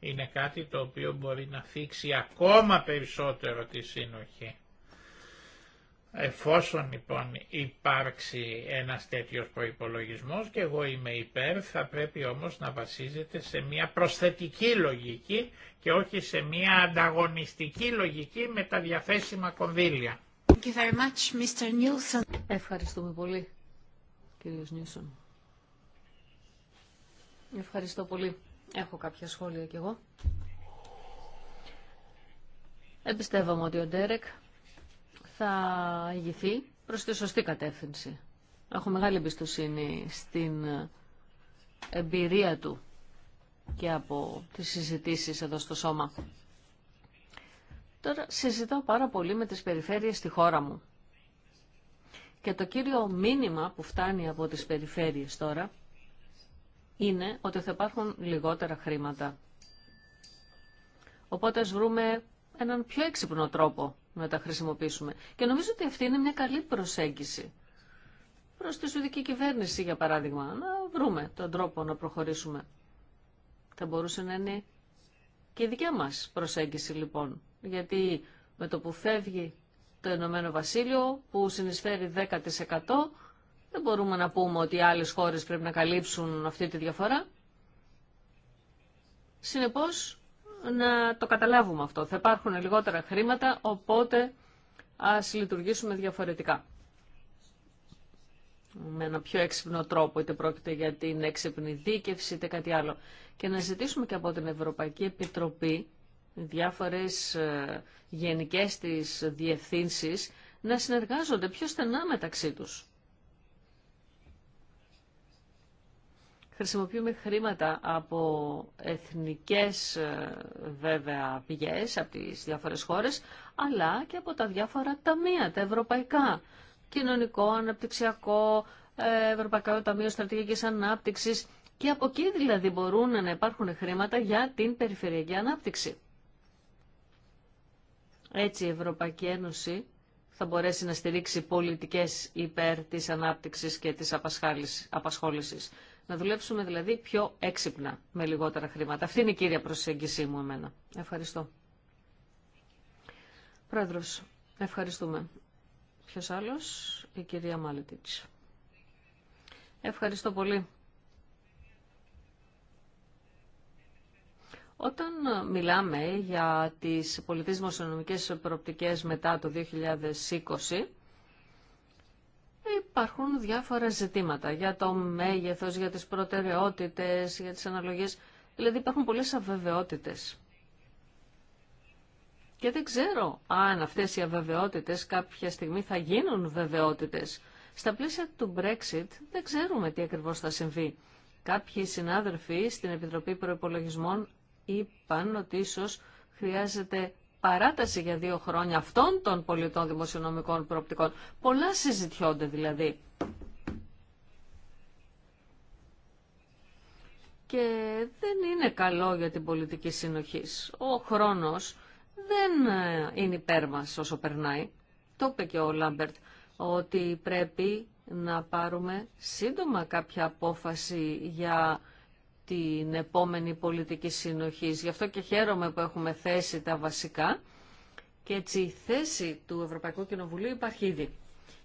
είναι κάτι το οποίο μπορεί να θίξει ακόμα περισσότερο τη σύνοχη. Εφόσον λοιπόν υπάρξει ένας τέτοιος προϋπολογισμός και εγώ είμαι υπέρ, θα πρέπει όμως να βασίζεται σε μια προσθετική λογική και όχι σε μια ανταγωνιστική λογική με τα διαθέσιμα κονδύλια. Ευχαριστούμε πολύ, κύριος Νίλσον. Ευχαριστώ πολύ. Έχω κάποια σχόλια κι εγώ. Εμπιστεύομαι ότι ο Ντέρεκ θα ηγηθεί προς τη σωστή κατεύθυνση. Έχω μεγάλη εμπιστοσύνη στην εμπειρία του και από τις συζητήσεις εδώ στο σώμα. Τώρα συζητώ πάρα πολύ με τις περιφέρειες στη χώρα μου. Και το κύριο μήνυμα που φτάνει από τις περιφέρειες τώρα είναι ότι θα υπάρχουν λιγότερα χρήματα. Οπότε ας βρούμε έναν πιο έξυπνο τρόπο να τα χρησιμοποιήσουμε. Και νομίζω ότι αυτή είναι μια καλή προσέγγιση. Προς τη Σουηδική κυβέρνηση, για παράδειγμα, να βρούμε τον τρόπο να προχωρήσουμε. Θα μπορούσε να είναι και η δικιά μας προσέγγιση, λοιπόν. Γιατί με το που φεύγει το Ηνωμένο Βασίλειο, που συνεισφέρει 10%, δεν μπορούμε να πούμε ότι οι άλλες χώρες πρέπει να καλύψουν αυτή τη διαφορά. Συνεπώς, να το καταλάβουμε αυτό. Θα υπάρχουν λιγότερα χρήματα, οπότε ας λειτουργήσουμε διαφορετικά. Με ένα πιο έξυπνο τρόπο, είτε πρόκειται για την έξυπνη δίκευση, είτε κάτι άλλο. Και να ζητήσουμε και από την Ευρωπαϊκή Επιτροπή διάφορες ε, γενικές της διευθύνσεις να συνεργάζονται πιο στενά μεταξύ τους. χρησιμοποιούμε χρήματα από εθνικές ε, βέβαια πηγές από τις διάφορες χώρες, αλλά και από τα διάφορα ταμεία, τα ευρωπαϊκά, κοινωνικό, αναπτυξιακό, ε, Ευρωπαϊκό Ταμείο Στρατηγικής Ανάπτυξης και από εκεί δηλαδή μπορούν να υπάρχουν χρήματα για την περιφερειακή ανάπτυξη. Έτσι η Ευρωπαϊκή Ένωση θα μπορέσει να στηρίξει πολιτικές υπέρ της ανάπτυξης και της απασχόλησης. Να δουλέψουμε δηλαδή πιο έξυπνα με λιγότερα χρήματα. Αυτή είναι η κύρια προσέγγιση μου εμένα. Ευχαριστώ. Πρόεδρος, ευχαριστούμε. Ποιος άλλος, η κυρία Μάλετιτς. Ευχαριστώ πολύ. Όταν μιλάμε για τις πολιτισμο οικονομικες προοπτικές μετά το 2020, υπάρχουν διάφορα ζητήματα για το μέγεθος, για τις προτεραιότητες, για τις αναλογίες. Δηλαδή υπάρχουν πολλές αβεβαιότητες. Και δεν ξέρω αν αυτές οι αβεβαιότητες κάποια στιγμή θα γίνουν βεβαιότητες. Στα πλαίσια του Brexit δεν ξέρουμε τι ακριβώς θα συμβεί. Κάποιοι συνάδελφοι στην Επιτροπή Προπολογισμών είπαν ότι ίσως χρειάζεται παράταση για δύο χρόνια αυτών των πολιτών δημοσιονομικών προοπτικών. Πολλά συζητιώνται δηλαδή. Και δεν είναι καλό για την πολιτική συνοχής. Ο χρόνος δεν ε, είναι υπέρ μας όσο περνάει. Το είπε και ο Λάμπερτ ότι πρέπει να πάρουμε σύντομα κάποια απόφαση για την επόμενη πολιτική συνοχής. Γι' αυτό και χαίρομαι που έχουμε θέσει τα βασικά και έτσι η θέση του Ευρωπαϊκού Κοινοβουλίου υπάρχει ήδη.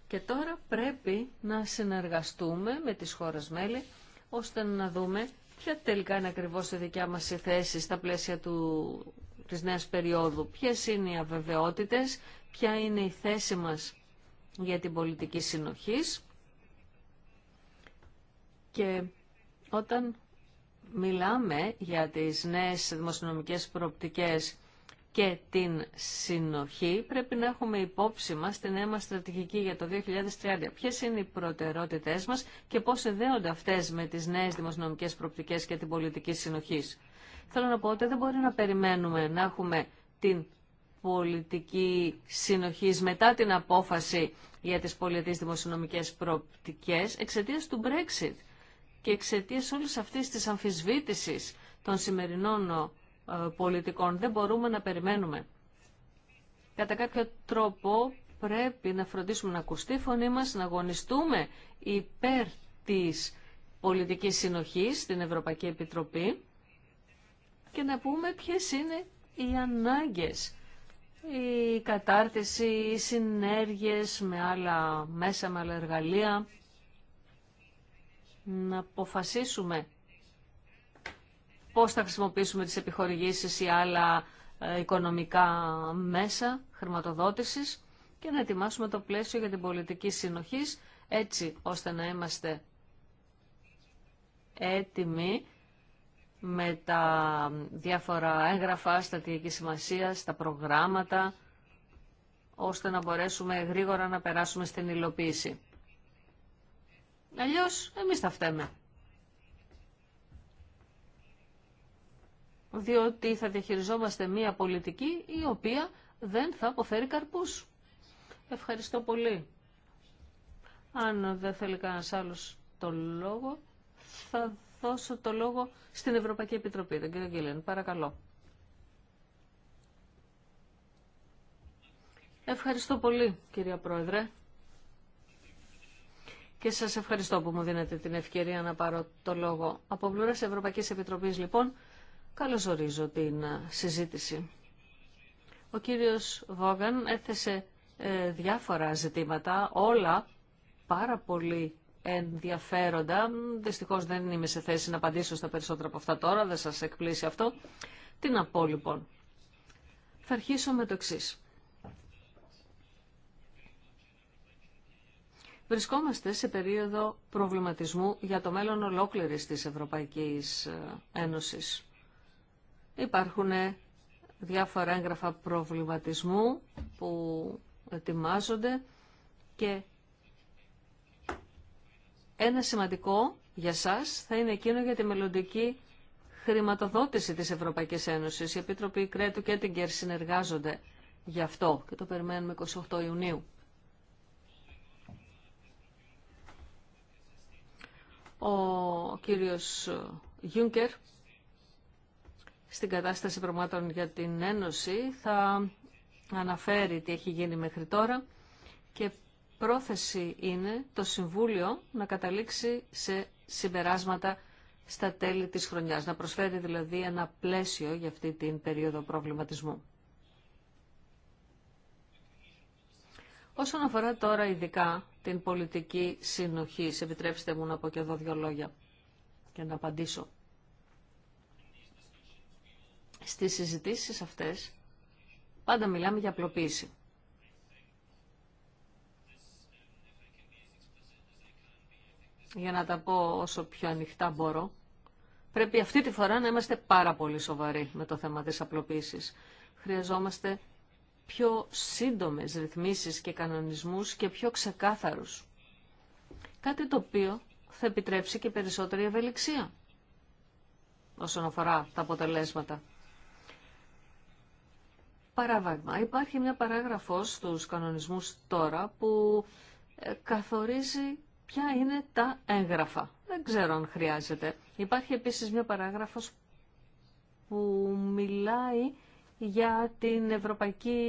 Και τώρα πρέπει να συνεργαστούμε με τις χώρες μέλη ώστε να δούμε ποια τελικά είναι ακριβώς η δικιά μας η θέση στα πλαίσια του, της νέας περίοδου. Ποιες είναι οι αβεβαιότητες, ποια είναι η θέση μας για την πολιτική συνοχής και όταν μιλάμε για τις νέες δημοσιονομικές προοπτικές και την συνοχή, πρέπει να έχουμε υπόψη μας την νέα μας στρατηγική για το 2030. Ποιες είναι οι προτεραιότητές μας και πώς εδέονται αυτές με τις νέες δημοσιονομικές προοπτικές και την πολιτική συνοχή. Θέλω να πω ότι δεν μπορεί να περιμένουμε να έχουμε την πολιτική συνοχή μετά την απόφαση για τις πολιτικές δημοσιονομικές προοπτικές εξαιτίας του Brexit. Και εξαιτία όλη αυτή τη αμφισβήτηση των σημερινών ε, πολιτικών δεν μπορούμε να περιμένουμε. Κατά κάποιο τρόπο πρέπει να φροντίσουμε να ακουστεί η φωνή μας, να αγωνιστούμε υπέρ της πολιτικής συνοχής στην Ευρωπαϊκή Επιτροπή και να πούμε ποιες είναι οι ανάγκες. Η κατάρτιση, οι συνέργειες με άλλα μέσα, με άλλα εργαλεία, να αποφασίσουμε πώς θα χρησιμοποιήσουμε τις επιχορηγήσεις ή άλλα ε, οικονομικά μέσα χρηματοδότησης και να ετοιμάσουμε το πλαίσιο για την πολιτική συνοχής έτσι ώστε να είμαστε έτοιμοι με τα διάφορα έγγραφα στατική σημασία, τα προγράμματα, ώστε να μπορέσουμε γρήγορα να περάσουμε στην υλοποίηση. Αλλιώς εμείς θα φταίμε. Διότι θα διαχειριζόμαστε μία πολιτική η οποία δεν θα αποφέρει καρπούς. Ευχαριστώ πολύ. Αν δεν θέλει κανένα άλλο το λόγο, θα δώσω το λόγο στην Ευρωπαϊκή Επιτροπή, τον κύριε Γκίλεν. Παρακαλώ. Ευχαριστώ πολύ, κυρία Πρόεδρε και σας ευχαριστώ που μου δίνετε την ευκαιρία να πάρω το λόγο. Από πλούρας Ευρωπαϊκής Επιτροπής λοιπόν, καλώς ορίζω την ε, συζήτηση. Ο κύριος Βόγαν έθεσε ε, διάφορα ζητήματα, όλα πάρα πολύ ενδιαφέροντα. Δυστυχώς δεν είμαι σε θέση να απαντήσω στα περισσότερα από αυτά τώρα, δεν σας εκπλήσει αυτό. Τι να πω λοιπόν. Θα αρχίσω με το εξής. Βρισκόμαστε σε περίοδο προβληματισμού για το μέλλον ολόκληρης της Ευρωπαϊκής ε, Ένωσης. Υπάρχουν ε, διάφορα έγγραφα προβληματισμού που ετοιμάζονται και ένα σημαντικό για σας θα είναι εκείνο για τη μελλοντική χρηματοδότηση της Ευρωπαϊκής Ένωσης. Η Επίτροπη Κρέτου και την συνεργάζονται γι' αυτό και το περιμένουμε 28 Ιουνίου. ο κύριος Γιούγκερ, στην κατάσταση πραγμάτων για την Ένωση θα αναφέρει τι έχει γίνει μέχρι τώρα και πρόθεση είναι το Συμβούλιο να καταλήξει σε συμπεράσματα στα τέλη της χρονιάς, να προσφέρει δηλαδή ένα πλαίσιο για αυτή την περίοδο προβληματισμού. Όσον αφορά τώρα ειδικά την πολιτική συνοχή, επιτρέψτε μου να πω και εδώ δύο λόγια και να απαντήσω. Στις συζητήσεις αυτές πάντα μιλάμε για απλοποίηση. Για να τα πω όσο πιο ανοιχτά μπορώ, πρέπει αυτή τη φορά να είμαστε πάρα πολύ σοβαροί με το θέμα της απλοποίησης. Χρειαζόμαστε πιο σύντομες ρυθμίσεις και κανονισμούς και πιο ξεκάθαρους. Κάτι το οποίο θα επιτρέψει και περισσότερη ευελιξία όσον αφορά τα αποτελέσματα. Παράδειγμα, υπάρχει μια παράγραφος στους κανονισμούς τώρα που ε, καθορίζει ποια είναι τα έγγραφα. Δεν ξέρω αν χρειάζεται. Υπάρχει επίσης μια παράγραφος που μιλάει για την Ευρωπαϊκή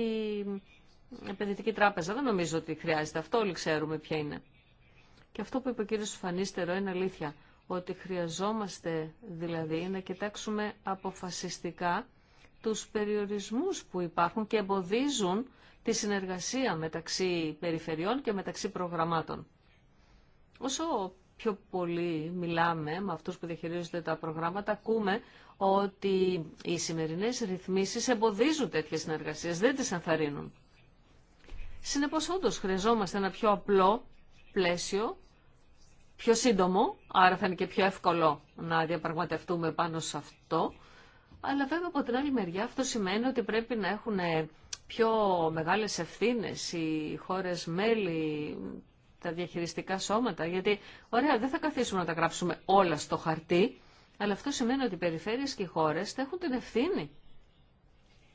Επενδυτική Τράπεζα. Δεν νομίζω ότι χρειάζεται αυτό, όλοι ξέρουμε ποια είναι. Και αυτό που είπε ο κύριο Φανίστερο είναι αλήθεια, ότι χρειαζόμαστε δηλαδή να κοιτάξουμε αποφασιστικά τους περιορισμούς που υπάρχουν και εμποδίζουν τη συνεργασία μεταξύ περιφερειών και μεταξύ προγραμμάτων πιο πολύ μιλάμε με αυτούς που διαχειρίζονται τα προγράμματα, ακούμε ότι οι σημερινές ρυθμίσεις εμποδίζουν τέτοιες συνεργασίες, δεν τις ενθαρρύνουν. Συνεπώς όντως χρειαζόμαστε ένα πιο απλό πλαίσιο, πιο σύντομο, άρα θα είναι και πιο εύκολο να διαπραγματευτούμε πάνω σε αυτό. Αλλά βέβαια από την άλλη μεριά αυτό σημαίνει ότι πρέπει να έχουν πιο μεγάλες ευθύνες οι χώρες μέλη, τα διαχειριστικά σώματα, γιατί ωραία δεν θα καθίσουμε να τα γράψουμε όλα στο χαρτί, αλλά αυτό σημαίνει ότι οι περιφέρειες και οι χώρες θα έχουν την ευθύνη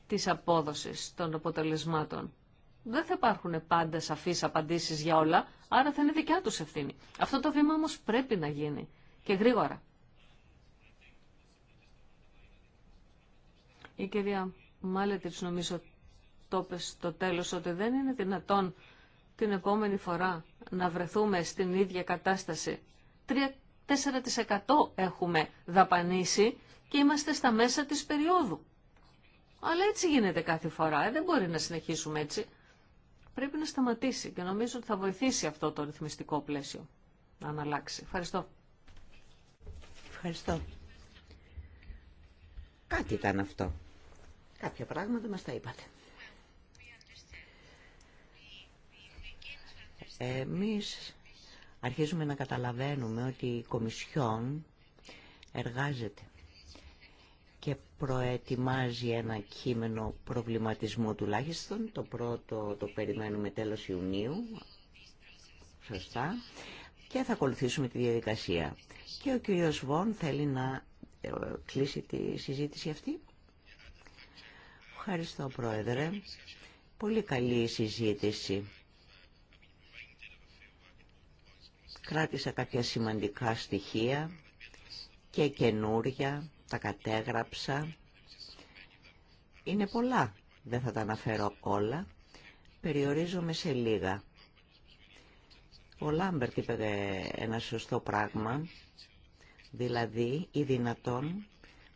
της απόδοσης των αποτελεσμάτων. Δεν θα υπάρχουν πάντα σαφείς απαντήσεις για όλα, άρα θα είναι δικιά τους ευθύνη. Αυτό το βήμα όμως πρέπει να γίνει και γρήγορα. Η κυρία Μάλετης νομίζω το στο τέλος ότι δεν είναι δυνατόν την επόμενη φορά να βρεθούμε στην ίδια κατάσταση. 3-4% έχουμε δαπανίσει και είμαστε στα μέσα της περίοδου. Αλλά έτσι γίνεται κάθε φορά. Ε, δεν μπορεί να συνεχίσουμε έτσι. Πρέπει να σταματήσει και νομίζω ότι θα βοηθήσει αυτό το ρυθμιστικό πλαίσιο να αναλλάξει. Ευχαριστώ. Ευχαριστώ. Κάτι ήταν αυτό. Κάποια πράγματα μας τα είπατε. Εμείς αρχίζουμε να καταλαβαίνουμε ότι η Κομισιόν εργάζεται και προετοιμάζει ένα κείμενο προβληματισμού τουλάχιστον. Το πρώτο το περιμένουμε τέλος Ιουνίου, σωστά, και θα ακολουθήσουμε τη διαδικασία. Και ο κύριος Βον θέλει να ε, κλείσει τη συζήτηση αυτή. Ευχαριστώ Πρόεδρε. Πολύ καλή συζήτηση. Κράτησα κάποια σημαντικά στοιχεία και καινούρια, τα κατέγραψα. Είναι πολλά, δεν θα τα αναφέρω όλα. Περιορίζομαι σε λίγα. Ο Λάμπερτ είπε ένα σωστό πράγμα, δηλαδή οι δυνατόν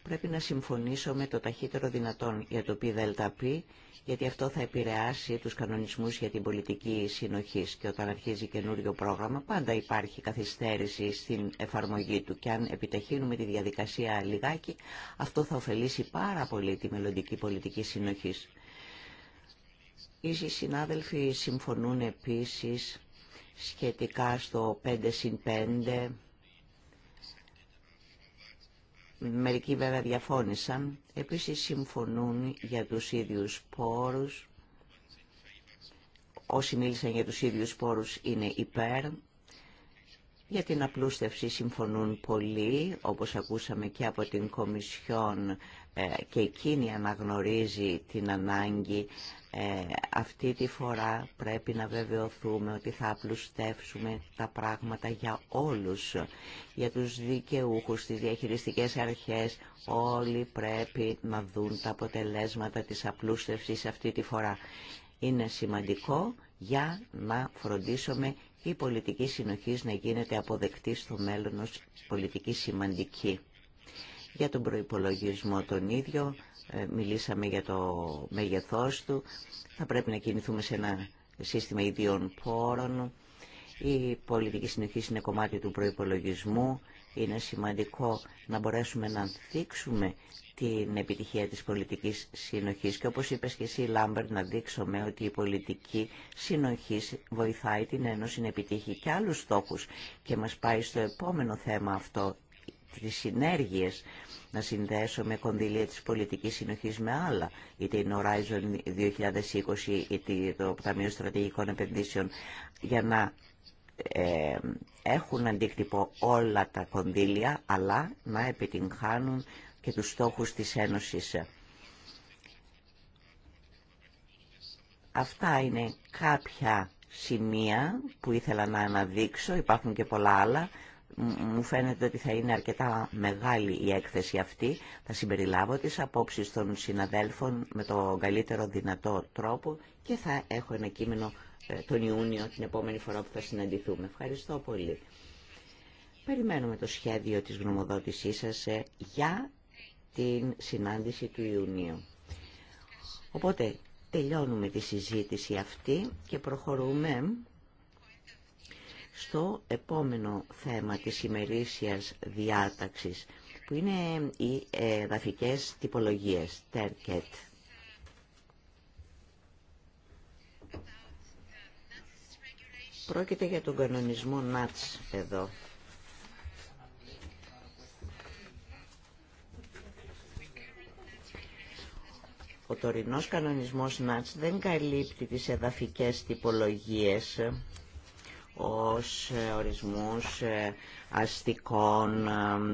πρέπει να συμφωνήσω με το ταχύτερο δυνατόν για το ΠΔΠ, γιατί αυτό θα επηρεάσει τους κανονισμούς για την πολιτική συνοχή και όταν αρχίζει καινούριο πρόγραμμα πάντα υπάρχει καθυστέρηση στην εφαρμογή του και αν επιταχύνουμε τη διαδικασία λιγάκι αυτό θα ωφελήσει πάρα πολύ τη μελλοντική πολιτική συνοχή. Οι συνάδελφοι συμφωνούν επίσης σχετικά στο 5 συν 5 Μερικοί βέβαια διαφώνησαν. Επίσης συμφωνούν για τους ίδιους πόρους. Όσοι μίλησαν για τους ίδιους πόρους είναι υπέρ. Για την απλούστευση συμφωνούν πολλοί, όπως ακούσαμε και από την Κομισιόν ε, και εκείνη αναγνωρίζει την ανάγκη ε, αυτή τη φορά πρέπει να βεβαιωθούμε ότι θα απλουστεύσουμε τα πράγματα για όλους, για τους δικαιούχους, τις διαχειριστικές αρχές. Όλοι πρέπει να δουν τα αποτελέσματα της απλούστευσης αυτή τη φορά. Είναι σημαντικό για να φροντίσουμε η πολιτική συνοχής να γίνεται αποδεκτή στο μέλλον ως πολιτική σημαντική. Για τον προϋπολογισμό τον ίδιο, ε, μιλήσαμε για το μεγεθός του. Θα πρέπει να κινηθούμε σε ένα σύστημα ιδίων πόρων. Η πολιτική συνοχή είναι κομμάτι του προϋπολογισμού. Είναι σημαντικό να μπορέσουμε να δείξουμε την επιτυχία της πολιτικής συνοχής και όπως είπες και εσύ Λάμπερ να δείξουμε ότι η πολιτική συνοχής βοηθάει την Ένωση να επιτύχει και άλλους στόχους και μας πάει στο επόμενο θέμα αυτό, τις συνέργειες να με κονδύλια της πολιτικής συνοχής με άλλα, είτε είναι Horizon 2020 είτε το Ταμείο Στρατηγικών Επενδύσεων, για να ε, έχουν αντίκτυπο όλα τα κονδύλια, αλλά να επιτυγχάνουν και τους στόχους της Ένωσης. Αυτά είναι κάποια σημεία που ήθελα να αναδείξω, υπάρχουν και πολλά άλλα μου φαίνεται ότι θα είναι αρκετά μεγάλη η έκθεση αυτή. Θα συμπεριλάβω τις απόψεις των συναδέλφων με τον καλύτερο δυνατό τρόπο και θα έχω ένα κείμενο ε, τον Ιούνιο την επόμενη φορά που θα συναντηθούμε. Ευχαριστώ πολύ. Περιμένουμε το σχέδιο της γνωμοδότησής σας ε, για την συνάντηση του Ιουνίου. Οπότε τελειώνουμε τη συζήτηση αυτή και προχωρούμε στο επόμενο θέμα της ημερήσιας διάταξης, που είναι οι ε, εδαφικές τυπολογίες, τέρκετ. Πρόκειται για τον κανονισμό ΝΑΤΣ εδώ. Ο τωρινός κανονισμός ΝΑΤΣ δεν καλύπτει τις εδαφικές τυπολογίες ως ε, ορισμούς ε, αστικών,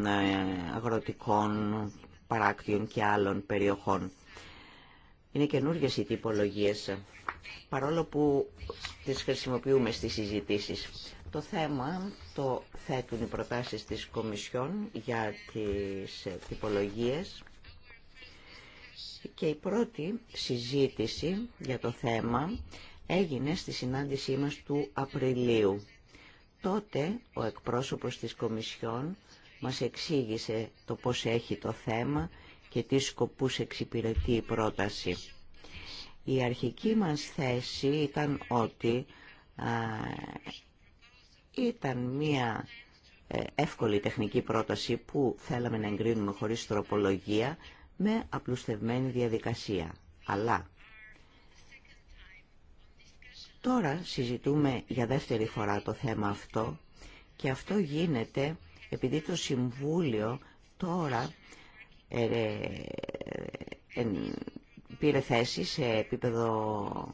ε, αγροτικών, παράκτιων και άλλων περιοχών. Είναι καινούργιε οι τυπολογίες, παρόλο που τις χρησιμοποιούμε στις συζητήσεις. Το θέμα το θέτουν οι προτάσεις της Κομισιόν για τις τυπολογίες και η πρώτη συζήτηση για το θέμα έγινε στη συνάντησή μας του Απριλίου. Τότε ο εκπρόσωπος της Κομισιόν μας εξήγησε το πώς έχει το θέμα και τι σκοπούς εξυπηρετεί η πρόταση. Η αρχική μας θέση ήταν ότι ήταν μια ε, εύκολη τεχνική πρόταση που θέλαμε να εγκρίνουμε χωρίς τροπολογία με απλουστευμένη διαδικασία. Αλλά Τώρα συζητούμε για δεύτερη φορά το θέμα αυτό και αυτό γίνεται επειδή το Συμβούλιο τώρα ε, ε, πήρε θέση σε επίπεδο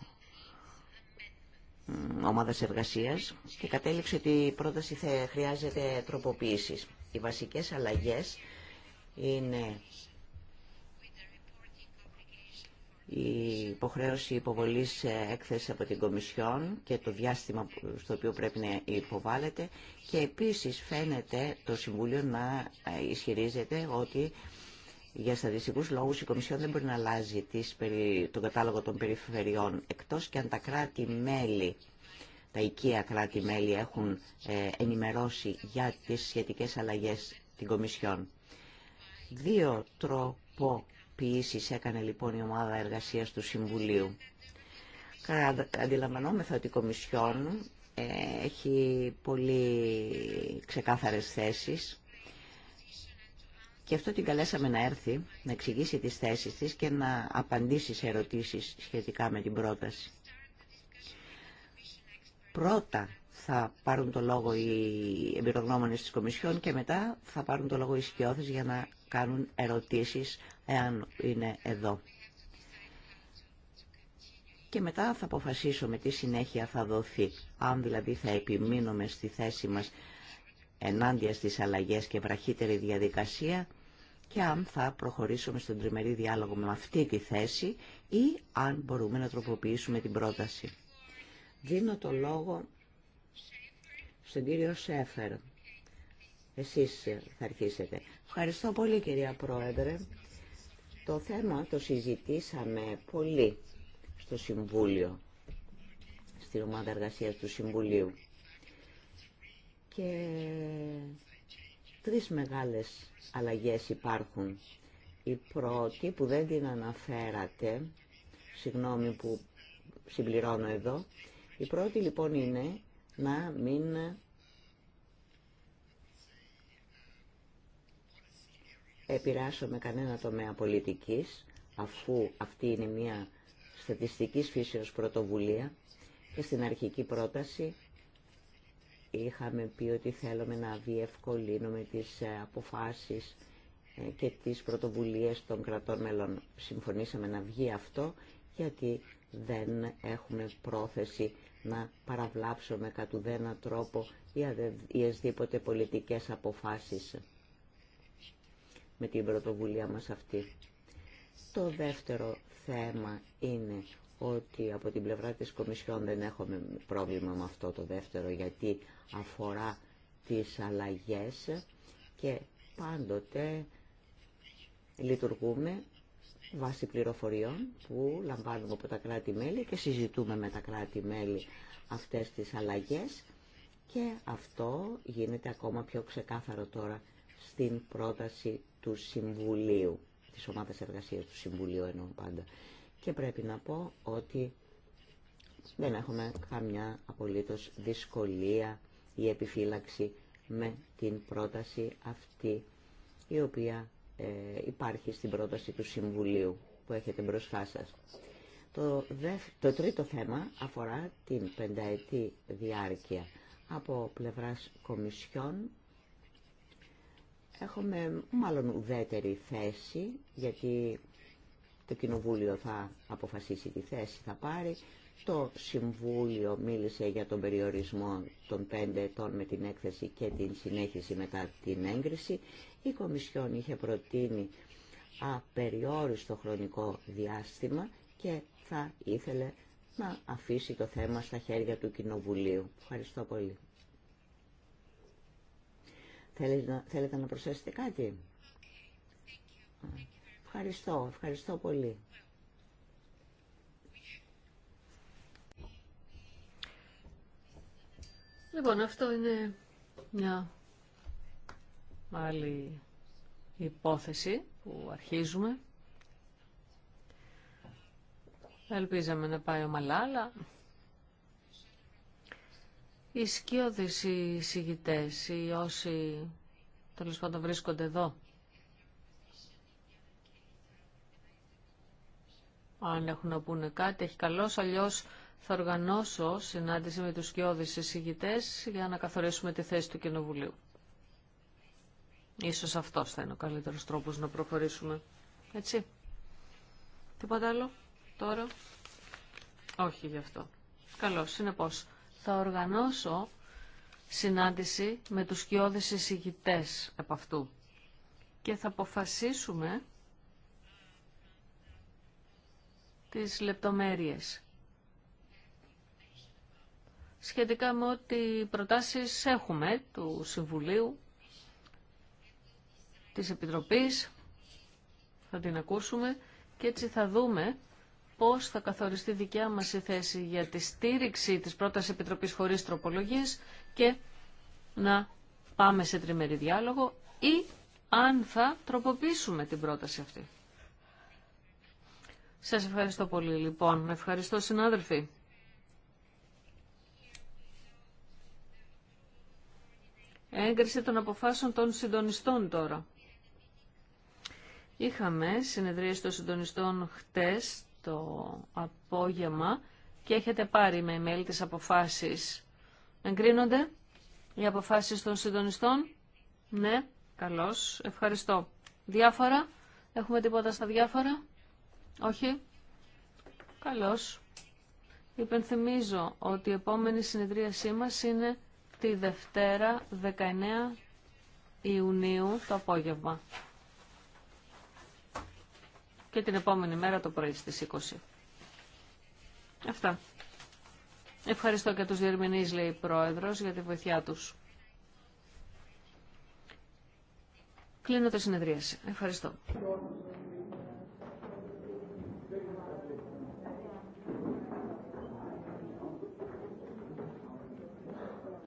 ομάδας εργασίας και κατέληξε ότι η πρόταση θα χρειάζεται τροποποίησης. Οι βασικές αλλαγές είναι η υποχρέωση υποβολής έκθεση από την Κομισιόν και το διάστημα στο οποίο πρέπει να υποβάλλεται και επίσης φαίνεται το Συμβούλιο να ισχυρίζεται ότι για στατιστικούς λόγους η Κομισιόν δεν μπορεί να αλλάζει τις, τον κατάλογο των περιφερειών εκτός και αν τα κράτη-μέλη τα οικία κράτη-μέλη έχουν ε, ενημερώσει για τις σχετικές αλλαγές την Κομισιόν. Δύο τρόπο έκανε λοιπόν η ομάδα εργασίας του Συμβουλίου. Αντιλαμβανόμεθα ότι η Κομισιόν ε, έχει πολύ ξεκάθαρες θέσεις και αυτό την καλέσαμε να έρθει, να εξηγήσει τις θέσεις της και να απαντήσει σε ερωτήσεις σχετικά με την πρόταση. Πρώτα θα πάρουν το λόγο οι εμπειρογνώμονες της Κομισιόν και μετά θα πάρουν το λόγο οι σκιώδες για να κάνουν ερωτήσεις εάν είναι εδώ. Και μετά θα αποφασίσουμε τι συνέχεια θα δοθεί, αν δηλαδή θα επιμείνουμε στη θέση μας ενάντια στις αλλαγές και βραχύτερη διαδικασία και αν θα προχωρήσουμε στον τριμερή διάλογο με αυτή τη θέση ή αν μπορούμε να τροποποιήσουμε την πρόταση. Δίνω το λόγο στον κύριο Σέφερ. Εσείς θα αρχίσετε. Ευχαριστώ πολύ κυρία Πρόεδρε το θέμα το συζητήσαμε πολύ στο Συμβούλιο, στην ομάδα εργασίας του Συμβουλίου. Και τρεις μεγάλες αλλαγές υπάρχουν. Η πρώτη που δεν την αναφέρατε, συγγνώμη που συμπληρώνω εδώ, η πρώτη λοιπόν είναι να μην επηρεάσω με κανένα τομέα πολιτικής, αφού αυτή είναι μια στατιστικής φύσεως πρωτοβουλία και στην αρχική πρόταση είχαμε πει ότι θέλουμε να διευκολύνουμε τις ε, αποφάσεις ε, και τις πρωτοβουλίες των κρατών μελών. Συμφωνήσαμε να βγει αυτό γιατί δεν έχουμε πρόθεση να παραβλάψουμε κατ' ουδένα τρόπο οι ασδήποτε πολιτικές αποφάσεις με την πρωτοβουλία μας αυτή. Το δεύτερο θέμα είναι ότι από την πλευρά της Κομισιόν δεν έχουμε πρόβλημα με αυτό το δεύτερο γιατί αφορά τις αλλαγές και πάντοτε λειτουργούμε βάσει πληροφοριών που λαμβάνουμε από τα κράτη-μέλη και συζητούμε με τα κράτη-μέλη αυτές τις αλλαγές και αυτό γίνεται ακόμα πιο ξεκάθαρο τώρα στην πρόταση του Συμβουλίου, της ομάδας εργασίας του Συμβουλίου εννοώ πάντα. Και πρέπει να πω ότι δεν έχουμε καμιά απολύτως δυσκολία ή επιφύλαξη με την πρόταση αυτή η οποία ε, υπάρχει στην πρόταση του Συμβουλίου που έχετε μπροστά σας. Το, το τρίτο θέμα αφορά την πενταετή διάρκεια από πλευράς κομισιών Έχουμε μάλλον ουδέτερη θέση, γιατί το Κοινοβούλιο θα αποφασίσει τη θέση, θα πάρει. Το Συμβούλιο μίλησε για τον περιορισμό των πέντε ετών με την έκθεση και την συνέχιση μετά την έγκριση. Η Κομισιόν είχε προτείνει απεριόριστο χρονικό διάστημα και θα ήθελε να αφήσει το θέμα στα χέρια του Κοινοβουλίου. Ευχαριστώ πολύ. Θέλετε, θέλετε να προσθέσετε κάτι. Ευχαριστώ, ευχαριστώ πολύ. Λοιπόν, αυτό είναι μια άλλη υπόθεση που αρχίζουμε. Ελπίζαμε να πάει ομαλά, αλλά οι σκιώδεις οι συγητές, οι όσοι τέλος πάντων βρίσκονται εδώ, αν έχουν να πούνε κάτι, έχει καλώς, αλλιώς θα οργανώσω συνάντηση με τους σκιώδεις εισηγητές για να καθορίσουμε τη θέση του Κοινοβουλίου. Ίσως αυτός θα είναι ο καλύτερος τρόπος να προχωρήσουμε. Έτσι. Τίποτα άλλο τώρα. Όχι γι' αυτό. Καλώς, συνεπώς θα οργανώσω συνάντηση με τους σκιώδες εισηγητές από αυτού και θα αποφασίσουμε τις λεπτομέρειες σχετικά με ό,τι προτάσεις έχουμε του Συμβουλίου, της Επιτροπής, θα την ακούσουμε και έτσι θα δούμε πώς θα καθοριστεί δικιά μας η θέση για τη στήριξη της πρότασης επιτροπής χωρίς τροπολογίες και να πάμε σε τριμερή διάλογο ή αν θα τροποποιήσουμε την πρόταση αυτή. Σας ευχαριστώ πολύ λοιπόν. Ευχαριστώ συνάδελφοι. Έγκριση των αποφάσεων των συντονιστών τώρα. Είχαμε συνεδρίες των συντονιστών χτες το απόγευμα και έχετε πάρει με email τις αποφάσεις. Εγκρίνονται οι αποφάσεις των συντονιστών. Ναι, καλώς. Ευχαριστώ. Διάφορα. Έχουμε τίποτα στα διάφορα. Όχι. Καλώς. Υπενθυμίζω ότι η επόμενη συνεδρίασή μας είναι τη Δευτέρα 19 Ιουνίου το απόγευμα και την επόμενη μέρα το πρωί στις 20. Αυτά. Ευχαριστώ και τους διερμηνείς, λέει η Πρόεδρος, για τη βοηθειά τους. Κλείνω τη συνεδρίαση. Ευχαριστώ.